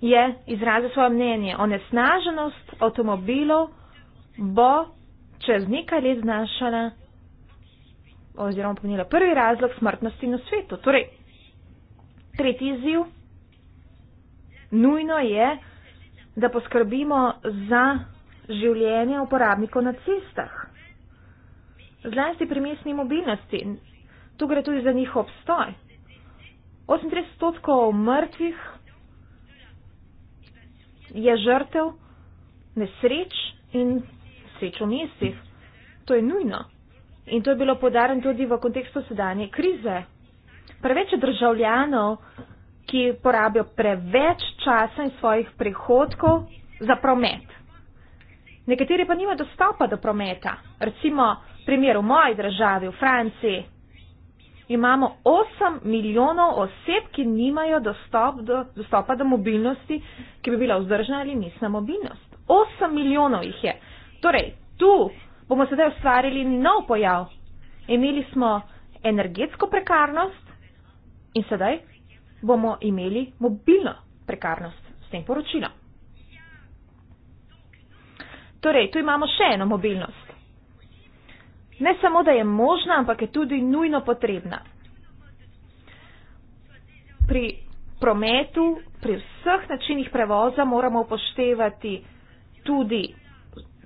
je izrazil svoje mnenje. Onesnaženost avtomobilov bo čez nekaj let znašala oziroma pomenila prvi razlog smrtnosti na svetu. Torej, tretji izziv. Nujno je, da poskrbimo za življenje uporabnikov na cestah zlasti pri mestni mobilnosti. Tu gre tudi za njihov obstoj. 38 odstotkov mrtvih je žrtev nesreč in sreč v mestih. To je nujno. In to je bilo podarjeno tudi v kontekstu sedanje krize. Preveč državljanov, ki porabijo preveč časa in svojih prihodkov za promet. Nekateri pa nima dostopa do prometa. Recimo, primer, v moji državi, v Franciji, imamo 8 milijonov oseb, ki nimajo dostop do, dostopa do mobilnosti, ki bi bila vzdržna ali nisna mobilnost. 8 milijonov jih je. Torej, tu bomo sedaj ustvarili nov pojav. Imeli smo energetsko prekarnost in sedaj bomo imeli mobilno prekarnost s tem poročilom. Torej, tu imamo še eno mobilnost. Ne samo, da je možna, ampak je tudi nujno potrebna. Pri prometu, pri vseh načinih prevoza moramo upoštevati tudi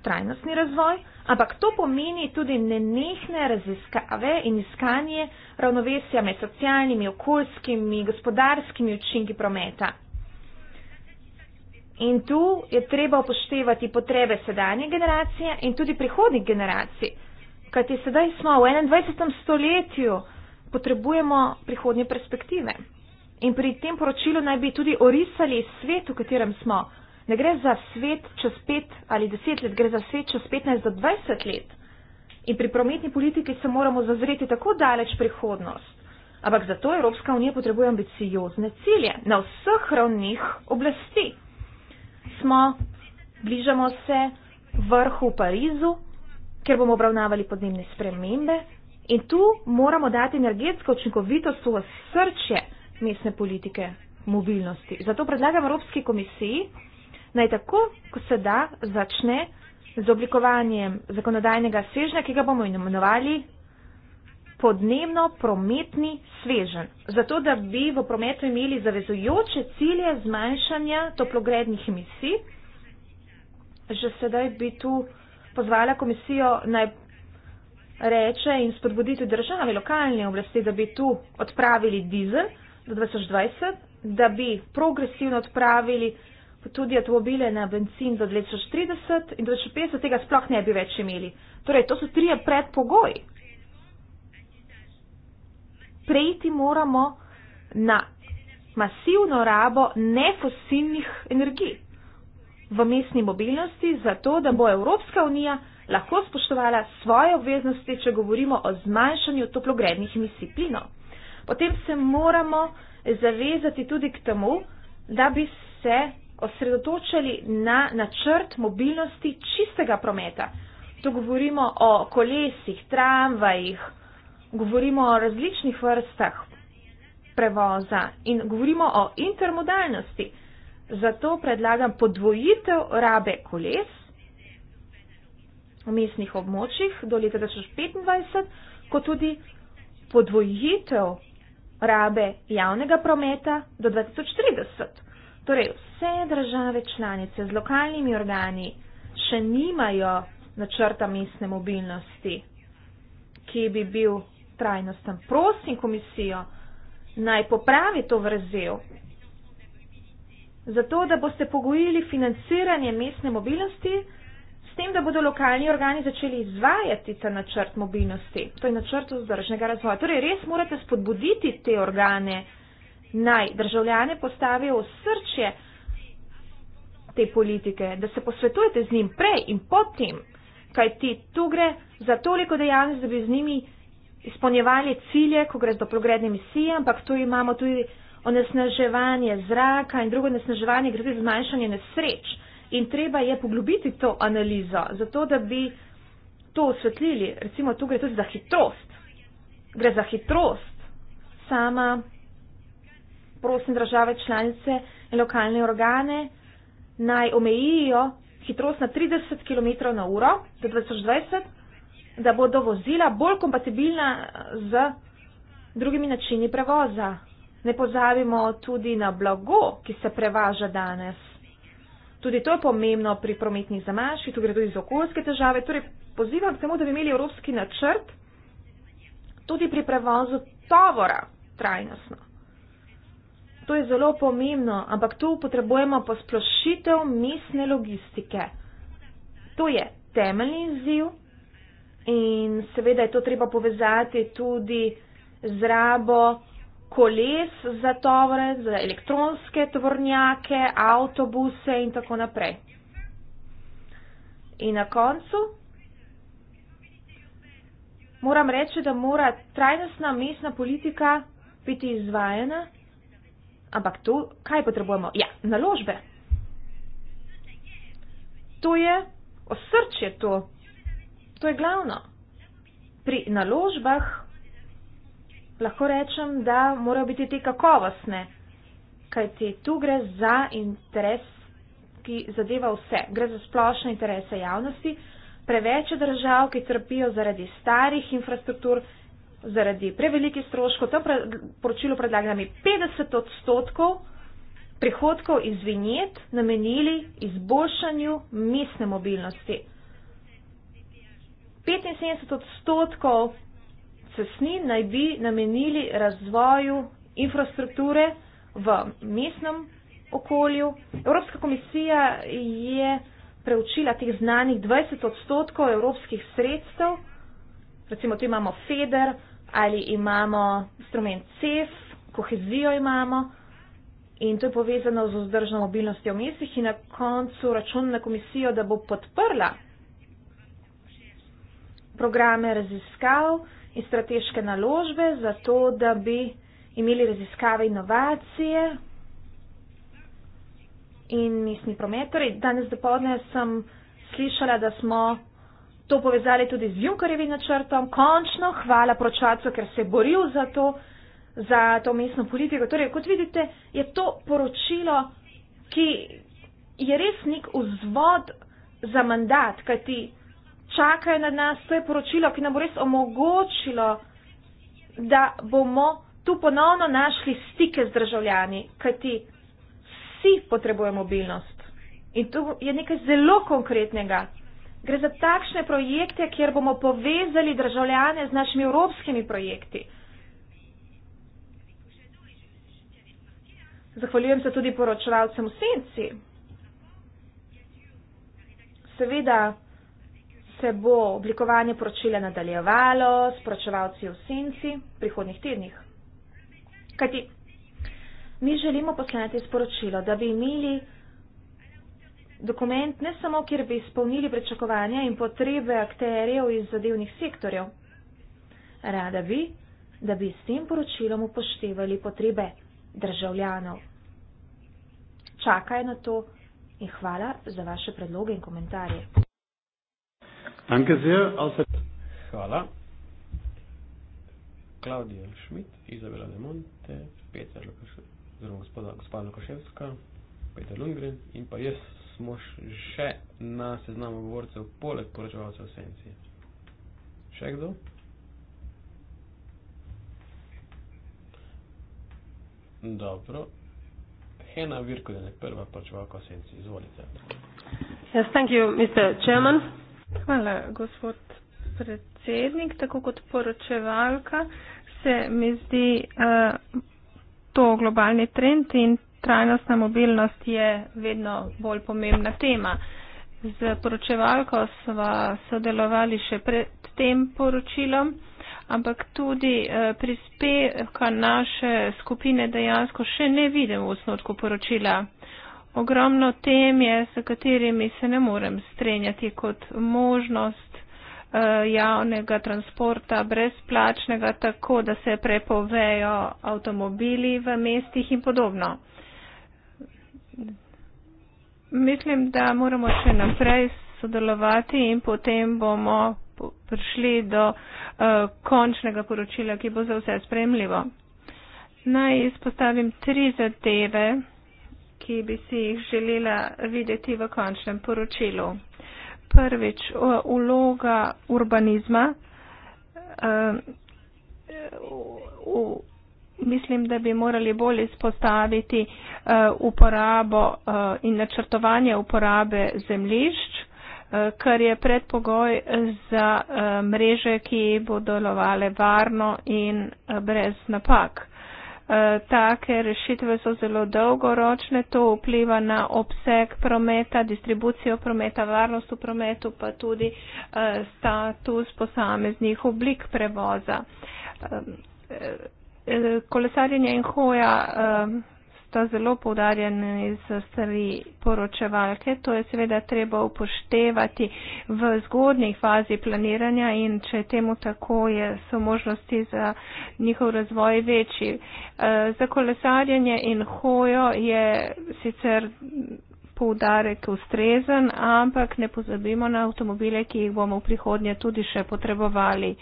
trajnostni razvoj, ampak to pomeni tudi nenehne raziskave in iskanje ravnovesja med socialnimi, okoljskimi, gospodarskimi učinki prometa. In tu je treba upoštevati potrebe sedanje generacije in tudi prihodnih generacij. Kajti sedaj smo v 21. stoletju, potrebujemo prihodnje perspektive. In pri tem poročilu naj bi tudi orisali svet, v katerem smo. Ne gre za svet čez 5 ali 10 let, gre za svet čez 15 do 20 let. In pri prometni politiki se moramo zazreti tako daleč prihodnost. Ampak zato Evropska unija potrebuje ambiciozne cilje na vseh ravnih oblasti. Smo, bližamo se vrhu v Parizu, ker bomo obravnavali podnebne spremembe in tu moramo dati energetsko učinkovitost v srce mestne politike mobilnosti. Zato predlagam Evropski komisiji, naj tako, ko se da, začne z oblikovanjem zakonodajnega svežnja, ki ga bomo imenovali podnebno prometni svežen. Zato, da bi v prometu imeli zavezujoče cilje zmanjšanja toplogrednih emisij, že sedaj bi tu pozvala komisijo naj reče in spodbudi tudi države, lokalne oblasti, da bi tu odpravili dizel do 2020, da bi progresivno odpravili tudi avtomobile na benzin do 2030 in do 2050 tega sploh ne bi več imeli. Torej, to so trije predpogoji. Prejti moramo na masivno rabo nefosilnih energij v mestni mobilnosti, zato da bo Evropska unija lahko spoštovala svoje obveznosti, če govorimo o zmanjšanju toplogrednih emisij plinov. Potem se moramo zavezati tudi k temu, da bi se osredotočili na načrt mobilnosti čistega prometa. Tu govorimo o kolesih, tramvajih, govorimo o različnih vrstah prevoza in govorimo o intermodalnosti. Zato predlagam podvojitev rabe koles v mestnih območjih do leta 2025, kot tudi podvojitev rabe javnega prometa do 2030. Torej, vse države članice z lokalnimi organi še nimajo načrta mestne mobilnosti, ki bi bil trajnosten. Prosim komisijo, naj popravi to vrzel zato da boste pogojili financiranje mestne mobilnosti s tem, da bodo lokalni organi začeli izvajati ta načrt mobilnosti. To je načrt vzdržnega razvoja. Torej, res morate spodbuditi te organe, naj državljane postavijo v srčje te politike, da se posvetujete z njim prej in potem, kaj ti tu gre za toliko dejavnosti, da bi z njimi izpolnjevali cilje, ko gre do progredne misije, ampak tu imamo tudi onesnaževanje zraka in drugo onesnaževanje gre za zmanjšanje nesreč. In treba je poglobiti to analizo, zato da bi to osvetlili. Recimo, tu gre tudi za hitrost. Gre za hitrost. Sama prosim države članice in lokalne organe naj omejijo hitrost na 30 km na uro do 2020, da bodo vozila bolj kompatibilna z drugimi načini prevoza. Ne pozabimo tudi na blago, ki se prevaža danes. Tudi to je pomembno pri prometnih zamaških, tu gre tudi za okoljske težave. Torej, pozivam k temu, da bi imeli evropski načrt tudi pri prevozu tovora trajnostno. To je zelo pomembno, ampak tu potrebujemo posplošitev mestne logistike. To je temeljni izziv in seveda je to treba povezati tudi z rabo koles za tovore, za elektronske tovornjake, avtobuse in tako naprej. In na koncu moram reči, da mora trajnostna mestna politika biti izvajena, ampak to, kaj potrebujemo? Ja, naložbe. To je osrčje to. To je glavno. Pri naložbah lahko rečem, da morajo biti te kakovostne, kajti tu gre za interes, ki zadeva vse. Gre za splošne interese javnosti. Preveč je držav, ki trpijo zaradi starih infrastruktur, zaradi prevelike stroškov. To poročilo predlaga nam 50 odstotkov prihodkov iz vinjet namenili izboljšanju mestne mobilnosti. 75 odstotkov cestnin naj bi namenili razvoju infrastrukture v mestnem okolju. Evropska komisija je preučila teh znanih 20 odstotkov evropskih sredstev, recimo tu imamo FEDER ali imamo instrument CEF, kohezijo imamo in to je povezano z vzdržno mobilnostjo v mestih in na koncu račun na komisijo, da bo podprla programe raziskav, in strateške naložbe, zato da bi imeli raziskave inovacije in mestni promet. Torej, danes dopoledne sem slišala, da smo to povezali tudi z Junkarjevim načrtom. Končno, hvala pročacu, ker se je boril za to, za to mestno politiko. Torej, kot vidite, je to poročilo, ki je res nek vzvod za mandat, kajti čakajo na nas, to je poročilo, ki nam bo res omogočilo, da bomo tu ponovno našli stike z državljani, kajti vsi potrebujemo mobilnost. In tu je nekaj zelo konkretnega. Gre za takšne projekte, kjer bomo povezali državljane z našimi evropskimi projekti. Zahvaljujem se tudi poročevalcem v senci. Seveda, se bo oblikovanje poročila nadaljevalo s poročevalci v senci v prihodnih tednih. Kajti, mi želimo poslati sporočilo, da bi imeli dokument ne samo, kjer bi izpolnili prečakovanja in potrebe akterjev iz zadevnih sektorjev. Rada bi, da bi s tem poročilom upoštevali potrebe državljanov. Čakaj na to in hvala za vaše predloge in komentarje. Danke sehr. Außer Hvala. Klaudija Schmidt, Izabela de Monte, Petra Lukaševska, Petra Lundgren in pa jaz smo še na seznamu govorcev poleg poročevalcev Senci. Še kdo? Dobro. Hena Virkodene, prva poročevalka Senci. Izvolite. Yes, thank you, Mr. Chairman. Yeah. Hvala, gospod predsednik. Tako kot poročevalka se mi zdi uh, to globalni trend in trajnostna mobilnost je vedno bolj pomembna tema. Z poročevalko sva sodelovali še pred tem poročilom, ampak tudi eh, prispevka naše skupine dejansko še ne vidim v osnotku poročila ogromno tem je, s katerimi se ne morem strenjati kot možnost eh, javnega transporta brezplačnega, tako da se prepovejo avtomobili v mestih in podobno. Mislim, da moramo še naprej sodelovati in potem bomo prišli do eh, končnega poročila, ki bo za vse spremljivo. Naj izpostavim tri zadeve ki bi si jih želela videti v končnem poročilu. Prvič, uloga urbanizma. Ehm, mislim, da bi morali bolj izpostaviti e, uporabo e, in načrtovanje uporabe zemlišč, e, kar je predpogoj za mreže, ki bodo delovale varno in brez napak. Eh, take rešitve so zelo dolgoročne, to vpliva na obseg prometa, distribucijo prometa, varnost v prometu, pa tudi eh, status posameznih oblik prevoza. Eh, kolesarjenje in hoja sta zelo povdarjena iz stvari poročevalke. To je seveda treba upoštevati v zgodnji fazi planiranja in če temu tako je, so možnosti za njihov razvoj večji. Eh, za kolesarjenje in hojo je sicer poudarek ustrezen, ampak ne pozabimo na avtomobile, ki jih bomo v prihodnje tudi še potrebovali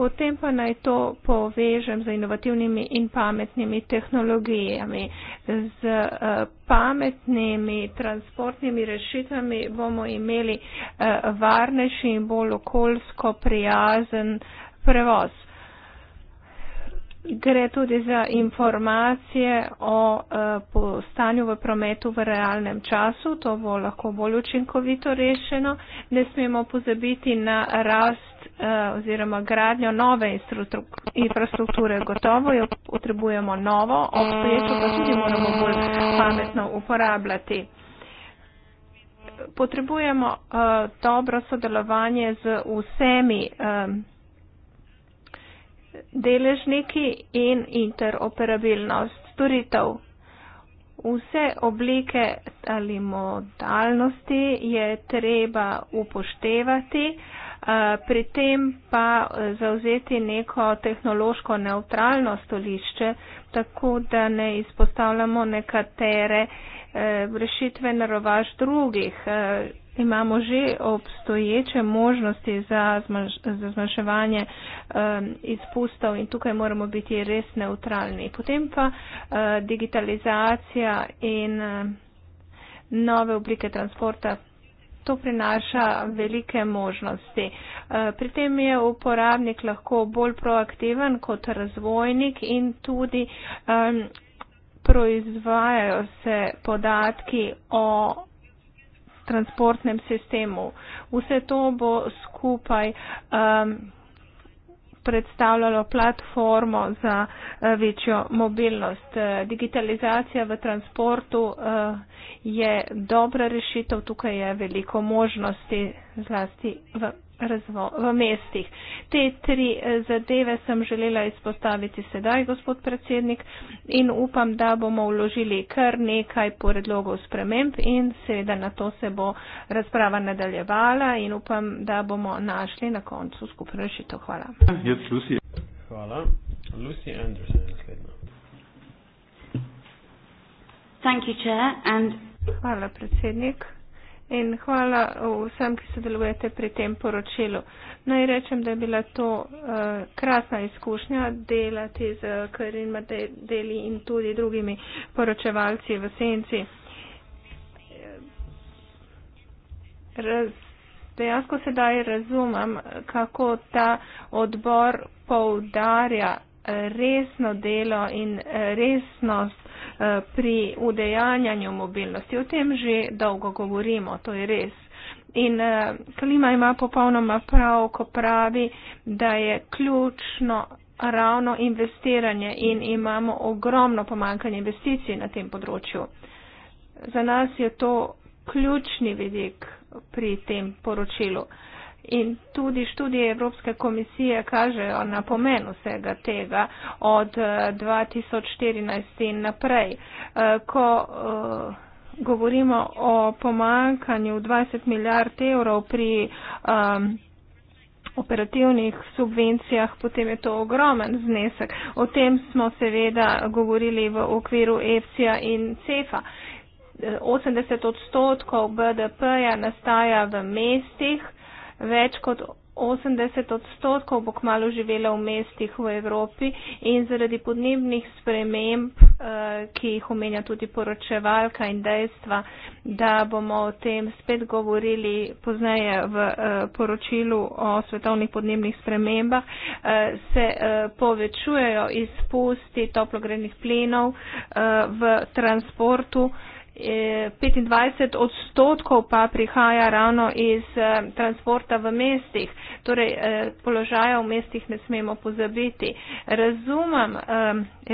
potem pa naj to povežem z inovativnimi in pametnimi tehnologijami. Z uh, pametnimi transportnimi rešitvami bomo imeli uh, varnejši in bolj okoljsko prijazen prevoz. Gre tudi za informacije o uh, stanju v prometu v realnem času, to bo lahko bolj učinkovito rešeno. Ne smemo pozabiti na rast Eh, oziroma gradnjo nove infrastrukture. Gotovo jo potrebujemo novo, obstoječo pa tudi moramo bolj pametno uporabljati. Potrebujemo uh, dobro sodelovanje z vsemi um, deležniki in interoperabilnost storitev. Vse oblike ali modalnosti je treba upoštevati. Uh, Eh, pri tem pa eh, zauzeti neko tehnološko neutralno stolišče, tako da ne izpostavljamo nekatere eh, rešitve narovaž drugih. Imamo že obstoječe možnosti za, zmanj, za zmanjševanje um, izpustov in tukaj moramo biti res neutralni. Potem pa uh, digitalizacija in uh, nove oblike transporta To prinaša velike možnosti. Eh, pri tem je uporabnik lahko bolj proaktiven kot razvojnik in tudi um, proizvajajo se podatki o transportnem sistemu. Vse to bo skupaj. Um, predstavljalo platformo za eh, večjo mobilnost. Eh, digitalizacija v transportu eh, je dobra rešitev, tukaj je veliko možnosti zlasti v razvo v mestih. Te tri eh, zadeve sem želela izpostaviti sedaj, gospod predsednik, in upam, da bomo vložili kar nekaj predlogov sprememb in seveda na to se bo razprava nadaljevala in upam, da bomo našli na koncu skupno rešitev. Hvala. Hvala. Lucy Anderson, naslednja. Thank you, Chair, and Hvala, predsednik in hvala vsem, ki sodelujete pri tem poročilu. Naj rečem, da je bila to uh, krasna izkušnja delati z Karin Madeli in tudi drugimi poročevalci v senci. Raz, dejansko sedaj razumem, kako ta odbor poudarja resno delo in resnost Eh, pri udejanjanju mobilnosti. O tem že dolgo govorimo, to je res. In eh, klima ima popolnoma prav, ko pravi, da je ključno ravno investiranje in imamo ogromno pomankanje investicij na tem področju. Za nas je to ključni vidik pri tem poročilu. Uh, In tudi študije Evropske komisije kažejo na pomen vsega tega od 2014 eh, in naprej. Eh, ko eh, govorimo o pomankanju 20 milijard evrov pri um, operativnih subvencijah, potem je to ogromen znesek. O tem smo seveda govorili v okviru EFSIA in CEFA. 80 odstotkov BDP-ja nastaja v mestih, več kot 80 odstotkov bo kmalo živela v mestih v Evropi in zaradi podnebnih sprememb, eh, ki jih omenja tudi poročevalka in dejstva, da bomo o tem spet govorili pozneje v eh, poročilu o svetovnih podnebnih spremembah, eh, se povečujejo izpusti toplogrednih plinov v transportu. 25 odstotkov pa prihaja ravno iz eh, transporta v mestih. Torej, eh, položaja v mestih ne smemo pozabiti. Razumem eh,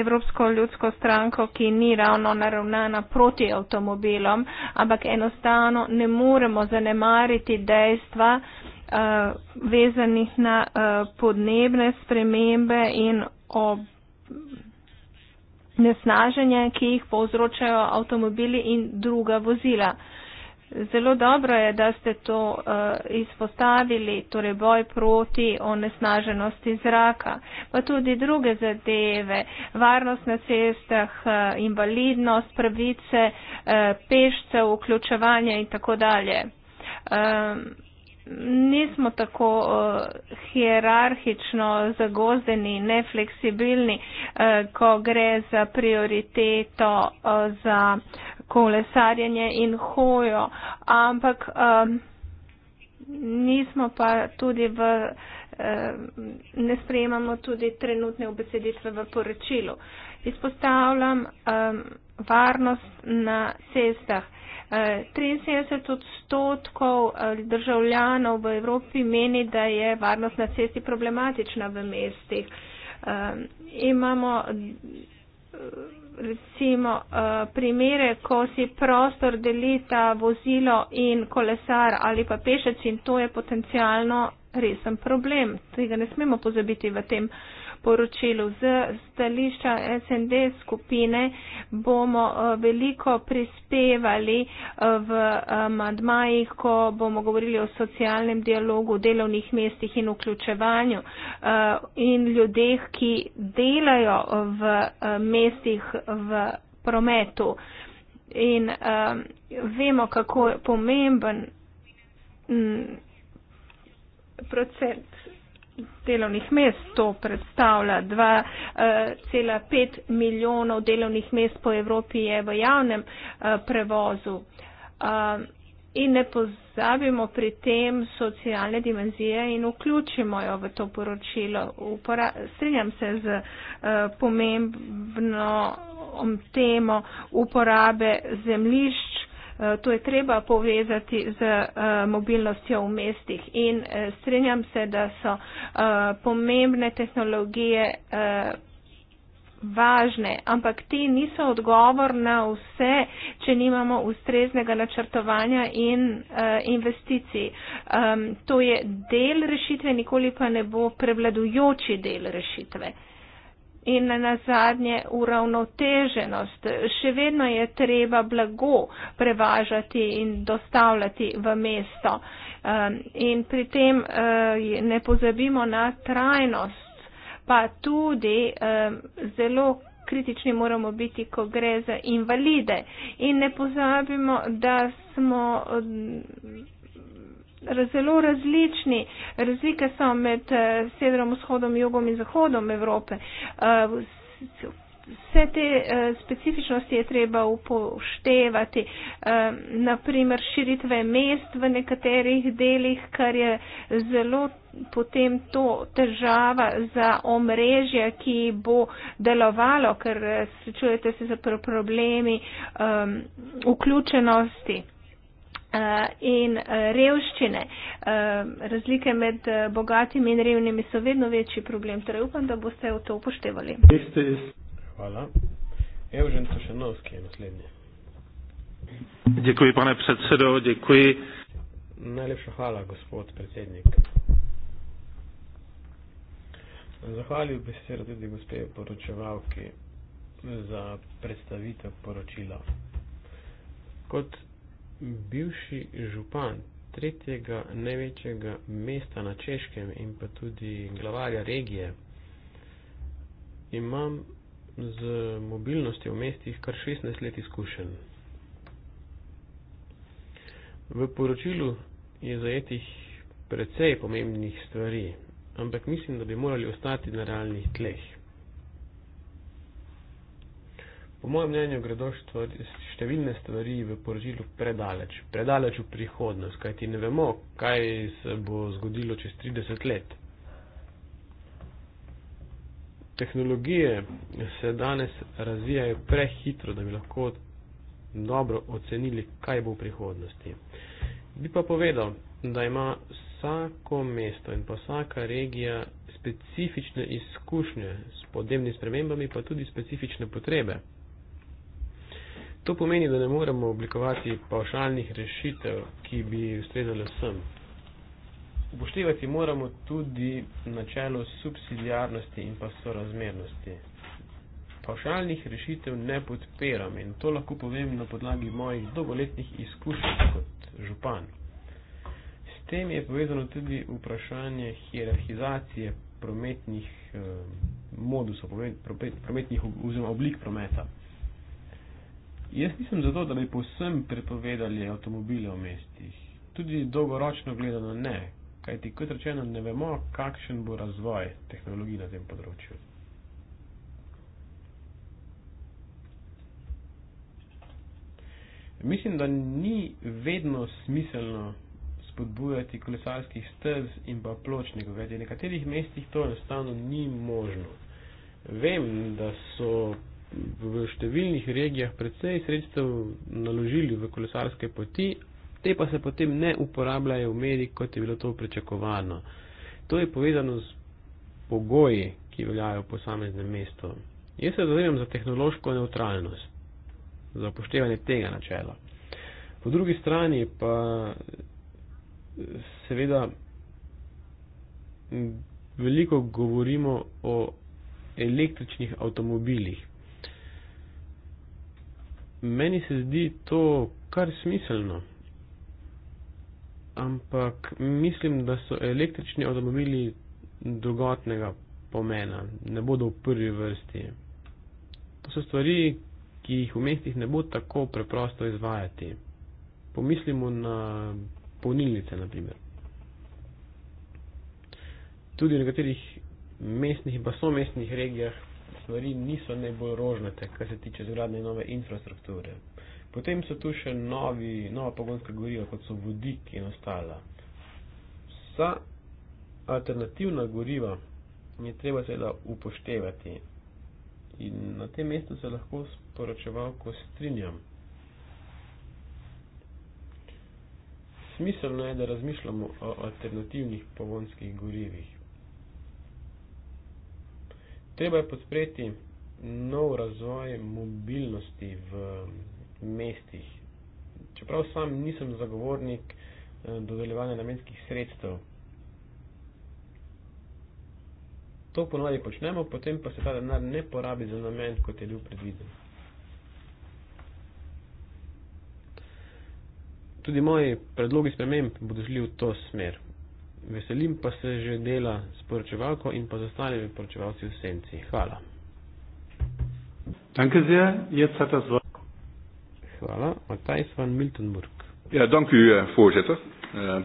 Evropsko ljudsko stranko, ki ni ravno naravnana proti avtomobilom, ampak enostavno ne moremo zanemariti dejstva vezanih na podnebne spremembe in ob nesnaženje, ki jih povzročajo avtomobili in druga vozila. Zelo dobro je, da ste to uh, izpostavili, torej boj proti onesnaženosti zraka, pa tudi druge zadeve, varnost na cestah, uh, invalidnost, pravice uh, pešcev, vključevanje in tako dalje. Um, nismo tako uh, hierarhično zagozdeni, nefleksibilni, uh, ko gre za prioriteto uh, za kolesarjenje in hojo, ampak um, nismo pa tudi v, uh, ne sprejemamo tudi trenutne obeseditve v poročilu. Izpostavljam um, varnost na cestah. 73 odstotkov eh, državljanov v Evropi meni, da je varnost na cesti problematična v mestih. Ehm, imamo recimo eh, primere, ko si prostor delita vozilo in kolesar ali pa pešec in to je potencialno resen problem. Tega ne smemo pozabiti v tem poročilu. Z stališča SND skupine bomo eh, veliko prispevali eh, v eh, madmajih, ko bomo govorili o socialnem dialogu, delovnih mestih in vključevanju in ljudeh, ki delajo v mestih v prometu. In vemo, kako je pomemben. Mm, procent delovnih mest. To predstavlja 2,5 eh, milijonov delovnih mest po Evropi je v javnem eh, prevozu. Eh, in ne pozabimo pri tem socialne dimenzije in vključimo jo v to poročilo. Upora, strinjam se z uh, pomembno temo uporabe zemlišč Eh, to je treba povezati z eh, mobilnostjo v mestih. In eh, strinjam se, da so pomembne tehnologije važne, ampak ti niso odgovor na vse, če nimamo ustreznega načrtovanja in uh, investicij. Um, to je del rešitve, nikoli pa ne bo prevladujoči del rešitve. Uh, in na zadnje uravnoteženost. Še vedno je treba blago prevažati in dostavljati v mesto. Um, in pri tem uh, ne pozabimo na trajnost, pa tudi um, zelo kritični moramo biti, ko gre za invalide. In ne pozabimo, da smo um, zelo različni. Razlike so med eh, severom, vzhodom, jugom in zahodom Evrope. Eh, vse te eh, specifičnosti je treba upoštevati. Naprimer širitve mest v nekaterih delih, kar je zelo potem to težava za omrežje, ki bo delovalo, ker srečujete se za problemi um, vključenosti. Eh, in eh, revščine. Eh, razlike med bogatimi in revnimi so vedno večji problem. Torej upam, da boste v to upoštevali. Hvala. Evžen Sošenovski je naslednji. Děkuji, pane předsedo, děkuji. Najlepša hvala, gospod predsednik. Zahvalil bi se tudi gospe poročevalki za predstavitev poročila. Kot bivši župan tretjega največjega mesta na Češkem in pa tudi glavarja regije, imam z mobilnostjo v mestih kar 16 let izkušen. V poročilu je zajetih precej pomembnih stvari, ampak mislim, da bi morali ostati na realnih tleh. Po mojem mnenju gredo številne stvari v poročilu predaleč, predaleč v prihodnost, kajti ne vemo, kaj se bo zgodilo čez 30 let. Tehnologije se danes razvijajo prehitro, da bi lahko dobro ocenili, kaj bo v prihodnosti. Bi pa povedal, da ima vsako mesto in pa vsaka regija specifične izkušnje s podnebnimi spremembami, pa tudi specifične potrebe. To pomeni, da ne moremo oblikovati pavšalnih rešitev, ki bi ustrezali vsem. Upoštevati moramo tudi načelo subsidijarnosti in pa sorazmernosti. Pavšalnih rešitev ne podpiram in to lahko povem na podlagi mojih dolgoletnih izkušenj kot župan. S tem je povezano tudi vprašanje hierarhizacije prometnih eh, modusov, promet, prometnih oziroma oblik prometa. Jaz nisem zato, da bi povsem prepovedali avtomobile v mestih. Tudi dolgoročno gledano ne, kajti kot rečeno ne vemo, kakšen bo razvoj tehnologij na tem področju. Mislim, da ni vedno smiselno spodbujati kolesarskih stez in pa pločnikov, kajti v nekaterih mestih to enostavno ni možno. Vem, da so v številnih regijah precej sredstev naložili v kolesarske poti, te pa se potem ne uporabljajo v meri, kot je bilo to pričakovano. To je povezano z pogoji, ki veljajo v posameznem mestu. Jaz se zavedam za tehnološko neutralnost, za upoštevanje tega načela. Po drugi strani pa seveda veliko govorimo o električnih avtomobilih, meni se zdi to kar smiselno. Ampak mislim, da so električni avtomobili drugotnega pomena, ne bodo v prvi vrsti. To so stvari, ki jih v mestih ne bo tako preprosto izvajati. Pomislimo na polnilnice, na primer. Tudi v nekaterih mestnih in pa so mestnih regijah stvari niso najbolj rožnate, kar se tiče zgradnje nove infrastrukture. Potem so tu še novi, nova pogonska goriva, kot so vodik in ostala. Vsa alternativna goriva je treba seveda upoštevati. In na tem mestu se lahko sporočeval, ko strinjam. Smiselno je, da razmišljamo o alternativnih pogonskih gorivih. Treba je podpreti nov razvoj mobilnosti v mestih. Čeprav sam nisem zagovornik eh, dodeljevanja namenskih sredstev, to ponovadi počnemo, potem pa se ta denar ne porabi za namen, kot je bil predviden. Tudi moji predlogi sprememb bodo šli v to smer veselim pa se že dela s poročevalko in pa z ostalimi poročevalci v senci. Hvala. Danke sehr, jetzt hat das Wort. Hvala, Matthijs van Miltenburg. Ja, dank u, eh, voorzitter. Uh,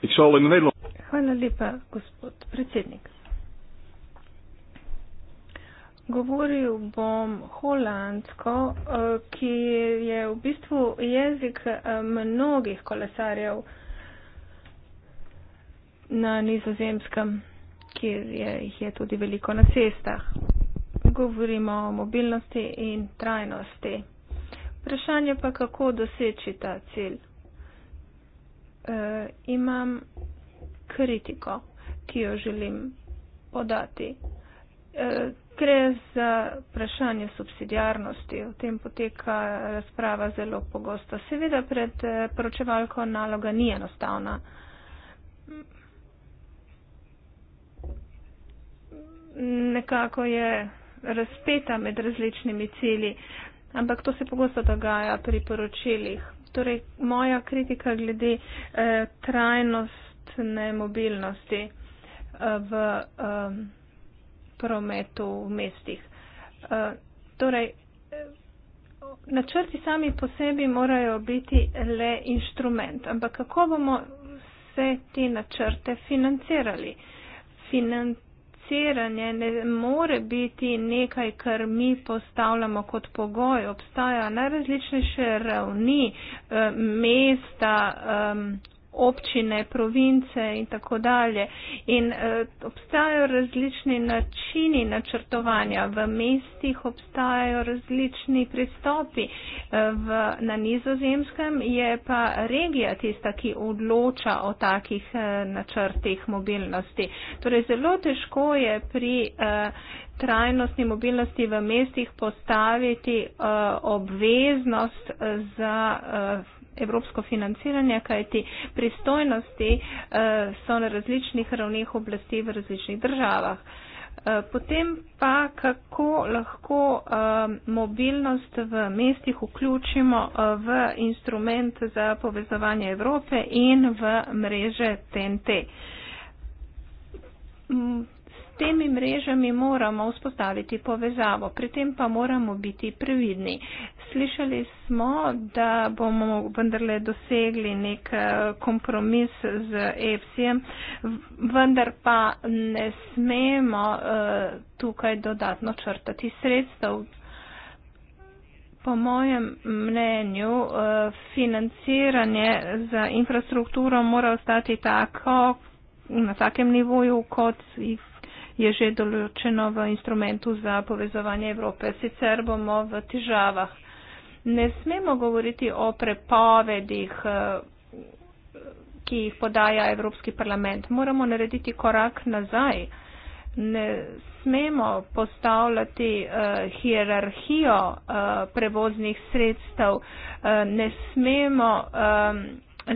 ik zal in het Nederlands... Hvala lepa, gospod predsednik. Govoril bom holandsko, eh, ki je v bistvu jezik mnogih kolesarjev, na nizozemskem, kjer je, jih je tudi veliko na cestah. Govorimo o mobilnosti in trajnosti. Vprašanje pa, kako doseči ta cilj. E, imam kritiko, ki jo želim podati. E, gre za vprašanje subsidijarnosti. O tem poteka razprava zelo pogosto. Seveda pred e, poročevalko naloga ni enostavna. E, nekako je razpeta med različnimi cili, ampak to se pogosto dogaja pri poročilih. Torej, moja kritika glede eh, trajnostne mobilnosti eh, v eh, prometu v mestih. Eh, torej, eh, Načrti sami po sebi morajo biti le inštrument, ampak kako bomo vse te načrte financirali? Finan financiranje ne more biti nekaj, kar mi postavljamo kot pogoj. Obstajajo najrazličnejše ravni eh, mesta, občine, province in tako dalje. In eh, obstajajo različni načini načrtovanja, v mestih obstajajo različni pristopi. Eh, v, na nizozemskem je pa regija tista, ki odloča o takih eh, načrtih mobilnosti. Torej, zelo težko je pri eh, trajnostni mobilnosti v mestih postaviti eh, obveznost eh, za. Eh, evropsko financiranje, kajti pristojnosti eh, so na različnih ravneh oblasti v različnih državah. Eh, potem pa, kako lahko eh, mobilnost v mestih vključimo v instrument za povezovanje Evrope in v mreže TNT temi mrežami moramo vzpostaviti povezavo, pri tem pa moramo biti previdni. Slišali smo, da bomo vendarle dosegli nek eh, kompromis z EPSI-jem, vendar pa ne smemo uh, tukaj dodatno črtati sredstev. Po mojem mnenju, eh, financiranje za infrastrukturo mora ostati tako, na takem nivoju, kot je že določeno v instrumentu za povezovanje Evrope. Sicer bomo v težavah. Ne smemo govoriti o prepovedih, eh, ki jih podaja Evropski parlament. Moramo narediti korak nazaj. Ne smemo postavljati uh, hierarhijo uh, prevoznih sredstev, uh, ne smemo um,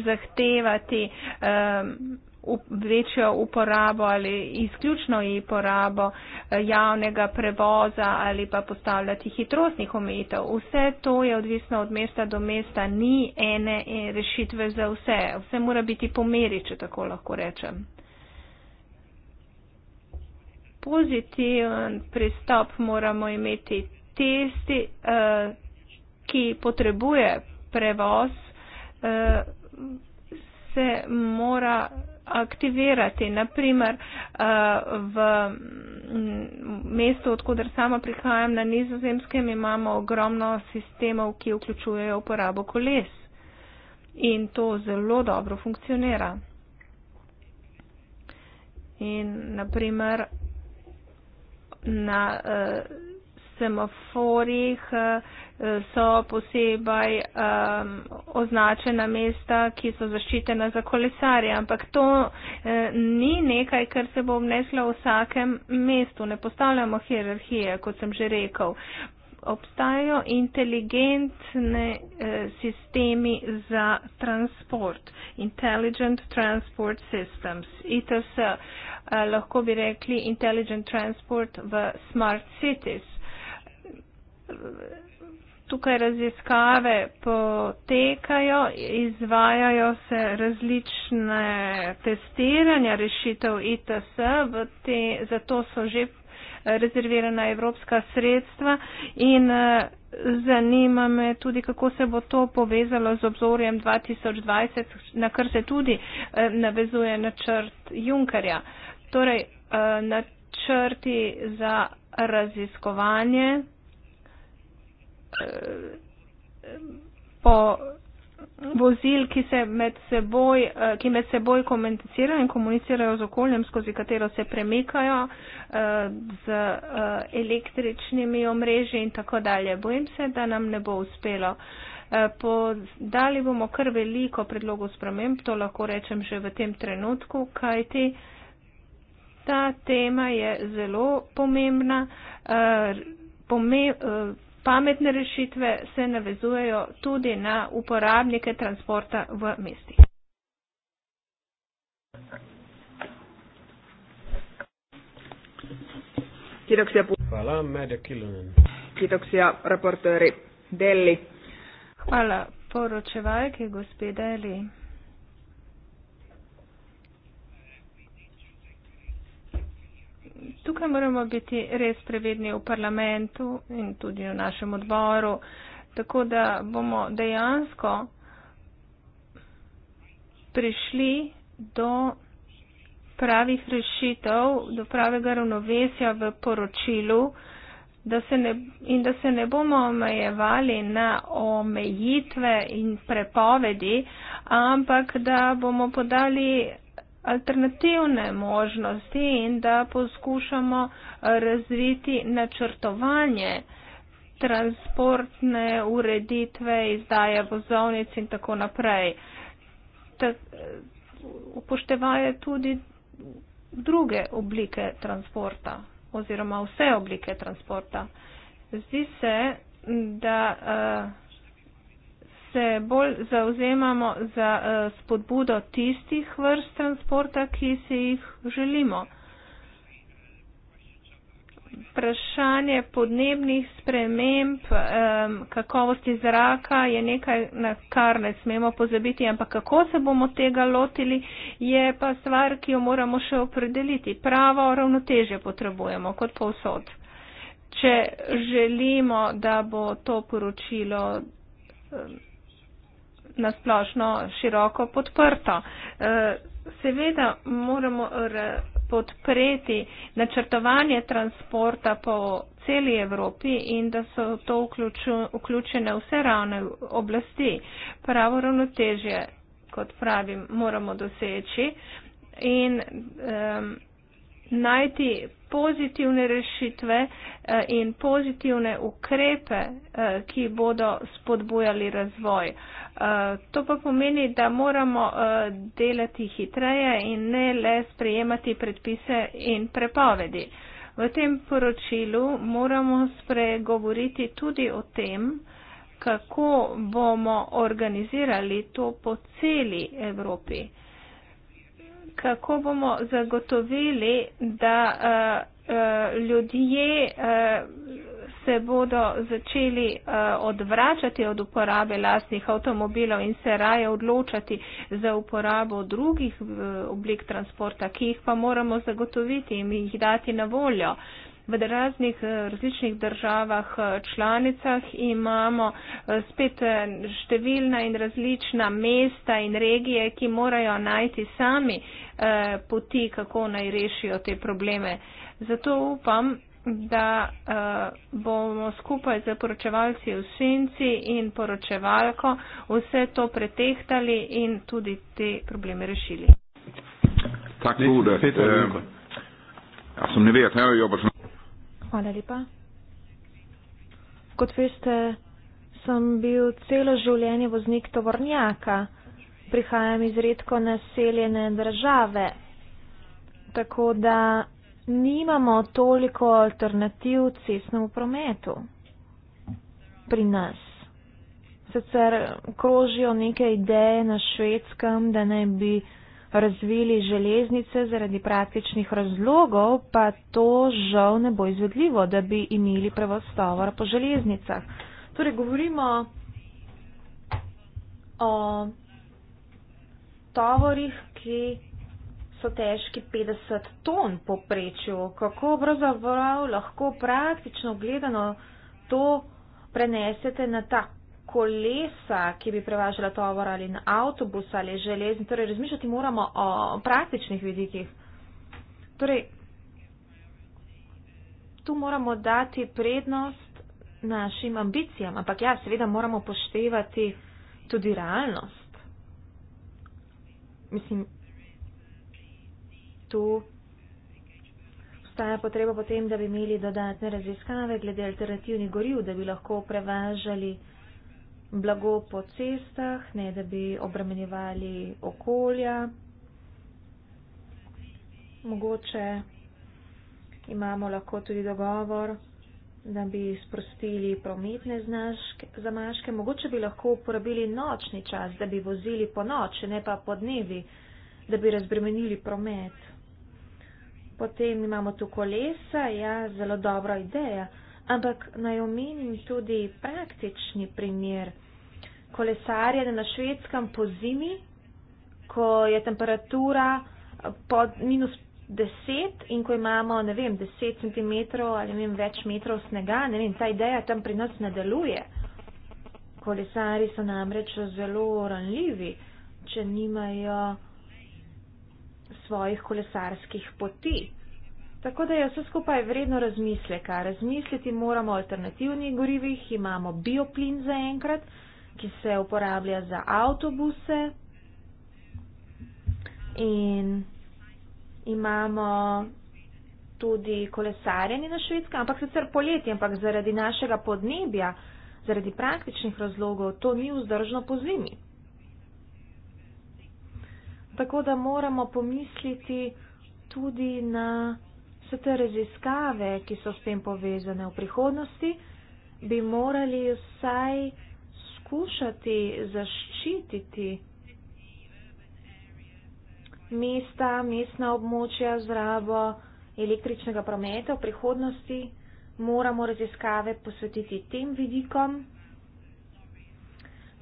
zahtevati um, večjo uporabo ali izključno i porabo eh, javnega prevoza ali pa postavljati hitrostnih omejitev. Vse to je odvisno od mesta do mesta, ni ene eh, rešitve za vse. Vse mora biti po meri, če tako lahko rečem. Pozitiven pristop moramo imeti tisti, eh, ki potrebuje prevoz, se mora aktivirati. Naprimer, eh, v mestu, odkudar sama prihajam na nizozemskem, imamo ogromno sistemov, ki vključujejo uporabo koles. In to zelo dobro funkcionira. In naprimer, na eh, semaforjih, eh, so posebej um, označena mesta, ki so zaščitena za kolesarje. Ampak to eh, ni nekaj, kar se bo obneslo v vsakem mestu. Ne postavljamo hierarhije, kot sem že rekel. Obstajajo inteligentne eh, sistemi za transport. Intelligent Transport Systems. ITS eh, lahko bi rekli Intelligent Transport v Smart Cities tukaj raziskave potekajo, izvajajo se različne testiranja rešitev ITS, te, zato so že eh, rezervirana evropska sredstva in eh, zanima me tudi, kako se bo to povezalo z obzorjem 2020, na kar se tudi eh, navezuje načrt Junkerja. Torej, načrti za raziskovanje po vozil, ki, se med seboj, eh, ki med seboj komunicirajo in komunicirajo z okoljem, skozi katero se premikajo, eh, z eh, električnimi omrežji in tako dalje. Bojim se, da nam ne bo uspelo. Podali bomo kar veliko predlogov sprememb, to lahko rečem že v tem trenutku, kajti ta tema je zelo pomembna. Pome, Pametne rešitve se navezujejo tudi na uporabnike transporta v mestih. Kiitoksia. Hvala, Mäde Kilonen. Kiitoksia, raportööri Delli. Hvala, poročevajke, gospe Deli. tukaj moramo biti res previdni v parlamentu in tudi v našem odboru, tako da bomo dejansko prišli do pravih rešitev, do pravega ravnovesja v poročilu da se ne, in da se ne bomo omejevali na omejitve in prepovedi, ampak da bomo podali alternativne možnosti in da poskušamo eh, razviti načrtovanje transportne ureditve, izdaje vozovnic in tako naprej. Ta, eh, upoštevaje tudi druge oblike transporta oziroma vse oblike transporta. Zdi se, da uh, se bolj zauzemamo za uh, spodbudo tistih vrst transporta, ki se jih želimo. Vprašanje podnebnih sprememb, um, kakovosti zraka je nekaj, na kar ne smemo pozabiti, ampak kako se bomo tega lotili, je pa stvar, ki jo moramo še opredeliti. Pravo ravnoteže potrebujemo kot povsod. Če želimo, da bo to poročilo. Um, nasplošno široko podprto. E, seveda moramo podpreti načrtovanje transporta po celi Evropi in da so to vključene vse ravne oblasti. Pravo ravnotežje, kot pravim, moramo doseči. In, um, najti pozitivne rešitve eh, in pozitivne ukrepe, eh, ki bodo spodbujali razvoj. Eh, to pa pomeni, da moramo delati hitreje in ne le sprejemati predpise in prepovedi. V tem poročilu moramo spregovoriti tudi o tem, kako bomo organizirali to po celi Evropi kako bomo zagotovili, da uh, uh, ljudje uh, se bodo začeli uh, odvračati od uporabe lastnih avtomobilov in se raje odločati za uporabo drugih uh, oblik transporta, ki jih pa moramo zagotoviti in jih dati na voljo. Uh, v raznih eh, različnih državah eh, članicah imamo eh, spet številna in različna mesta in regije, ki morajo najti sami poti, kako naj rešijo te probleme. Zato upam, da bomo skupaj z poročevalci v Senci in poročevalko vse to pretehtali in tudi te probleme rešili. Tak, Lise, bude, Peter, eh, Ja, som ni vet, här jobbar som Hvala lepa. Kot veste, sem bil celo življenje voznik tovornjaka. Prihajam iz redko naseljene države. Tako da nimamo toliko alternativ cestnemu prometu pri nas. Sicer krožijo neke ideje na švedskem, da ne bi razvili železnice zaradi praktičnih razlogov, pa to žal ne bo izvedljivo, da bi imeli prevoz tovora po železnicah. Torej, govorimo o tovorih, ki so težki 50 ton poprečju. Kako pravzaprav lahko praktično gledano to prenesete na ta kolesa, ki bi prevažala tovor ali na avtobus ali železni. Torej, razmišljati moramo o praktičnih vidikih. Torej, tu moramo dati prednost našim ambicijam, ampak ja, seveda moramo poštevati tudi realnost. Mislim, tu obstaja potreba potem, da bi imeli dodatne raziskave glede alternativnih goriv, da bi lahko prevažali blago po cestah, ne da bi obremenjevali okolja. Mogoče imamo lahko tudi dogovor, da bi sprostili prometne zamaške. Mogoče bi lahko uporabili nočni čas, da bi vozili po noči, ne pa po dnevi, da bi razbremenili promet. Potem imamo tu kolesa, ja, zelo dobra ideja, ampak naj omenim tudi praktični primer kolesarjenje na švedskem po zimi, ko je temperatura eh, pod minus 10 in ko imamo, ne vem, 10 cm ali vem, več metrov snega, ne vem, ta ideja tam pri nas ne deluje. Kolesari so namreč zelo ranljivi, če nimajo svojih kolesarskih poti. Tako da je vse skupaj vredno razmisleka. Razmisliti moramo o alternativnih gorivih, imamo bioplin zaenkrat, ki se uporablja za avtobuse in imamo tudi kolesarjenje na švedskem, ampak sicer poletje, ampak zaradi našega podnebja, zaradi praktičnih razlogov, to ni vzdržno po zimi. Tako da moramo pomisliti tudi na vse te raziskave, ki so s tem povezane v prihodnosti, bi morali vsaj poskušati zaščititi mesta, mestna območja z rabo električnega prometa v prihodnosti, moramo raziskave posvetiti tem vidikom.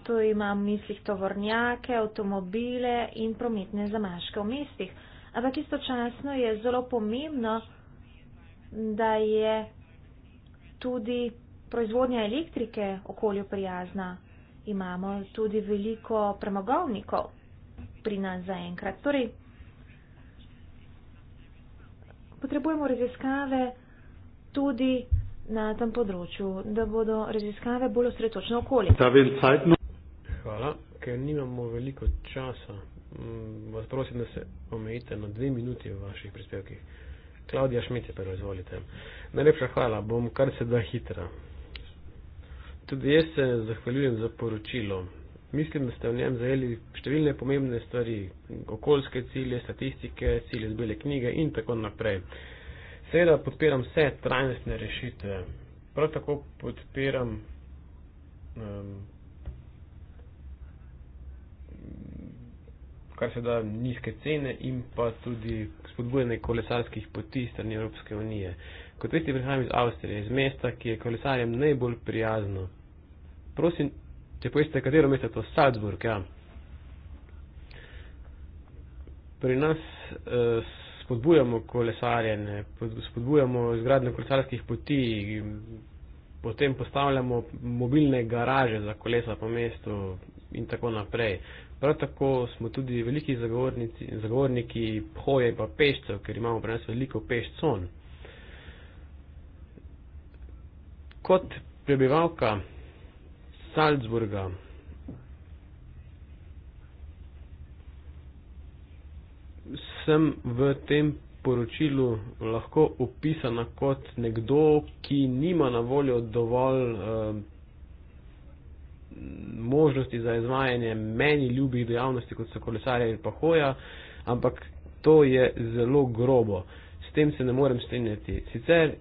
To imam v mislih tovornjake, avtomobile in prometne zamaške v mestih. Ampak istočasno je zelo pomembno, da je tudi proizvodnja elektrike okolju prijazna imamo tudi veliko premogovnikov pri nas zaenkrat. Torej, potrebujemo raziskave tudi na tem področju, da bodo raziskave bolj osredotočene okolje. No- hvala, ker nimamo veliko časa. Mm, vas prosim, da se omejite na dve minuti v vaših prispevkih. Klaudija Šmit je prva, izvolite. Najlepša hvala, bom kar se da hitra. Tudi jaz se zahvaljujem za poročilo. Mislim, da ste v njem zajeli številne pomembne stvari, okoljske cilje, statistike, cilje z bele knjige in tako naprej. Seveda podpiram vse trajnostne rešitve. Prav tako podpiram um, kar se da nizke cene in pa tudi spodbujanje kolesarskih poti strani Evropske unije. Kot veste, prihajam iz Avstrije, iz mesta, ki je kolesarjem najbolj prijazno prosim, če poveste, katero mesto je to Salzburg. Ja. Pri nas eh, spodbujamo kolesarjenje, spodbujamo izgradnjo kolesarskih poti, potem postavljamo mobilne garaže za kolesa po mestu in tako naprej. Prav tako smo tudi veliki zagovorniki hoje in peščev, ker imamo pri nas veliko peščcon. Kot prebivalka Salzburga. Sem v tem poročilu lahko opisana kot nekdo, ki nima na voljo dovolj eh, možnosti za izvajanje meni ljubih dejavnosti, kot so kolesarje in pa hoja, ampak to je zelo grobo. S tem se ne morem strinjati. Sicer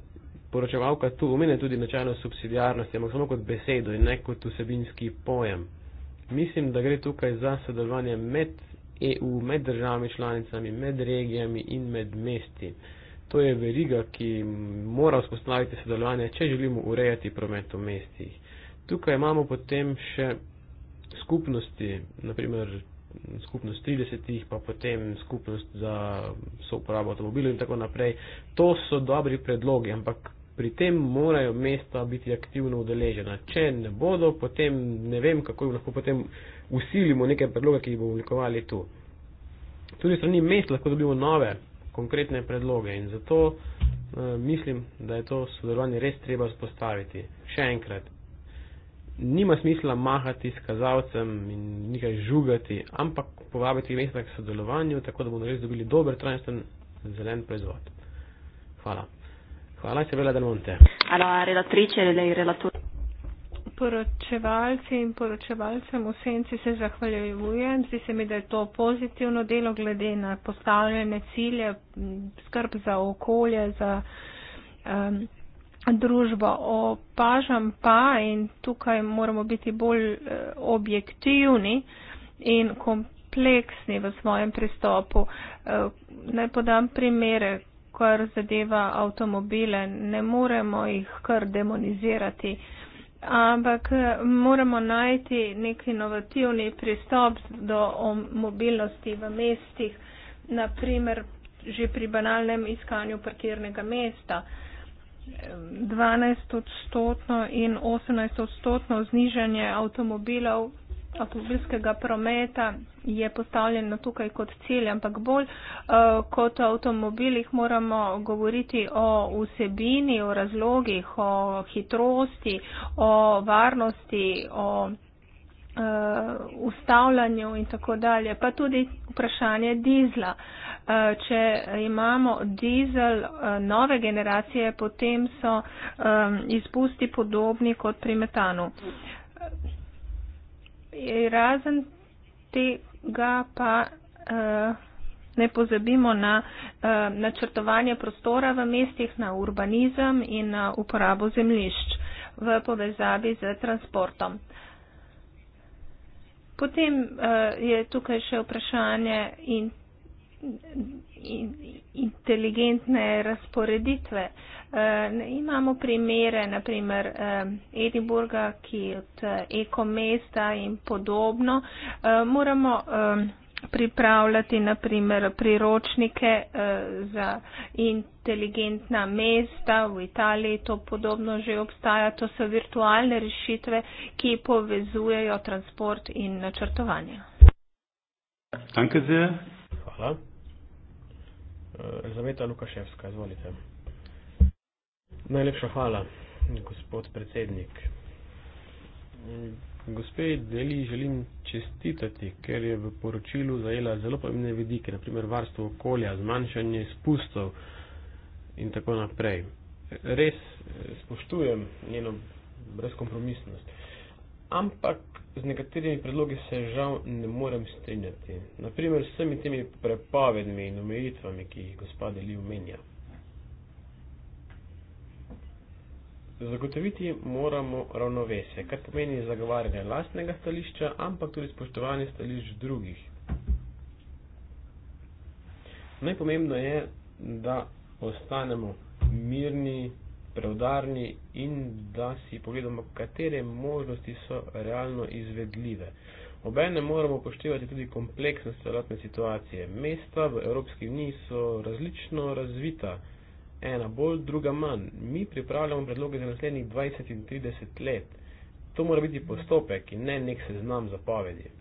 poročevalka tu omenja tudi načelo subsidijarnosti, ampak samo kot besedo in ne kot vsebinski pojem. Mislim, da gre tukaj za sodelovanje med EU, med državami članicami, med regijami in med mesti. To je veriga, ki mora vzpostaviti sodelovanje, če želimo urejati promet v mestih. Tukaj imamo potem še skupnosti, naprimer skupnost 30, pa potem skupnost za souporabo avtomobilov in tako naprej. To so dobri predlogi, ampak pri tem morajo mesta biti aktivno udeležena. Če ne bodo, potem ne vem, kako jih lahko potem usilimo neke predloge, ki jih bomo oblikovali tu. Tudi strani mest lahko dobimo nove, konkretne predloge in zato uh, mislim, da je to sodelovanje res treba spostaviti. Še enkrat, nima smisla mahati s kazalcem in nekaj žugati, ampak povabiti mesta k sodelovanju, tako da bomo res dobili dober, trajnosten, zelen proizvod. Hvala. Hvala, Isabela Del Monte. Alors, relatrice, le relatore. Poročevalci in poročevalcem v senci se zahvaljujem. Zdi se mi, da je to pozitivno delo glede na postavljene cilje, skrb za okolje, za um, družbo. Opažam pa in tukaj moramo biti bolj e, objektivni in kompleksni v svojem pristopu. Uh, naj podam primere, kar zadeva avtomobile, ne moremo jih kar demonizirati, ampak moramo najti nek inovativni pristop do mobilnosti v mestih, naprimer že pri banalnem iskanju parkirnega mesta. 12-odstotno in 18-odstotno znižanje avtomobilov avtomobilskega prometa je postavljeno tukaj kot cilj, ampak bolj eh, kot o avtomobilih moramo govoriti o vsebini, o razlogih, o hitrosti, o varnosti, o eh, ustavljanju in tako dalje. Pa tudi vprašanje dizla. Eh, če imamo dizel nove generacije, potem so izpusti podobni kot pri metanu razen tega pa uh, ne pozabimo na uh, načrtovanje prostora v mestih, na urbanizem in na uporabo zemlišč v povezavi z transportom. Potem uh, je tukaj še vprašanje in inteligentne razporeditve. Uh, imamo primere, naprimer uh, eh, Ediburga, ki je od uh, eh, ekomesta in podobno. Uh, moramo um, pripravljati naprimer priročnike uh, za inteligentna mesta, v Italiji to podobno že obstaja, to so virtualne rešitve, ki povezujejo transport in načrtovanje. Danke sehr. Hvala. Elizaveta eh, Lukaševska, izvolite. Najlepša hvala, gospod predsednik. Gospe Deli želim čestitati, ker je v poročilu zajela zelo pomembne vidike, naprimer varstvo okolja, zmanjšanje spustov in tako naprej. Res eh, spoštujem njeno brezkompromisnost. Ampak z nekaterimi predlogi se žal ne morem strinjati. Naprimer, s vsemi temi prepovedmi in omejitvami, ki jih gospod Eli omenja. Zagotoviti moramo ravnovesje, kar pomeni zagovarjanje lastnega stališča, ampak tudi spoštovanje stališč drugih. Najpomembno je, da ostanemo mirni, preudarni in da si pogledamo, katere možnosti so realno izvedljive. Obenem moramo poštevati tudi kompleksnost celotne situacije. Mesta v Evropski uniji so različno razvita, ena bolj, druga manj. Mi pripravljamo predloge za naslednjih 20 in 30 let. To mora biti postopek in ne nek seznam zapovedi.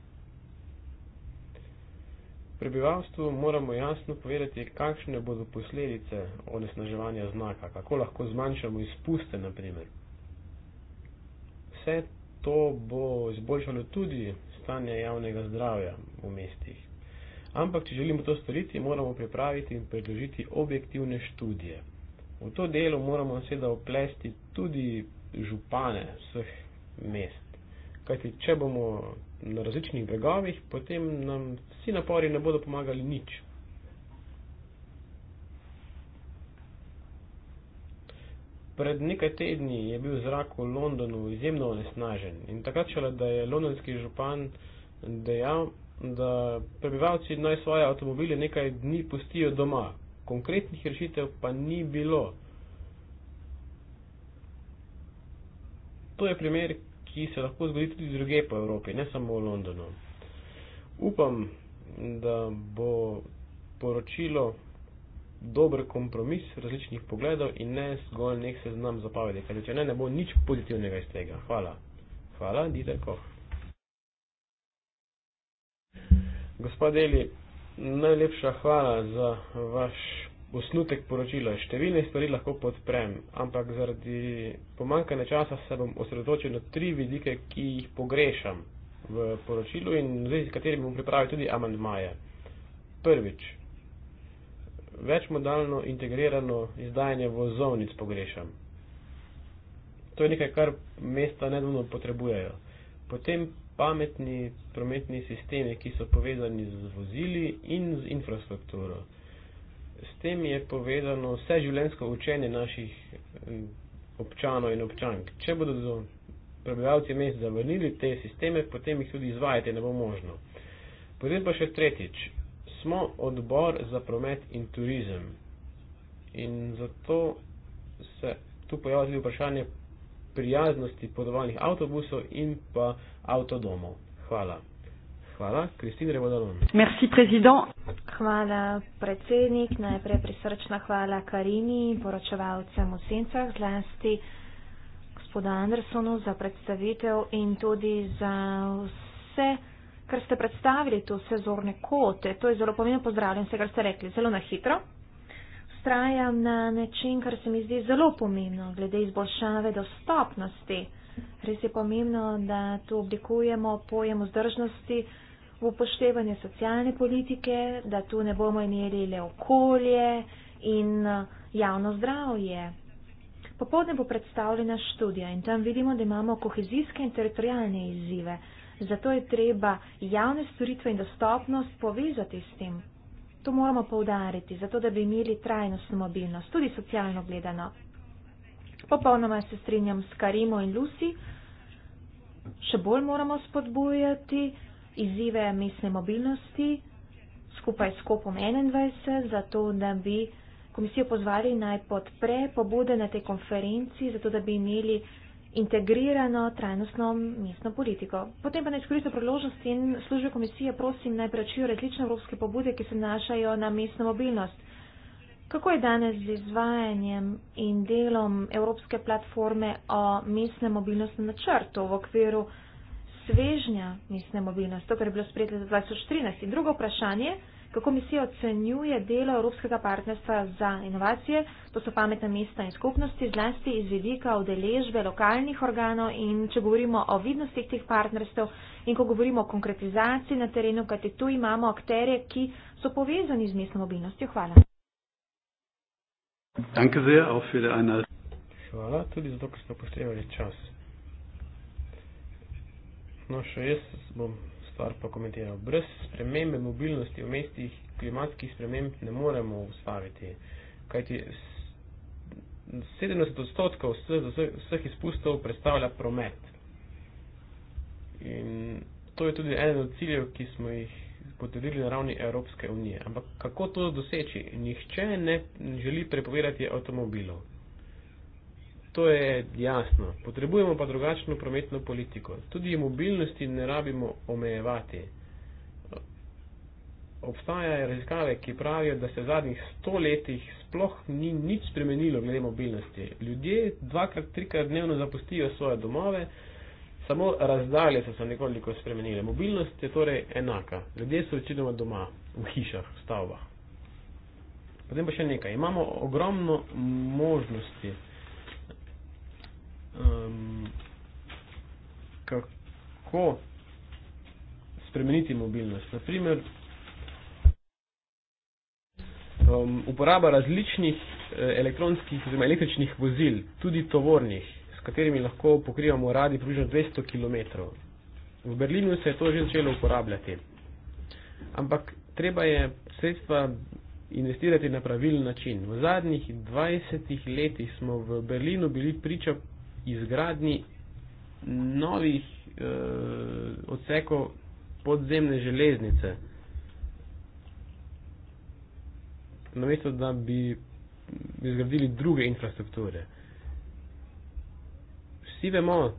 Prebivalstvu moramo jasno povedati, kakšne bodo posledice onesnaževanja znaka, kako lahko zmanjšamo izpuste, naprimer. Vse to bo izboljšalo tudi stanje javnega zdravja v mestih. Ampak, če želimo to storiti, moramo pripraviti in predložiti objektivne študije. V to delo moramo seveda oplesti tudi župane vseh mest. Kajti, če bomo na različnih bregovih, potem nam vsi napori ne bodo pomagali nič. Pred nekaj tedni je bil zrak v Londonu izjemno onesnažen in takrat šele, da je londonski župan dejal, da prebivalci naj svoje avtomobile nekaj dni pustijo doma, konkretnih rešitev pa ni bilo. To je primer, ki se lahko zgodi tudi druge po Evropi, ne samo v Londonu. Upam, da bo poročilo dober kompromis različnih pogledov in ne zgolj nek seznam zapovedi, ker če ne, ne bo nič pozitivnega iz tega. Hvala. Hvala, Dieter Koch. Gospod Deli, najlepša hvala za vaš osnutek poročila. Številne stvari lahko podprem, ampak zaradi pomankanja časa se bom osredotočil na tri vidike, ki jih pogrešam v poročilu in v zvezi s katerimi bom pripravil tudi amandmaje. Prvič, večmodalno integrirano izdajanje vozovnic pogrešam. To je nekaj, kar mesta nedvomno potrebujejo. Potem pametni prometni sistemi, ki so povezani z vozili in z infrastrukturo s tem je povezano vse življensko učenje naših eh, občanov in občank. Če bodo prebivalci mest zavrnili te sisteme, potem jih tudi izvajati ne bo možno. Potem pa še tretjič. Smo odbor za promet in turizem. In zato se tu pojavlja tudi vprašanje prijaznosti podovalnih avtobusov in pa avtodomov. Hvala. Hvala. Kristina Revodalon. Merci, prezident. Hvala, predsednik. Najprej prisrčna hvala Karini in poročevalcem v Sencah, zlasti gospodu Andersonu za predstavitev in tudi za vse, kar ste predstavili, to vse zorne kote. To je zelo pomembno, pozdravljam se, kar ste rekli, zelo na hitro. Strajam na način, kar se mi zdi zelo pomembno, glede izboljšave dostopnosti. Res je pomembno, da tu oblikujemo pojem vzdržnosti v upoštevanje socialne politike, da tu ne bomo imeli le okolje in javno zdravje. Popodne bo predstavljena študija in tam vidimo, da imamo kohezijske in teritorijalne izzive. Zato je treba javne storitve in dostopnost povezati s tem. To moramo povdariti, zato da bi imeli trajnostno mobilnost, tudi socialno gledano. Popolnoma se strinjam s Karimo in Lusi. Še bolj moramo spodbujati izzive mestne mobilnosti skupaj s Kopom 21, zato da bi komisijo pozvali naj podpre pobude na tej konferenci, zato da bi imeli integrirano trajnostno mestno politiko. Potem pa naj izkoristim priložnost in službe komisije prosim naj preučijo različne evropske pobude, ki se nanašajo na mestno mobilnost. Kako je danes z izvajanjem in delom Evropske platforme o mestne mobilnosti na črtu v okviru svežnja misne mobilnost, to, kar je bilo sprejeto za 2013. In drugo vprašanje, kako misija ocenjuje delo Evropskega partnerstva za inovacije, to so pametna mesta in skupnosti, zlasti iz vidika odeležbe lokalnih organov in če govorimo o vidnostih teh partnerstv in ko govorimo o konkretizaciji na terenu, kajti tu imamo akterje, ki so povezani z mestno mobilnostjo. Hvala. Danke sehr, auch für die Einheit. Hvala tudi zato, ker ste upoštevali čas. No, še jaz bom stvar pokomentiral. Brez spremembe mobilnosti v mestih klimatskih sprememb ne moremo ustaviti. Kajti 70 odstotkov vseh izpustov predstavlja promet. In to je tudi eden od ciljev, ki smo jih potrdili na ravni Evropske unije. Ampak kako to doseči? Nihče ne želi prepovedati avtomobilov. To je jasno. Potrebujemo pa drugačno prometno politiko. Tudi mobilnosti ne rabimo omejevati. Obstajajo raziskave, ki pravijo, da se v zadnjih sto letih sploh ni nič spremenilo glede mobilnosti. Ljudje dvakrat, trikrat dnevno zapustijo svoje domove, samo razdalje so se nekoliko spremenile. Mobilnost je torej enaka. Ljudje so večinoma doma, v hišah, v stavbah. Potem pa še nekaj. Imamo ogromno možnosti um, kako spremeniti mobilnost. Naprimer, um, uporaba različnih e, elektronskih oziroma električnih vozil, tudi tovornih, s katerimi lahko pokrivamo radi približno 200 km. V Berlinu se je to že začelo uporabljati. Ampak treba je sredstva investirati na pravilen način. V zadnjih 20 letih smo v Berlinu bili priča izgradnji novih e, odsekov podzemne železnice. Namesto, da bi izgradili druge infrastrukture. Vsi vemo,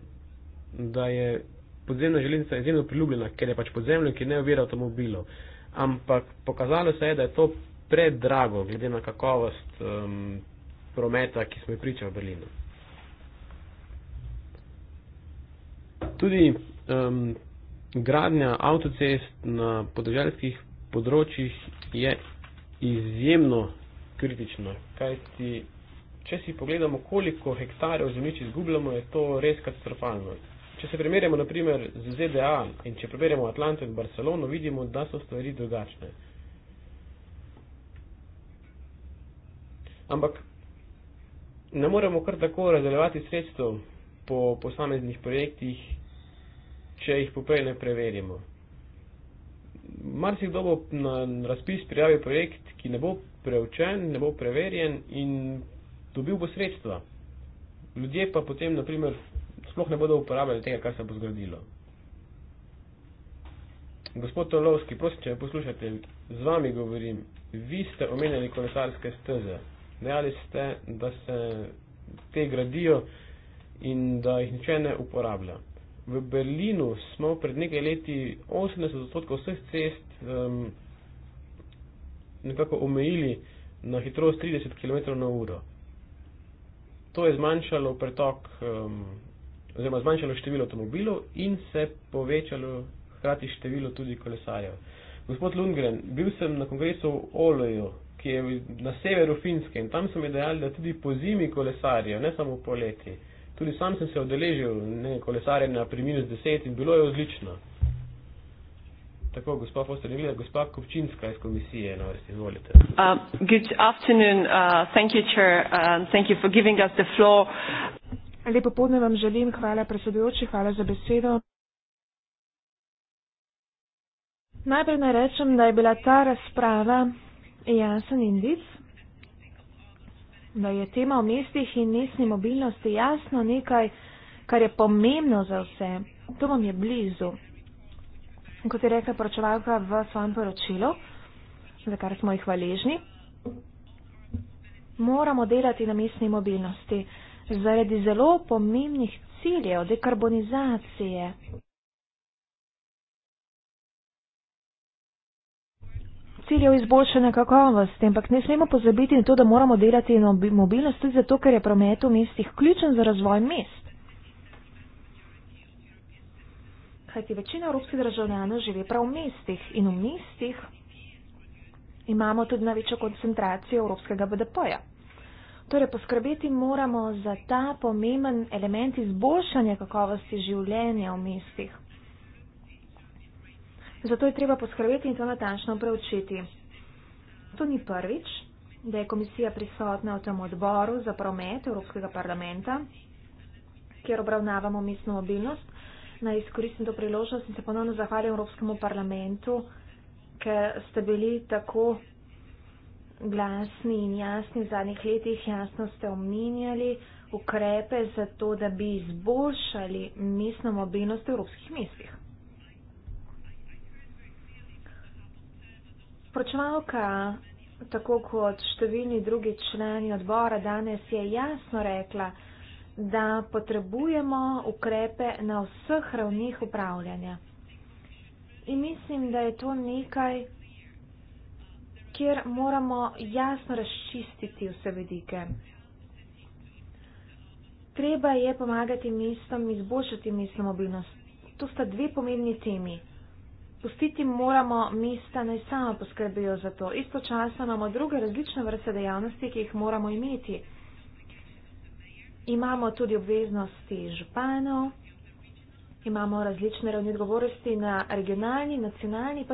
da je podzemna železnica izjemno priljubljena, ker je pač podzemlja, ki ne ovira avtomobilov. Ampak pokazalo se je, da je to predrago, glede na kakovost um, prometa, ki smo jo pričali v Berlinu. Tudi um, gradnja avtocest na podeželjskih področjih je izjemno kritična, kaj ti, če si pogledamo, koliko hektarjev zemljič izgubljamo, je to res katastrofalno. Če se primerjamo naprimer z ZDA in če primerjamo Atlanto in Barcelono, vidimo, da so stvari drugačne. Ampak ne moremo kar tako razdeljevati sredstvo po posameznih projektih, če jih poprej ne preverimo. Marsikdo bo na razpis prijavil projekt, ki ne bo preučen, ne bo preverjen in dobil bo sredstva. Ljudje pa potem, naprimer, sploh ne bodo uporabljali tega, kar se bo zgradilo. Gospod Tolovski, prosim, če me poslušate, z vami govorim. Vi ste omenjali kolesarske steze. Dejali ste, da se te gradijo in da jih niče ne uporablja. V Berlinu smo pred nekaj leti 80% vseh cest um, nekako omejili na hitrost 30 km na uro. To je zmanjšalo pretok um, oziroma zmanjšalo število avtomobilov in se povečalo hkrati število tudi kolesarjev. Gospod Lundgren, bil sem na kongresu v Oloju, ki je na severu Finske in tam so mi dejali, da tudi po zimi kolesarijo, ne samo po leti. Tudi sam sem se odeležil ne, kolesarjenja pri minus deset in bilo je odlično. Tako, gospa Fosterjevila, gospa Kopčinska iz komisije, na vrsti, izvolite. Uh, good afternoon, uh, thank you, chair, uh, and thank you for giving us the floor. Lepo podne vam želim, hvala predsedujoči, hvala za besedo. Najprej naj rečem, da je bila ta razprava jasen indic, da je tema o mestih in mestni mobilnosti jasno nekaj, kar je pomembno za vse. To vam je blizu. Kot je rekla poročevalka v svojem poročilu, za kar smo jih hvaležni, moramo delati na mestni mobilnosti zaradi zelo pomembnih ciljev dekarbonizacije. ciljev izboljšanja kakovosti, ampak ne smemo pozabiti na to, da moramo delati na mobilnosti, zato ker je promet v mestih ključen za razvoj mest. Kajti večina evropskih državljanov živi prav v mestih in v mestih imamo tudi največjo koncentracijo evropskega BDP-ja. Torej, poskrbeti moramo za ta pomemben element izboljšanja kakovosti življenja v mestih. Zato je treba poskrbeti in to natančno preučiti. To ni prvič, da je komisija prisotna v tem odboru za promet Evropskega parlamenta, kjer obravnavamo mestno mobilnost. Naj izkoristim to priložnost in se ponovno zahvalim Evropskemu parlamentu, ker ste bili tako glasni in jasni v zadnjih letih, jasno ste omenjali ukrepe za to, da bi izboljšali mestno mobilnost v evropskih mestih. Poročevalka, tako kot številni drugi člani odbora, danes je jasno rekla, da potrebujemo ukrepe na vseh ravnih upravljanja. In mislim, da je to nekaj, kjer moramo jasno razčistiti vse vedike. Treba je pomagati mestom, izboljšati mestno mobilnost. To sta dve pomembni temi. Pustiti moramo mesta, naj sama poskrbijo za to. Istočasno imamo druge različne vrste dejavnosti, ki jih moramo imeti. Imamo tudi obveznosti županov, imamo različne ravni odgovornosti na regionalni, nacionalni, pa